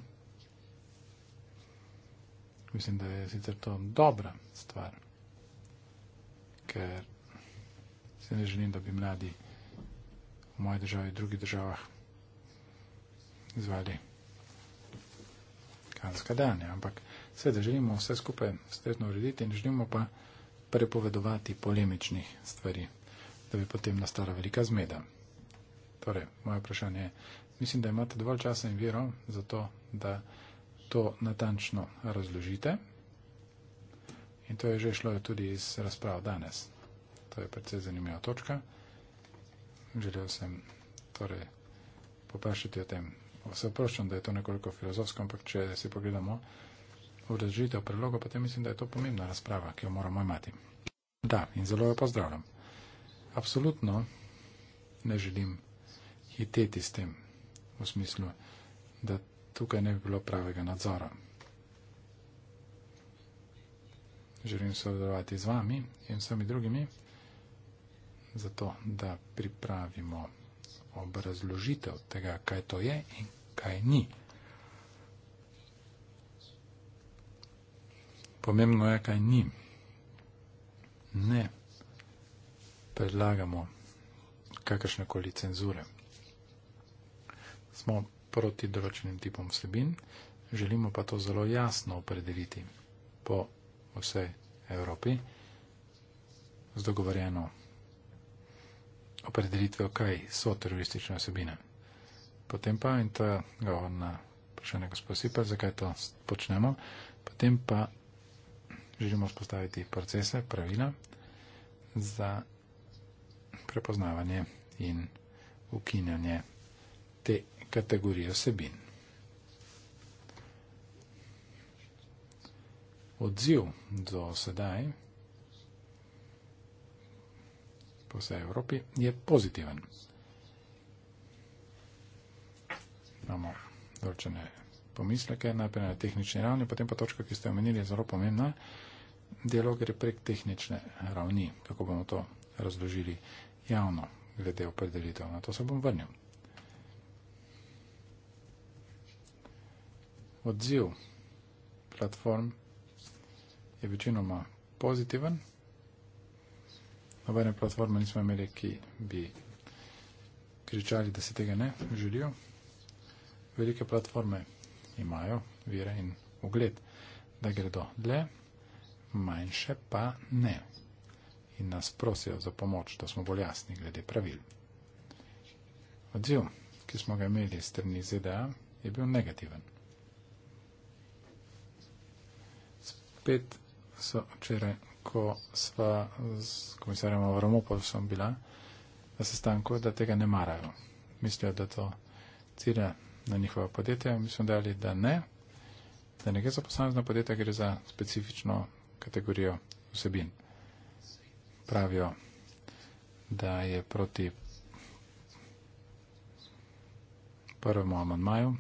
Mislim, da je sicer to dobra stvar, ker se ne želim, da bi mladi v moji državi in drugih državah izvali kanska dejanja. Ampak seveda želimo vse skupaj stresno urediti in želimo pa prepovedovati polemičnih stvari, da bi potem nastala velika zmeda. Torej, moje vprašanje je, mislim, da imate dovolj časa in vero za to, da to natančno razložite. In to je že šlo je tudi iz razprav danes. To je predvsej zanimiva točka. Želel sem torej poprašati o tem. Se oproščam, da je to nekoliko filozofsko, ampak če si pogledamo v razložitev prelogo, potem mislim, da je to pomembna razprava, ki jo moramo imati. Da, in zelo jo pozdravljam. Absolutno ne želim hiteti s tem, v smislu, da tukaj ne bi bilo pravega nadzora. Želim sodelovati z vami in vsemi drugimi, zato da pripravimo obrazložitev tega, kaj to je in kaj ni. Pomembno je, kaj ni. Ne predlagamo kakršnekoli cenzure smo proti določenim tipom vsebin, želimo pa to zelo jasno opredeliti po vsej Evropi z dogovorjeno opredelitvijo, kaj so teroristične vsebine. Potem pa, in to je govor na vprašanje gospod Sipa, zakaj to počnemo, potem pa želimo spostaviti procese, pravila za prepoznavanje in ukinjanje te kategorije vsebin. Odziv do sedaj po vsej Evropi je pozitiven. Imamo določene pomisleke, najprej na tehnični ravni, potem pa točka, ki ste omenili, je zelo pomembna. Delo gre prek tehnične ravni, kako bomo to razložili javno glede opredelitev. Na to se bom vrnil. odziv platform je večinoma pozitiven. Nobene platforme nismo imeli, ki bi kričali, da se tega ne želijo. Velike platforme imajo vire in ugled, da gredo dle, manjše pa ne. In nas prosijo za pomoč, da smo bolj jasni glede pravil. Odziv, ki smo ga imeli strani ZDA, je bil negativen. spet so včeraj, ko sva z komisarjem Avromopovsom bila na sestanku, da tega ne marajo. Mislijo, da to cilja na njihova podjetja. Mi smo dali, da ne, da ne gre za posamezna podjetja, gre za specifično kategorijo vsebin. Pravijo, da je proti prvemu amandmaju.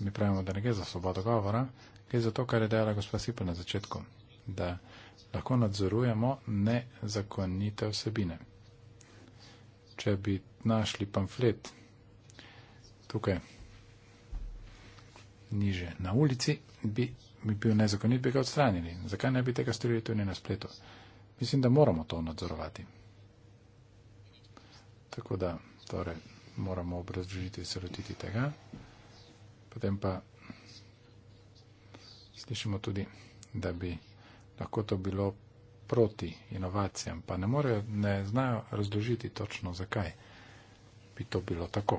Mi pravimo, da ne gre za svobodo govora. Gre za to, kar je dejala gospa Sipa na začetku, da lahko nadzorujemo nezakonite vsebine. Če bi našli pamflet tukaj niže na ulici, bi, bi bil nezakonit, bi ga odstranili. Zakaj ne bi tega storili tudi na spletu? Mislim, da moramo to nadzorovati. Tako da, torej, moramo obrazložiti, se rotiti tega. Potem pa Slišimo tudi, da bi lahko to bilo proti inovacijam, pa ne, morejo, ne znajo razložiti točno, zakaj bi to bilo tako.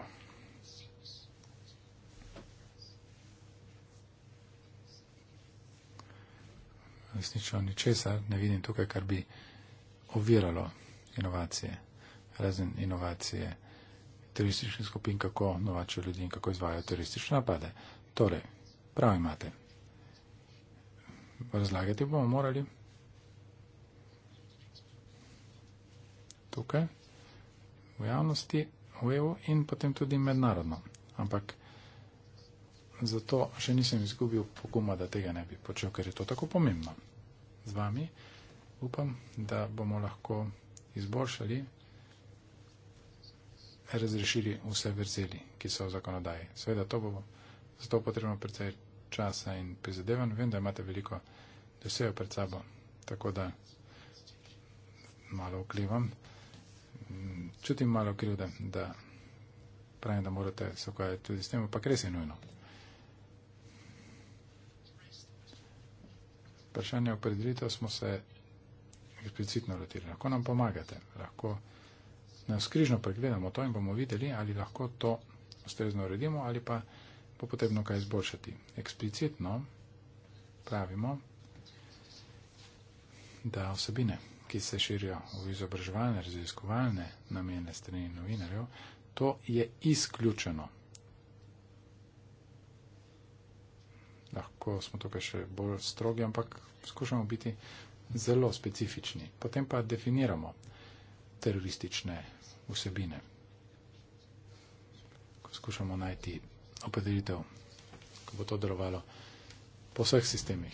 Resnično ničesar ne vidim tukaj, kar bi oviralo inovacije, razen inovacije turističnih skupin, kako novačijo ljudi in kako izvajo turistične napade. Torej, prav imate razlagati bomo morali. Tukaj, v javnosti, v EU in potem tudi mednarodno. Ampak zato še nisem izgubil poguma, da tega ne bi počel, ker je to tako pomembno. Z vami upam, da bomo lahko izboljšali, razrešili vse vrzeli, ki so v zakonodaji. Sveda to bo zato potrebno predvsej časa in prizadevanj. Vem, da imate veliko dosejo pred sabo, tako da malo vklivam. Mm, čutim malo krivde, da pravim, da morate se ukvarjati tudi s tem, pa res je nujno. Vprašanje o predelitev smo se eksplicitno lotili. Lahko nam pomagate, lahko nas križno pregledamo to in bomo videli, ali lahko to ustrezno uredimo ali pa bo potrebno kaj izboljšati. Eksplicitno pravimo, da osebine, ki se širijo v izobraževalne, raziskovalne namene strani novinarjev, to je izključeno. Lahko smo tukaj še bolj strogi, ampak skušamo biti zelo specifični. Potem pa definiramo teroristične vsebine. Ko skušamo najti opredelitev, ko bo to delovalo po vseh sistemih.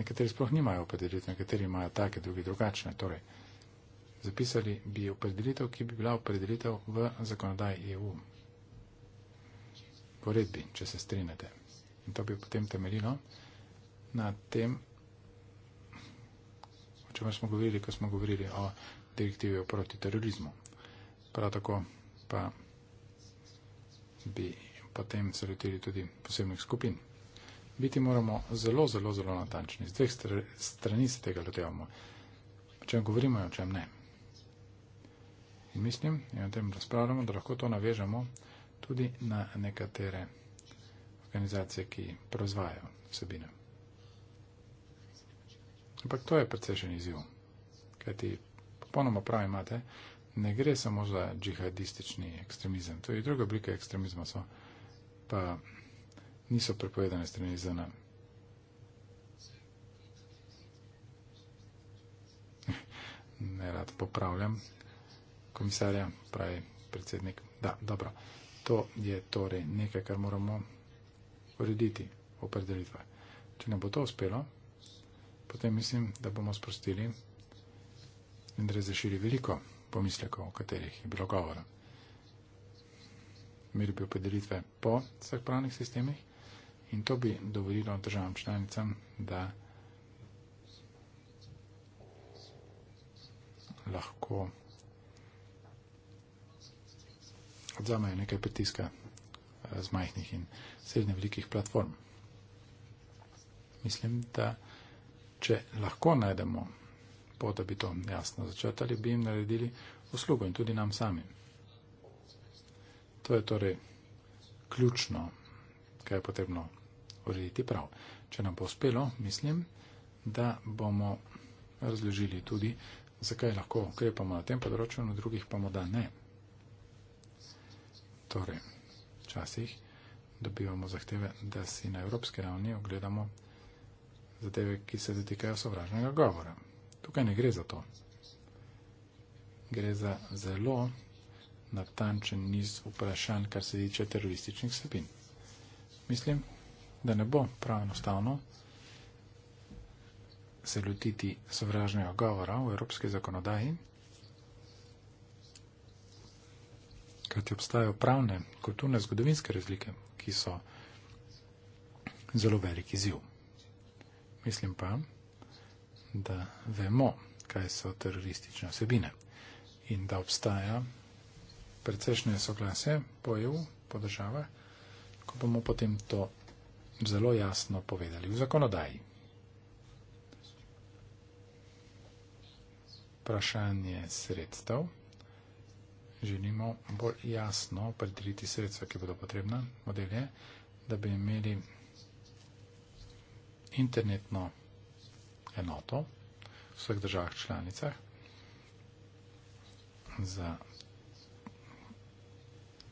Nekateri sploh nimajo opredelitev, nekateri imajo take, drugi drugačne. Torej, zapisali bi opredelitev, ki bi bila opredelitev v zakonodaji EU. V redbi, če se strinete. In to bi potem temeljilo na tem, o čemer smo govorili, ko smo govorili o direktivi o proti terorizmu. Prav tako pa bi potem se lotili tudi posebnih skupin. Biti moramo zelo, zelo, zelo natančni. Z dveh strani se tega lotevamo. O čem govorimo in o čem ne. In mislim, in o tem razpravljamo, da lahko to navežemo tudi na nekatere organizacije, ki proizvajajo vsebine. Ampak to je precejšen izjiv. Kaj ti popolnoma pravi imate, ne gre samo za džihadistični ekstremizem. To je druga oblika ekstremizma. So pa niso prepovedane strani za nami. [LAUGHS] Ne rad popravljam komisarja, pravi predsednik. Da, dobro. To je torej nekaj, kar moramo urediti, opredelitve. Če nam bo to uspelo, potem mislim, da bomo sprostili in razrešili veliko pomislekov, o katerih je bilo govora meri bi opredelitve po vseh pravnih sistemih in to bi dovolilo državam članicam, da lahko odzamejo nekaj pritiska eh, z majhnih in srednje velikih platform. Mislim, da če lahko najdemo pot, da bi to jasno začrtali, bi jim naredili uslugo in tudi nam samim. To je torej ključno, kaj je potrebno urediti prav. Če nam bo uspelo, mislim, da bomo razložili tudi, zakaj lahko ukrepamo na tem področju, na drugih pa morda ne. Torej, včasih dobivamo zahteve, da si na evropski ravni ogledamo zadeve, ki se zatikajo sovražnega govora. Tukaj ne gre za to. Gre za zelo natančen niz vprašanj, kar se tiče terorističnih sabin. Mislim, da ne bo prav enostavno se lotiti sovražnega govora v evropski zakonodaji, kajti obstajajo pravne, kulturne, zgodovinske razlike, ki so zelo veliki ziv. Mislim pa, da vemo, kaj so teroristične osebine in da obstaja precejšnje soglasje po EU, po državah, ko bomo potem to zelo jasno povedali v zakonodaji. Vprašanje sredstev. Želimo bolj jasno predeliti sredstva, ki bodo potrebna, modelje, da bi imeli internetno enoto v vseh državah članicah za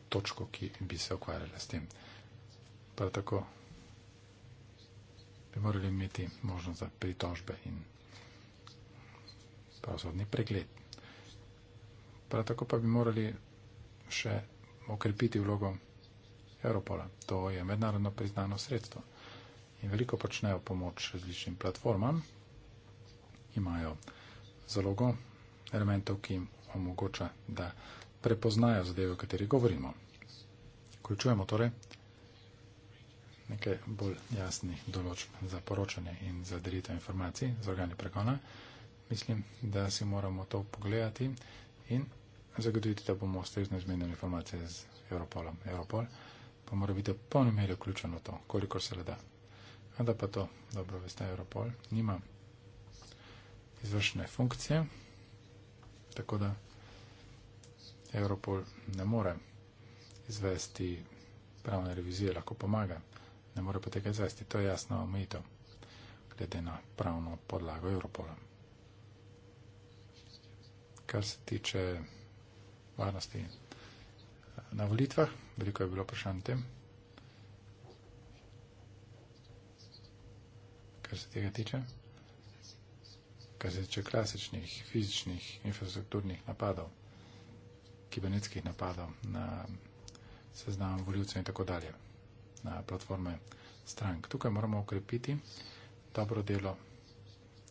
točko, ki bi se ukvarjala s tem. Prav tako bi morali imeti možnost za pritožbe in pravzodni pregled. Prav tako pa bi morali še okrepiti vlogo Europola. To je mednarodno priznano sredstvo. In veliko počnejo pomoč različnim platformam, imajo zalogo elementov, ki jim omogoča, da prepoznajo zadeve, o kateri govorimo. Ključujemo torej nekaj bolj jasnih določb za poročanje in za delitev informacij z organi pregona. Mislim, da si moramo to pogledati in zagotoviti, da bomo ustrezno izmenjali informacije z Europolom. Europol pa mora biti v polni meri vključen v to, koliko se le da. Vendar pa to, dobro veste, Europol nima izvršne funkcije, tako da Evropol ne more izvesti pravne revizije, lahko pomaga, ne more pa tega izvesti. To je jasno omejitev, glede na pravno podlago Evropola. Kar se tiče varnosti na volitvah, veliko je bilo vprašanj tem. Kar se tega tiče, kar se tiče klasičnih fizičnih infrastrukturnih napadov, kibernetskih napadov na seznam voljivcev in tako dalje, na platforme strank. Tukaj moramo ukrepiti dobro delo,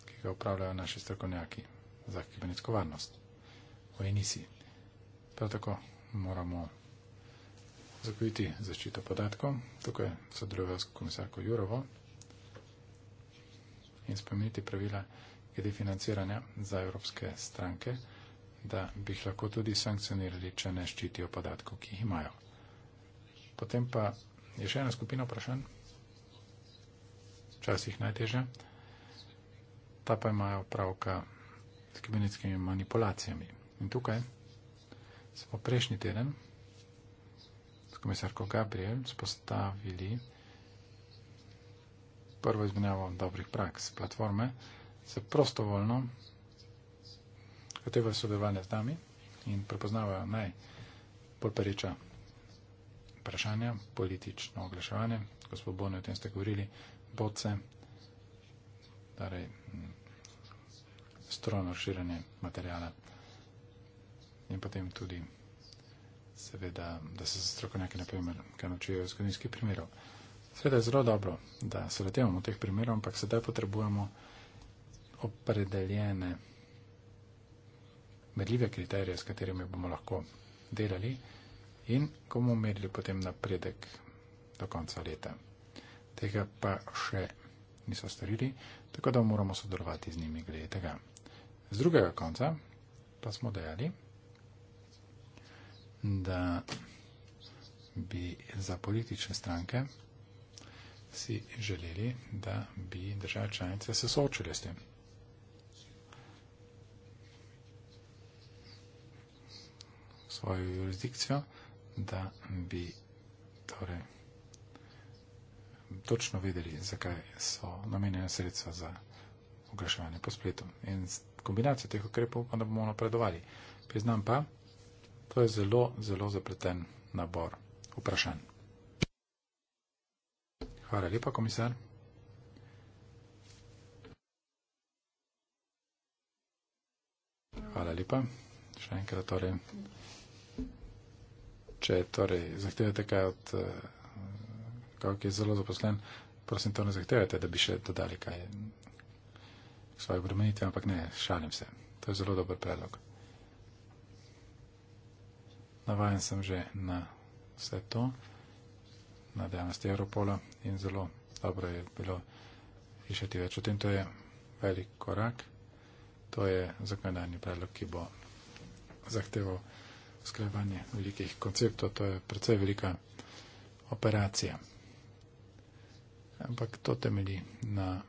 ki ga upravljajo naši strokovnjaki za kibernetsko varnost v Enisi. Prav tako moramo zakljuti zaščito podatkov. Tukaj sodelujejo s komisarko Jurovo in spomeniti pravila glede financiranja za evropske stranke, ki je vse da bi jih lahko tudi sankcionirali, če ne ščitijo podatkov, ki jih imajo. Potem pa je še ena skupina vprašanj, včasih najtežja, ta pa imajo pravka s kibernetskimi manipulacijami. In tukaj smo prejšnji teden s komisarko Gabriel spostavili prvo izmenjavo dobrih praks platforme za prostovoljno oteva sodelovanja z nami in prepoznavajo najbolj pereča vprašanja, politično oglaševanje, gospod Bono, o tem ste govorili, boce, torej strojno širjenje materijala in potem tudi seveda, da se za strokovnjake, na primer, kaj naučijo iz zgodovinskih primerov. Seveda je zelo dobro, da se letevamo v teh primerov, ampak sedaj potrebujemo opredeljene merljive kriterije, s katerimi bomo lahko delali in komu merili potem napredek do konca leta. Tega pa še niso storili, tako da moramo sodelovati z njimi glede tega. Z drugega konca pa smo dejali, da bi za politične stranke si želeli, da bi države članice se soočile s tem. svojo jurisdikcijo, da bi torej, točno vedeli, zakaj so namenjena sredstva za oglaševanje po spletu. In kombinacijo teh ukrepov pa da bomo napredovali. Priznam pa, to je zelo, zelo zapleten nabor vprašanj. Hvala lepa, komisar. Hvala lepa. Še enkrat torej če torej zahtevate kaj od eh, kakega, ki je zelo zaposlen, prosim, to ne zahtevate, da bi še dodali kaj k svoje obremenitve, ampak ne, šalim se. To je zelo dober predlog. Navajen sem že na vse to, na dejavnosti Europola in zelo dobro je bilo išeti več o tem. To je velik korak, to je zakonodajni predlog, ki bo zahteval sklepanje velikih konceptov, to je precej velika operacija. Ampak to temelji na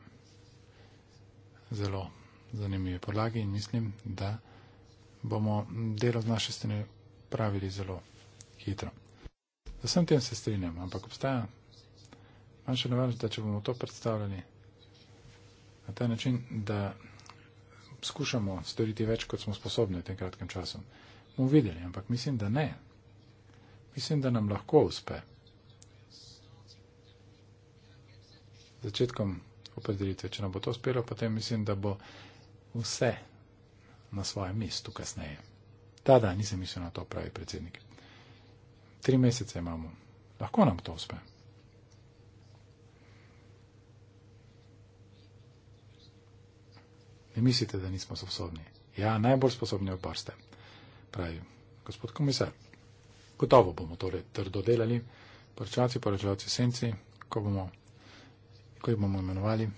zelo zanimivi podlagi in mislim, da bomo delo z naše strani pravili zelo hitro. Z vsem tem se strinjam, ampak obstaja manjša nevarnost, da če bomo to predstavljali na ta način, da skušamo storiti več, kot smo sposobni v tem kratkem času bomo videli, ampak mislim, da ne. Mislim, da nam lahko uspe. Začetkom opredelitve, če nam bo to uspelo, potem mislim, da bo vse na svojem mestu kasneje. Ta dan nisem mislil na to, pravi predsednik. Tri mesece imamo. Lahko nam to uspe. Ne mislite, da nismo sposobni. Ja, najbolj sposobni oparste pravi gospod komisar. Gotovo bomo torej trdo delali, poročevalci, poročevalci senci, ko bomo, ko jih bomo imenovali.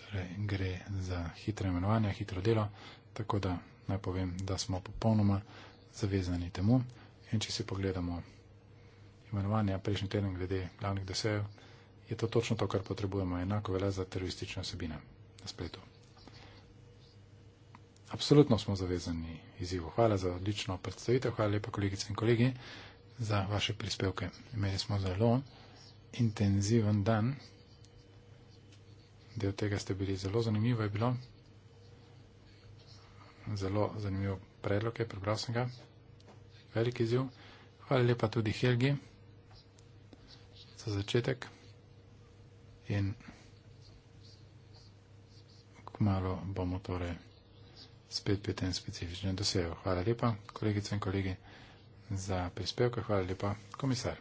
Torej, gre za hitre imenovanja, hitro delo, tako da naj povem, da smo popolnoma zavezani temu. In če si pogledamo imenovanja prejšnji teden glede glavnih desejev, je to točno to, kar potrebujemo. Enako velja za teroristične osebine na spletu. Absolutno smo zavezani izzivu. Hvala za odlično predstavitev, hvala lepa kolegice in kolegi za vaše prispevke. Imeli smo zelo intenziven dan. Del tega ste bili zelo zanimivo je bilo. Zelo zanimivo predlog je, prebral sem ga. Velik izziv. Hvala lepa tudi Helgi za začetek in kmalo bomo torej spet pri tem specifičnem dosegu. Hvala lepa, kolegice in kolegi, za prispevke. Hvala lepa, komisar.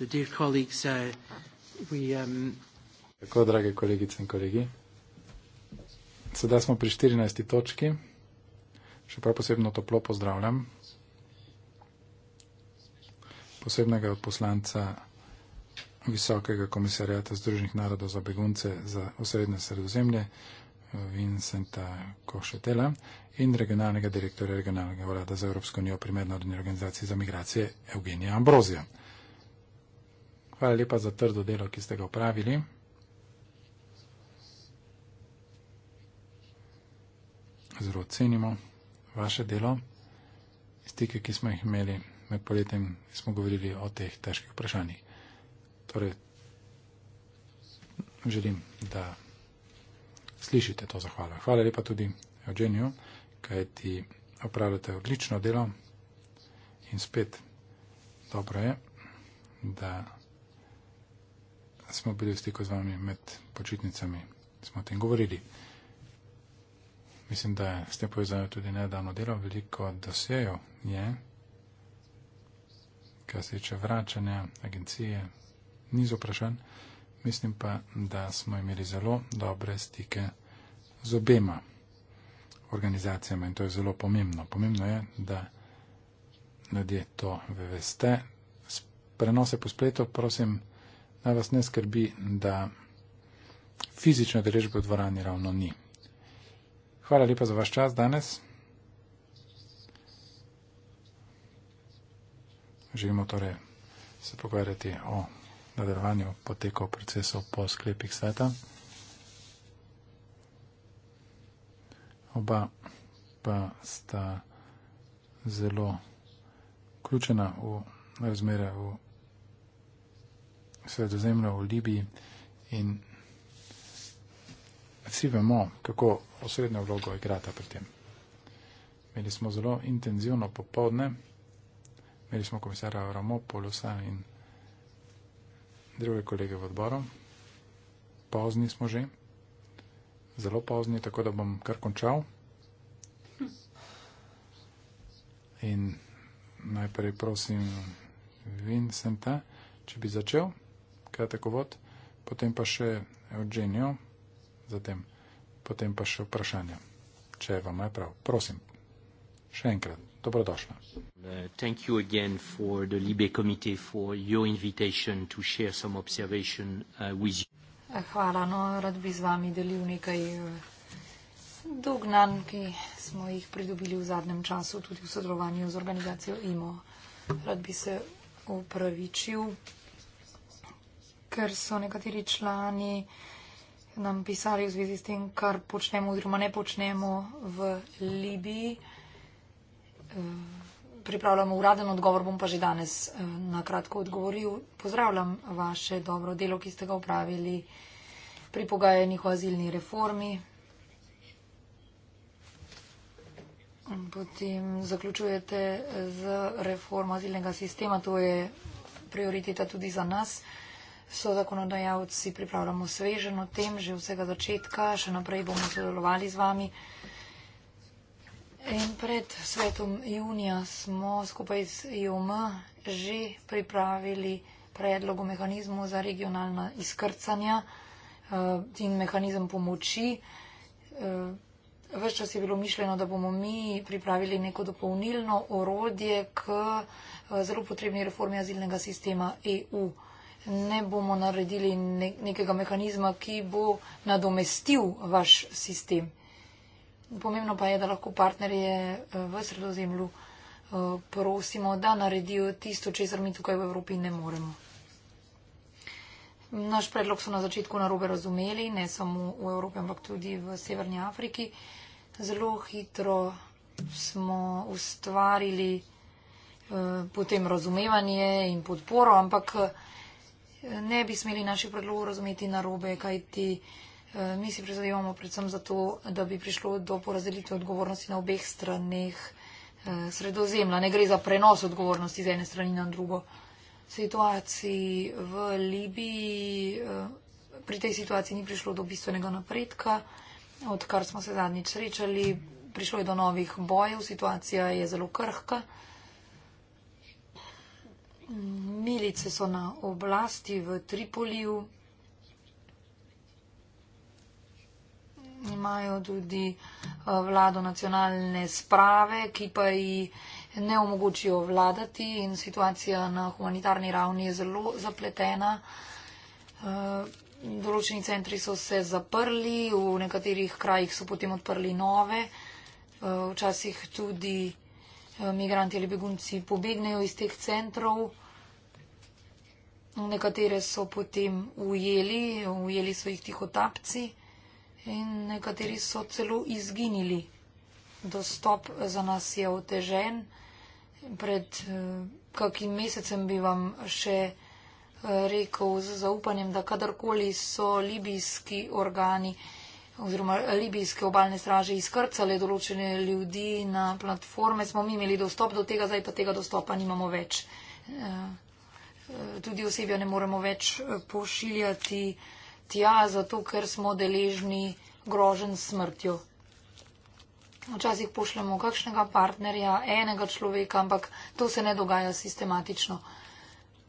Uh, um, Tako, drage kolegice in kolegi, sedaj smo pri 14. točki, še prav posebno toplo pozdravljam posebnega odposlanca Visokega komisarjata Združenih narodov za begunce za osrednje sredozemlje Vincenta Košetela in regionalnega direktorja regionalnega urada za Evropsko unijo pri mednarodni organizaciji za migracije Eugenija Ambrozija. Hvala lepa za trdo delo, ki ste ga upravili. Zelo cenimo vaše delo. Stike, ki smo jih imeli med poletjem, smo govorili o teh težkih vprašanjih. Torej, želim, da slišite to zahvalo. Hvala lepa tudi Eugeniju, kaj ti opravljate odlično delo. In spet, dobro je, da smo bili v stiku z vami med počitnicami, smo o tem govorili. Mislim, da ste povezali tudi nedavno delo, veliko dosejo je, kar se tiče vračanja agencije, niz vprašanj. Mislim pa, da smo imeli zelo dobre stike z obema organizacijama in to je zelo pomembno. Pomembno je, da ljudje to veste. Prenose po spletu, prosim naj vas ne skrbi, da fizične deležbe v dvorani ravno ni. Hvala lepa za vaš čas danes. Želimo torej se pogovarjati o nadaljevanju potekov procesov po sklepih sveta. Oba pa sta zelo vključena v razmere v sredozemlja v Libiji in vsi vemo, kako osrednjo vlogo igrata pri tem. Imeli smo zelo intenzivno popovdne, imeli smo komisarja Ramopolusa in druge kolege v odboru. Pozni smo že, zelo pozni, tako da bom kar končal. In najprej prosim Vincenta, če bi začel kratek uvod, potem pa še odženjo, zatem, potem pa še vprašanje, če vam je prav. Prosim, še enkrat, dobrodošla. Uh, uh eh, Hvala, no, rad bi z vami delil nekaj eh, dognanj, ki smo jih pridobili v zadnjem času, tudi v sodelovanju z organizacijo IMO. Rad bi se upravičil ker so nekateri člani nam pisali v zvezi s tem, kar počnemo oziroma ne počnemo v Libiji. Eh, pripravljamo uraden odgovor, bom pa že danes eh, na kratko odgovoril. Pozdravljam vaše dobro delo, ki ste ga upravili pri pogajanjih o azilni reformi. Potem zaključujete eh, z reformo azilnega sistema, to je prioriteta tudi za nas so zakonodajalci, pripravljamo svežen o tem že vsega začetka, še naprej bomo sodelovali z vami. In pred svetom junija smo skupaj z IOM že pripravili predlog o mehanizmu za regionalna izkrcanja eh, in mehanizem pomoči. Eh, ves čas je bilo mišljeno, da bomo mi pripravili neko dopolnilno orodje k eh, zelo potrebni reformi azilnega sistema EU ne bomo naredili ne, nekega mehanizma, ki bo nadomestil vaš sistem. Pomembno pa je, da lahko partnerje eh, v sredozemlju eh, prosimo, da naredijo tisto, česar mi tukaj v Evropi ne moremo. Naš predlog so na začetku narobe razumeli, ne samo v Evropi, ampak tudi v Severni Afriki. Zelo hitro smo ustvarili eh, potem razumevanje in podporo, ampak eh, ne bi smeli naših predlogov razumeti na robe, kajti eh, mi si prizadevamo predvsem za to, da bi prišlo do porazdelitve odgovornosti na obeh straneh eh, sredozemlja. Ne gre za prenos odgovornosti z ene strani na drugo. Situaciji v Libiji, eh, pri tej situaciji ni prišlo do bistvenega napredka, odkar smo se zadnjič srečali, prišlo je do novih bojev, situacija je zelo krhka milice so na oblasti v Tripoliju. Imajo tudi eh, vlado nacionalne sprave, ki pa jih ne omogočijo vladati in situacija na humanitarni ravni je zelo zapletena. Eh, določeni centri so se zaprli, v nekaterih krajih so potem odprli nove, eh, včasih tudi Eh, migranti ali begunci pobegnejo iz teh centrov. Nekatere so potem ujeli, ujeli so jih tihotapci in nekateri so celo izginili. Dostop za nas je otežen. Pred eh, kakim mesecem bi vam še eh, rekel z zaupanjem, da kadarkoli so libijski organi oziroma libijske obalne straže izkrcali določene ljudi na platforme, smo mi imeli dostop do tega, zdaj pa tega dostopa nimamo več. Eh, eh, tudi osebja ne moremo več eh, pošiljati tja, zato ker smo deležni grožen smrtjo. Včasih pošljemo kakšnega partnerja, enega človeka, ampak to se ne dogaja sistematično.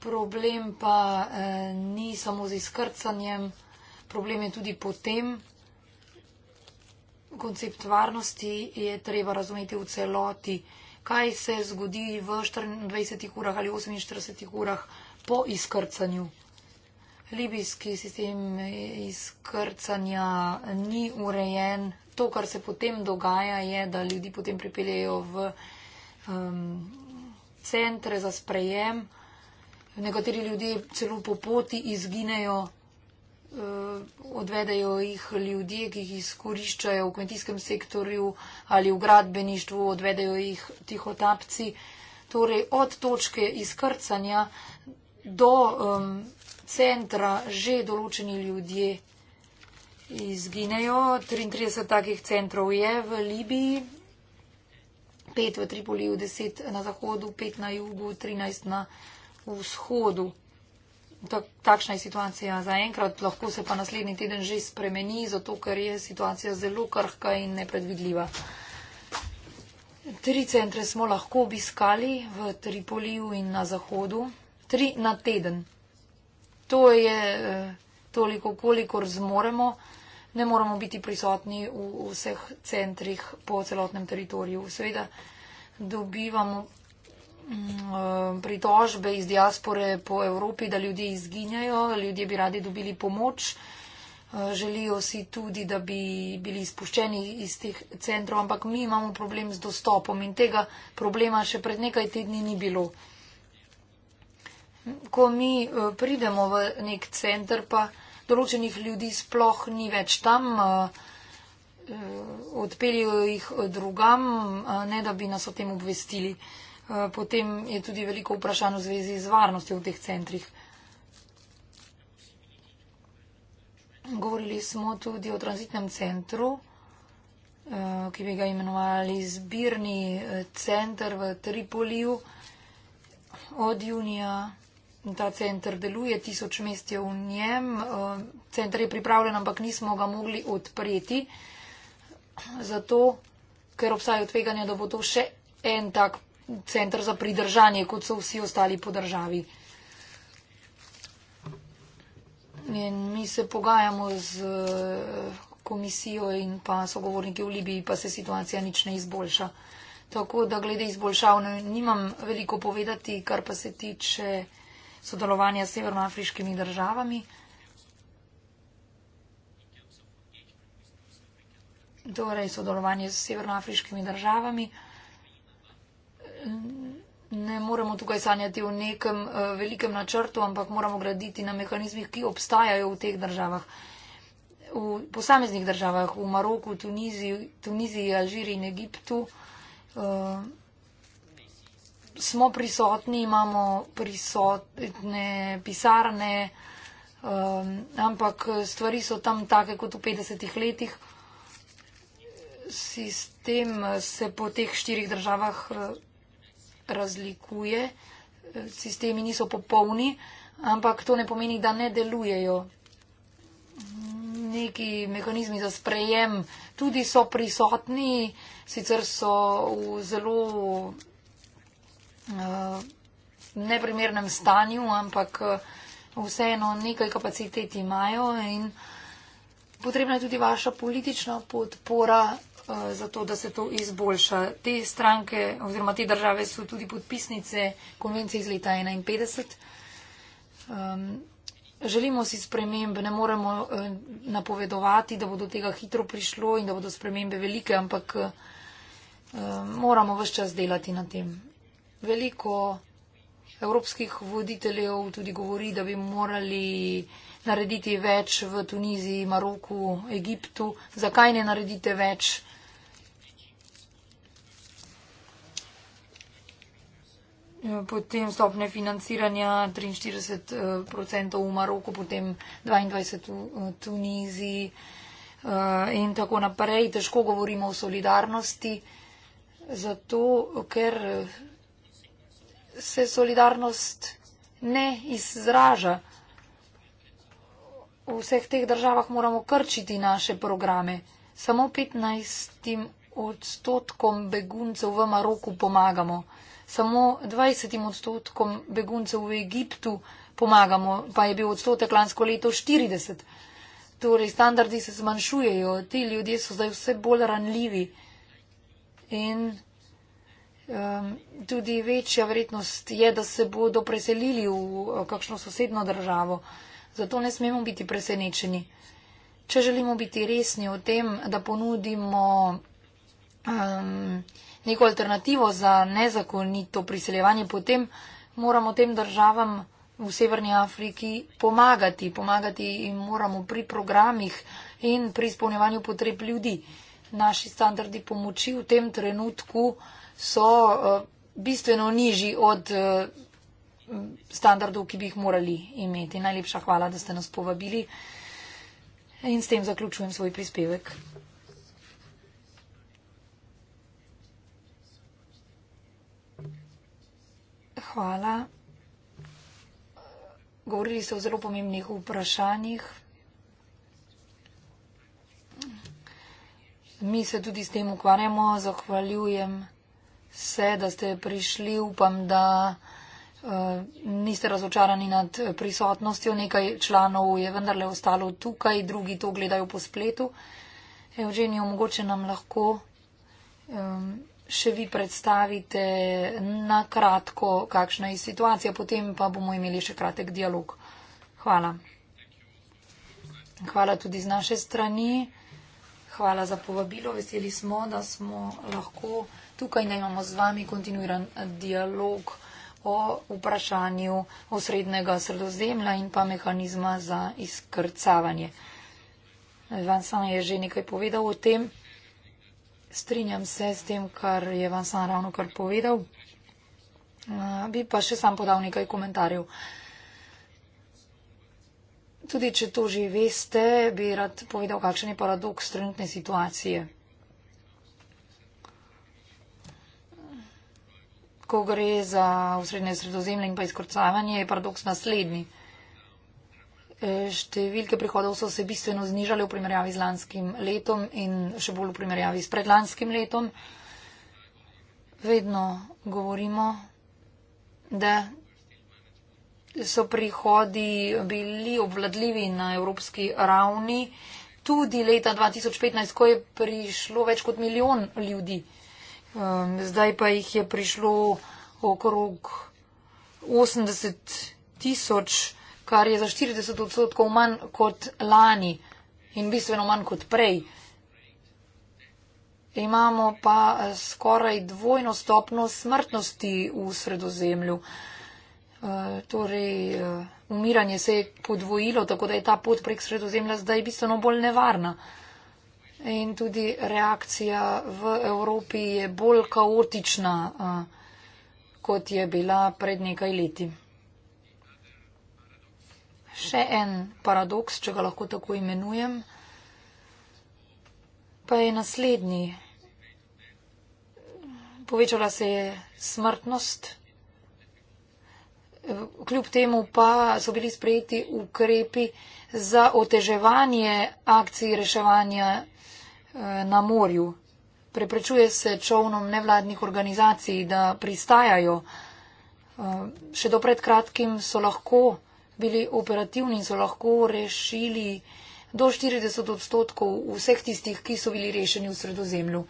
Problem pa eh, ni samo z izkrcanjem, problem je tudi potem, koncept varnosti je treba razumeti v celoti. Kaj se zgodi v 24 urah ali 48 urah po izkrcanju? Libijski sistem izkrcanja ni urejen. To, kar se potem dogaja, je, da ljudi potem pripeljejo v um, centre za sprejem. Nekateri ljudje celo po poti izginejo, Eh, odvedajo jih ljudje, ki jih izkoriščajo v kmetijskem sektorju ali v gradbeništvu, odvedajo jih tihotapci. Torej, od točke izkrcanja do um, centra že določeni ljudje izginejo. 33 takih centrov je v Libiji, 5 v Tripoliju, 10 na zahodu, 5 na jugu, 13 na vzhodu takšna je situacija zaenkrat, lahko se pa naslednji teden že spremeni, zato ker je situacija zelo krhka in nepredvidljiva. Tri centre smo lahko obiskali v Tripoliju in na zahodu. Tri na teden. To je eh, toliko, kolikor zmoremo. Ne moramo biti prisotni v vseh centrih po celotnem teritoriju. Seveda dobivamo Mm, eh, pritožbe iz diaspore po Evropi, da ljudje izginjajo, ljudje bi radi dobili pomoč. Eh, želijo si tudi, da bi bili izpuščeni iz teh centrov, ampak mi imamo problem z dostopom in tega problema še pred nekaj tedni ni bilo. Ko mi eh, pridemo v nek center, pa določenih ljudi sploh ni več tam, odpeljajo jih drugam, ne da bi nas o tem obvestili. Eh, potem je tudi veliko vprašanj v zvezi z varnostjo v teh centrih. Govorili smo tudi o tranzitnem centru, eh, ki bi ga imenovali zbirni eh, center v Tripoliju. Od junija ta center deluje, tisoč mest je v njem. Center je pripravljen, ampak nismo ga mogli odpreti, zato ker obstajajo tveganja, da bo to še en tak centr za pridržanje, kot so vsi ostali po državi. In mi se pogajamo z eh, komisijo in pa sogovorniki v Libiji, pa se situacija nič ne izboljša. Tako da glede izboljšav nimam veliko povedati, kar pa se tiče sodelovanja s severnoafriškimi državami. Torej, sodelovanje s severnoafriškimi državami ne moremo tukaj sanjati o nekem eh, velikem načrtu, ampak moramo graditi na mehanizmih, ki obstajajo v teh državah. V posameznih državah, v Maroku, Tuniziji, Tuniziji Alžiriji in Egiptu, eh, smo prisotni, imamo prisotne pisarne, eh, ampak stvari so tam take kot v 50-ih letih. Sistem se po teh štirih državah razlikuje, eh, sistemi niso popolni, ampak to ne pomeni, da ne delujejo. Neki mehanizmi za sprejem tudi so prisotni, sicer so v zelo uh, neprimernem stanju, ampak eh, vseeno nekaj kapacitet imajo in potrebna je tudi vaša politična podpora Eh, za to, da se to izboljša. Te stranke oziroma te države so tudi podpisnice konvencije iz leta 1951. Um, Želimo si sprememb, ne moremo eh, napovedovati, da bo do tega hitro prišlo in da bodo spremembe velike, ampak eh, moramo vse čas delati na tem. Veliko evropskih voditeljev tudi govori, da bi morali narediti več v Tuniziji, Maroku, Egiptu. Zakaj ne naredite več? Potem stopne financiranja 43% eh, v Maroku, potem 22% v eh, Tuniziji eh, in tako naprej. Težko govorimo o solidarnosti, zato ker se solidarnost ne izraža. V vseh teh državah moramo krčiti naše programe. Samo 15 odstotkom beguncev v Maroku pomagamo samo 20 odstotkom beguncev v Egiptu pomagamo, pa je bil odstotek lansko leto 40. Torej, standardi se zmanjšujejo, ti ljudje so zdaj vse bolj ranljivi in um, tudi večja verjetnost je, da se bodo preselili v kakšno sosedno državo. Zato ne smemo biti presenečeni. Če želimo biti resni o tem, da ponudimo. Um, neko alternativo za nezakonito priseljevanje, potem moramo tem državam v Severni Afriki pomagati. Pomagati jim moramo pri programih in pri izpolnjevanju potreb ljudi. Naši standardi pomoči v tem trenutku so eh, bistveno nižji od eh, standardov, ki bi jih morali imeti. Najlepša hvala, da ste nas povabili. In s tem zaključujem svoj prispevek. Hvala. Govorili ste o zelo pomembnih vprašanjih. Mi se tudi s tem ukvarjamo. Zahvaljujem se, da ste prišli. Upam, da uh, niste razočarani nad eh, prisotnostjo. Nekaj članov je vendarle ostalo tukaj, drugi to gledajo po spletu. Evgenijo, mogoče nam lahko. Um, še vi predstavite na kratko, kakšna je situacija, potem pa bomo imeli še kratek dialog. Hvala. Hvala tudi z naše strani. Hvala za povabilo. Veseli smo, da smo lahko tukaj, da imamo z vami kontinuiran dialog o vprašanju osrednjega sredozemlja in pa mehanizma za izkrcavanje. Vansan je že nekaj povedal o tem. Strinjam se s tem, kar je vam sam ravno kar povedal. Bi pa še sam podal nekaj komentarjev. Tudi, če to že veste, bi rad povedal, kakšen je paradoks trenutne situacije. Ko gre za osrednje sredozemlje in pa izkorcavanje, je paradoks naslednji. E, številke prihodov so se bistveno znižale v primerjavi z lanskim letom in še bolj v primerjavi s predlanskim letom. Vedno govorimo, da so prihodi bili obvladljivi na evropski ravni. Tudi leta 2015, ko je prišlo več kot milijon ljudi, ehm, zdaj pa jih je prišlo okrog 80 tisoč ljudi kar je za 40 odstotkov manj kot lani in bistveno manj kot prej. Imamo pa eh, skoraj dvojno stopno smrtnosti v sredozemlju. Eh, torej, eh, umiranje se je podvojilo, tako da je ta pot prek sredozemlja zdaj bistveno bolj nevarna. In tudi reakcija v Evropi je bolj kaotična, kot je bila pred nekaj leti še en paradoks, če ga lahko tako imenujem, pa je naslednji. Povečala se je smrtnost, kljub temu pa so bili sprejeti ukrepi za oteževanje akcij reševanja eh, na morju. Preprečuje se čovnom nevladnih organizacij, da pristajajo. Eh, še do pred kratkim so lahko bili operativni in so lahko rešili do 40 odstotkov vseh tistih, ki so bili rešeni v sredozemlju.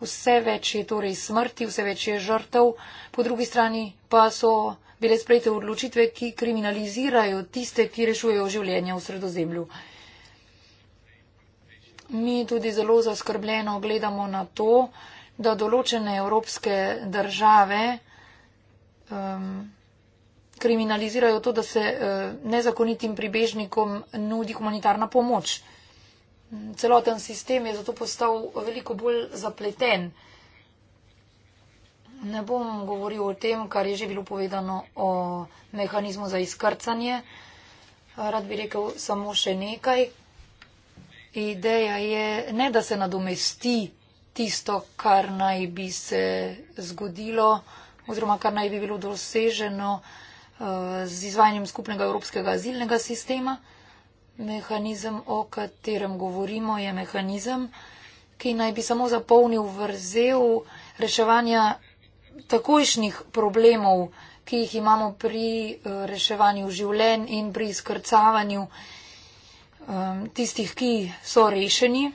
Vse več je torej smrti, vse več je žrtev, po drugi strani pa so bile sprejete odločitve, ki kriminalizirajo tiste, ki rešujejo življenje v sredozemlju. Mi tudi zelo zaskrbljeno gledamo na to, da določene evropske države um, kriminalizirajo to, da se eh, nezakonitim pribežnikom nudi humanitarna pomoč. Celoten sistem je zato postal veliko bolj zapleten. Ne bom govoril o tem, kar je že bilo povedano o mehanizmu za izkrcanje. Rad bi rekel samo še nekaj. Ideja je ne, da se nadomesti tisto, kar naj bi se zgodilo oziroma kar naj bi bilo doseženo, Eh, z izvajanjem skupnega evropskega azilnega sistema. Mehanizem, o katerem govorimo, je mehanizem, ki naj bi samo zapolnil vrzel reševanja takojšnjih problemov, ki jih imamo pri eh, reševanju življenj in pri skrcavanju eh, tistih, ki so rešeni.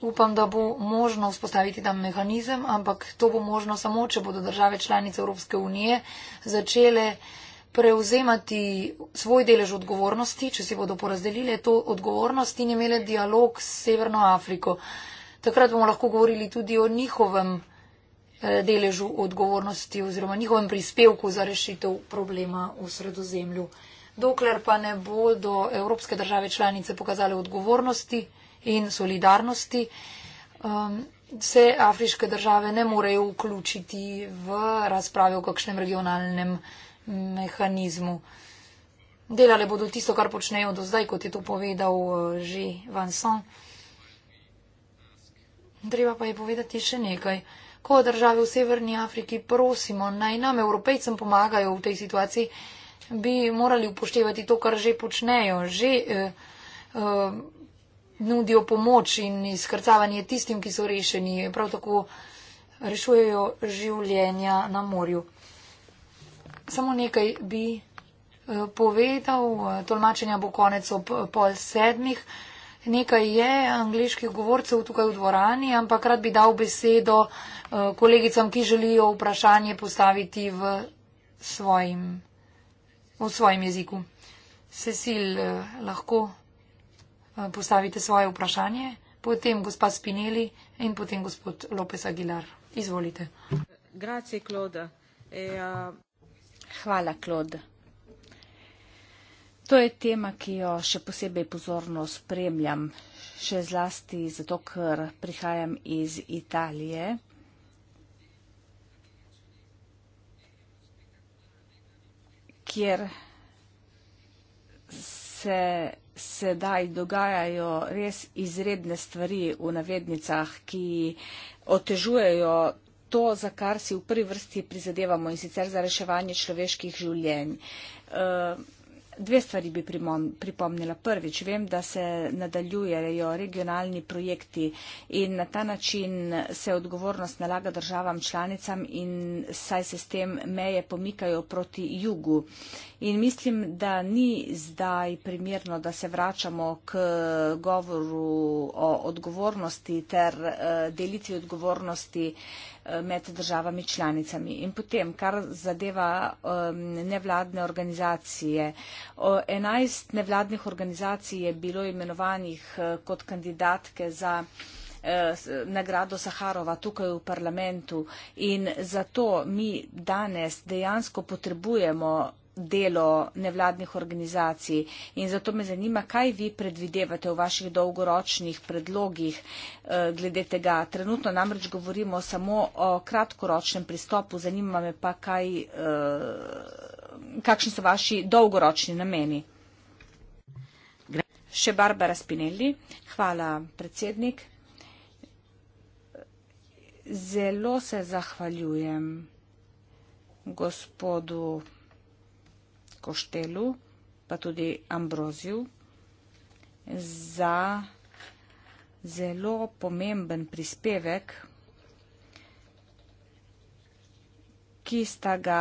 Upam, da bo možno vzpostaviti tam mehanizem, ampak to bo možno samo, če bodo države članice Evropske unije začele prevzemati svoj delež odgovornosti, če si bodo porazdelile to odgovornost in imele dialog s Severno Afriko. Takrat bomo lahko govorili tudi o njihovem eh, deležu odgovornosti oziroma njihovem prispevku za rešitev problema v sredozemlju. Dokler pa ne bodo evropske države članice pokazale odgovornosti, in solidarnosti. Um, se afriške države ne morejo vključiti v razprave o kakšnem regionalnem mehanizmu. Delale bodo tisto, kar počnejo do zdaj, kot je to povedal uh, že Vincent. Treba pa je povedati še nekaj. Ko države v Severni Afriki prosimo, naj nam evropejcem pomagajo v tej situaciji, bi morali upoštevati to, kar že počnejo. Že eh, eh, nudijo pomoč in izkrcavanje tistim, ki so rešeni. Prav tako rešujejo življenja na morju. Samo nekaj bi eh, povedal, tolmačenja bo konec ob eh, pol sedmih. Nekaj je angliških govorcev tukaj v dvorani, ampak rad bi dal besedo eh, kolegicam, ki želijo vprašanje postaviti v svojim, v svojim jeziku. Cecil, lahko Eh, postavite svoje vprašanje, potem gospa Spinelli in potem gospod Lopes Aguilar. Izvolite. Grazie, Kloda. E, uh... Hvala, Kloda. To je tema, ki jo še posebej pozorno spremljam, še zlasti zato, ker prihajam iz Italije. kjer se sedaj dogajajo res izredne stvari v navednicah, ki otežujejo to, za kar si v prvi vrsti prizadevamo in sicer za reševanje človeških življenj. Uh, Dve stvari bi pripomnila. Prvič, vem, da se nadaljujejo regionalni projekti in na ta način se odgovornost nalaga državam članicam in saj se s tem meje pomikajo proti jugu. In mislim, da ni zdaj primerno, da se vračamo k govoru o odgovornosti ter eh, delitvi odgovornosti med državami članicami. In potem, kar zadeva um, nevladne organizacije. O, 11 nevladnih organizacij je bilo imenovanih uh, kot kandidatke za eh, nagrado Saharova tukaj v parlamentu in zato mi danes dejansko potrebujemo delo nevladnih organizacij. In zato me zanima, kaj vi predvidevate v vaših dolgoročnih predlogih eh, glede tega. Trenutno namreč govorimo samo o kratkoročnem pristopu, zanima me pa, kaj, eh, kakšni so vaši dolgoročni nameni. Še Barbara Spinelli. Hvala, predsednik. Zelo se zahvaljujem gospodu koštelu, pa tudi ambroziju, za zelo pomemben prispevek, ki sta ga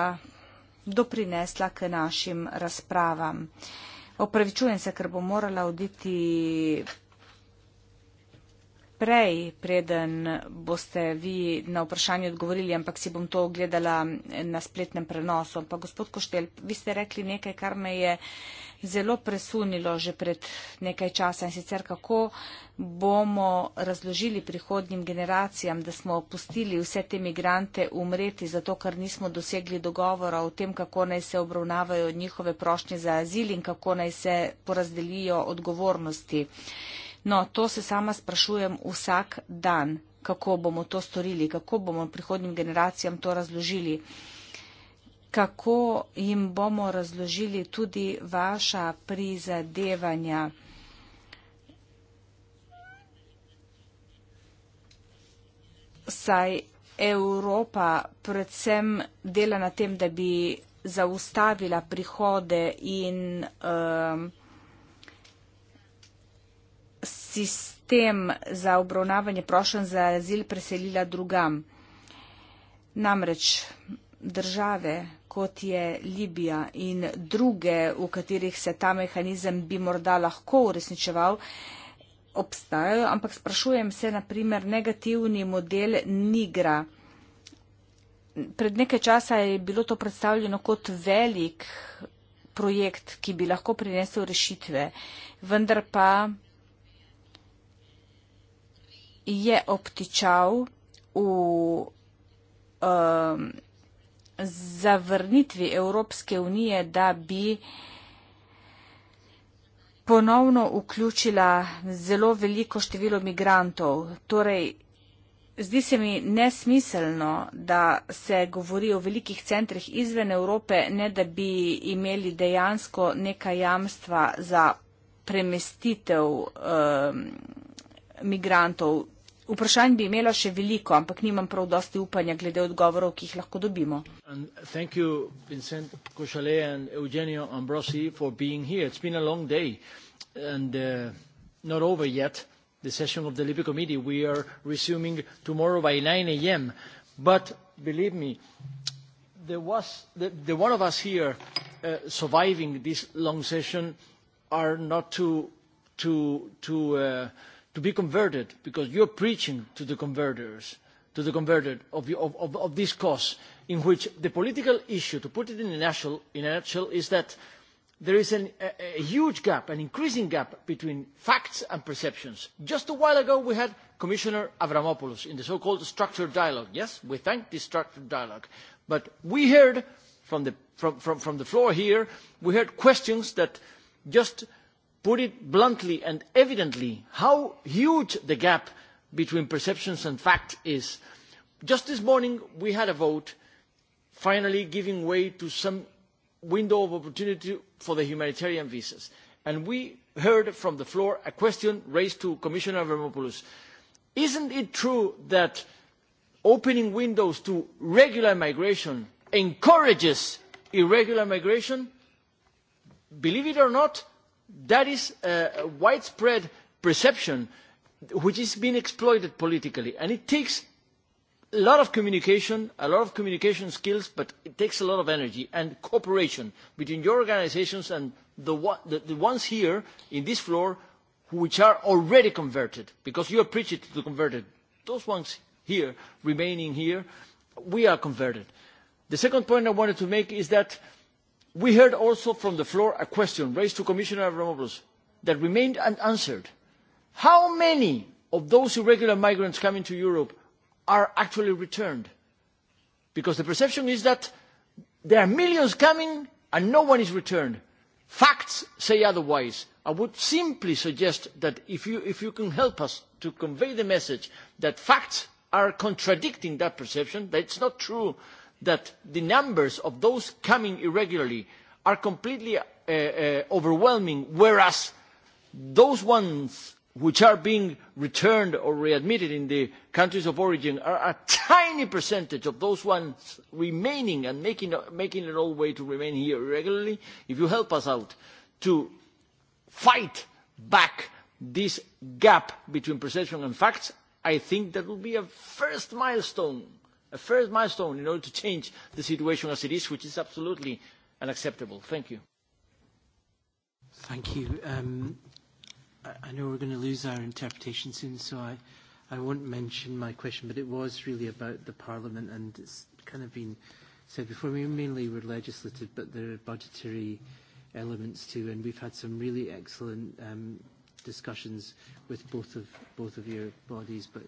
doprinesla k našim razpravam. Opravičujem se, ker bom morala oditi prej, preden boste vi na vprašanje odgovorili, ampak si bom to ogledala na spletnem prenosu. Ampak gospod Koštel, vi ste rekli nekaj, kar me je zelo presunilo že pred nekaj časa in sicer kako bomo razložili prihodnjim generacijam, da smo pustili vse te migrante umreti zato, ker nismo dosegli dogovora o tem, kako naj se obravnavajo njihove prošnje za azil in kako naj se porazdelijo odgovornosti. No, to se sama sprašujem vsak dan, kako bomo to storili, kako bomo prihodnim generacijam to razložili, kako jim bomo razložili tudi vaša prizadevanja. Saj Evropa predvsem dela na tem, da bi zaustavila prihode in um, sistem za obravnavanje prošen za azil preselila drugam. Namreč države, kot je Libija in druge, v katerih se ta mehanizem bi morda lahko uresničeval, obstajajo, ampak sprašujem se, naprimer, negativni model Nigra. Pred nekaj časa je bilo to predstavljeno kot velik projekt, ki bi lahko prinesel rešitve, vendar pa je obtičal v um, zavrnitvi Evropske unije, da bi ponovno vključila zelo veliko število migrantov. Torej, zdi se mi nesmiselno, da se govori o velikih centrih izven Evrope, ne da bi imeli dejansko neka jamstva za premestitev um, migrantov Vprašanj bi imela še veliko, ampak nimam prav dosti upanja glede odgovorov, ki jih lahko dobimo. And, uh, The session of the Libby Committee, we are resuming tomorrow by 9 a.m. But believe me, there was, the, the one of us here uh, surviving this long session are not too, too, too uh, to be converted because you're preaching to the converters to the converted of, the, of, of, of this cause in which the political issue to put it in a nutshell, in a nutshell is that there is an, a, a huge gap an increasing gap between facts and perceptions just a while ago we had commissioner avramopoulos in the so-called structured dialogue yes we thank this structured dialogue but we heard from the, from, from, from the floor here we heard questions that just put it bluntly and evidently how huge the gap between perceptions and fact is just this morning we had a vote finally giving way to some window of opportunity for the humanitarian visas and we heard from the floor a question raised to commissioner avramopoulos isn't it true that opening windows to regular migration encourages irregular migration? believe it or not that is a widespread perception which is being exploited politically and it takes a lot of communication a lot of communication skills but it takes a lot of energy and cooperation between your organisations and the ones here on this floor which are already converted because you are preaching to the converted those ones here remaining here we are converted. the second point i wanted to make is that we heard also from the floor a question raised to commissioner avramopoulos that remained unanswered how many of those irregular migrants coming to europe are actually returned because the perception is that there are millions coming and no one is returned. Facts say otherwise. I would simply suggest that if you, if you can help us to convey the message that facts are contradicting that perception, that it's not true that the numbers of those coming irregularly are completely uh, uh, overwhelming, whereas those ones which are being returned or readmitted in the countries of origin are a tiny percentage of those ones remaining and making, making an old way to remain here regularly, if you help us out to fight back this gap between perception and facts, I think that will be a first milestone a first milestone in order to change the situation as it is which is absolutely unacceptable. Thank you. Thank you. Um, I know we're going to lose our interpretation soon so I, I won't mention my question but it was really about the Parliament and it's kind of been said before we mainly were legislative but there are budgetary elements too and we've had some really excellent um, discussions with both of both of your bodies but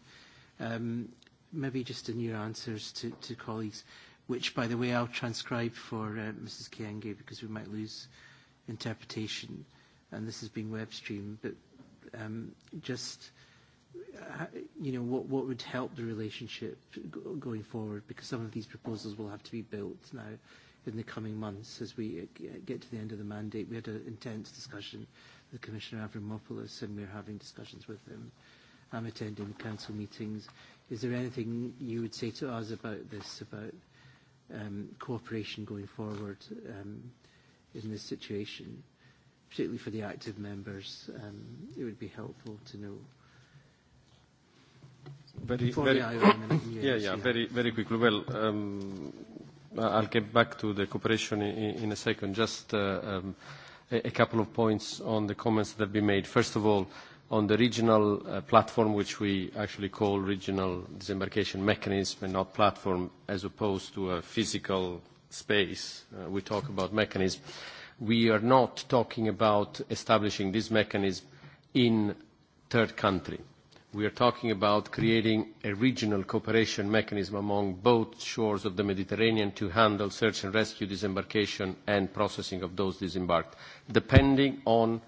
um, Maybe just in your answers to colleagues, which, by the way, I'll transcribe for uh, Mrs. Kyenge, because we might lose interpretation, and this is being web streamed. But um, just, uh, you know, what would help the relationship going forward? Because some of these proposals will have to be built now in the coming months as we uh, get to the end of the mandate. We had an intense discussion with Commissioner Avramopoulos, and we're having discussions with him. I'm attending council meetings. Is there anything you would say to us about this, about um, cooperation going forward um, in this situation? Particularly for the active members, um, it would be helpful to know. Very, very, IOM, [COUGHS] yeah, yeah, very, very quickly. Well, um, I'll get back to the cooperation in, in a second. Just uh, um, a, a couple of points on the comments that have been made. First of all, uh, on the regional uh, platform, which we actually call regional disembarkation mechanism and not platform, as opposed to a physical space, uh, we talk about mechanism. We are not talking about establishing this mechanism in third country. We are talking about creating a regional cooperation mechanism among both shores of the Mediterranean to handle search and rescue, disembarkation, and processing of those disembarked, depending on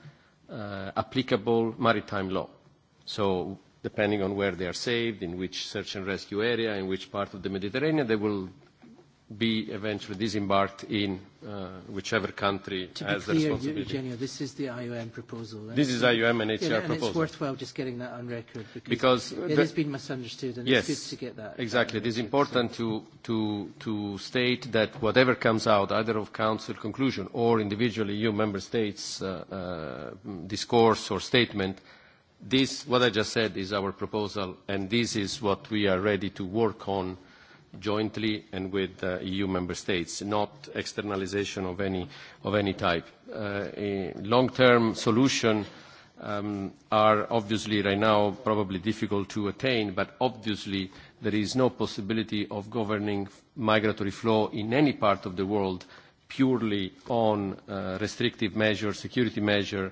Uh, applicable maritime law. So depending on where they are saved, in which search and rescue area, in which part of the Mediterranean, they will be eventually disembarked in uh, whichever country to has clear, the responsibility. To be clear, this is the IOM proposal. This is IOM and HR yeah, proposal. And it's worthwhile just getting that on record because, because it the, has been misunderstood and yes, it's good to get that. Uh, exactly. It is important so. to, to, to state that whatever comes out, either of Council conclusion or individually EU Member States uh, uh, discourse or statement, this, what I just said, is our proposal and this is what we are ready to work on uh, jointly and with uh, EU member states, not externalization of any type. Uh, a long-term solution um, are obviously right now probably difficult to attain, but obviously there is no possibility of governing migratory flow in any part of the world purely on uh, restrictive measure, security measure,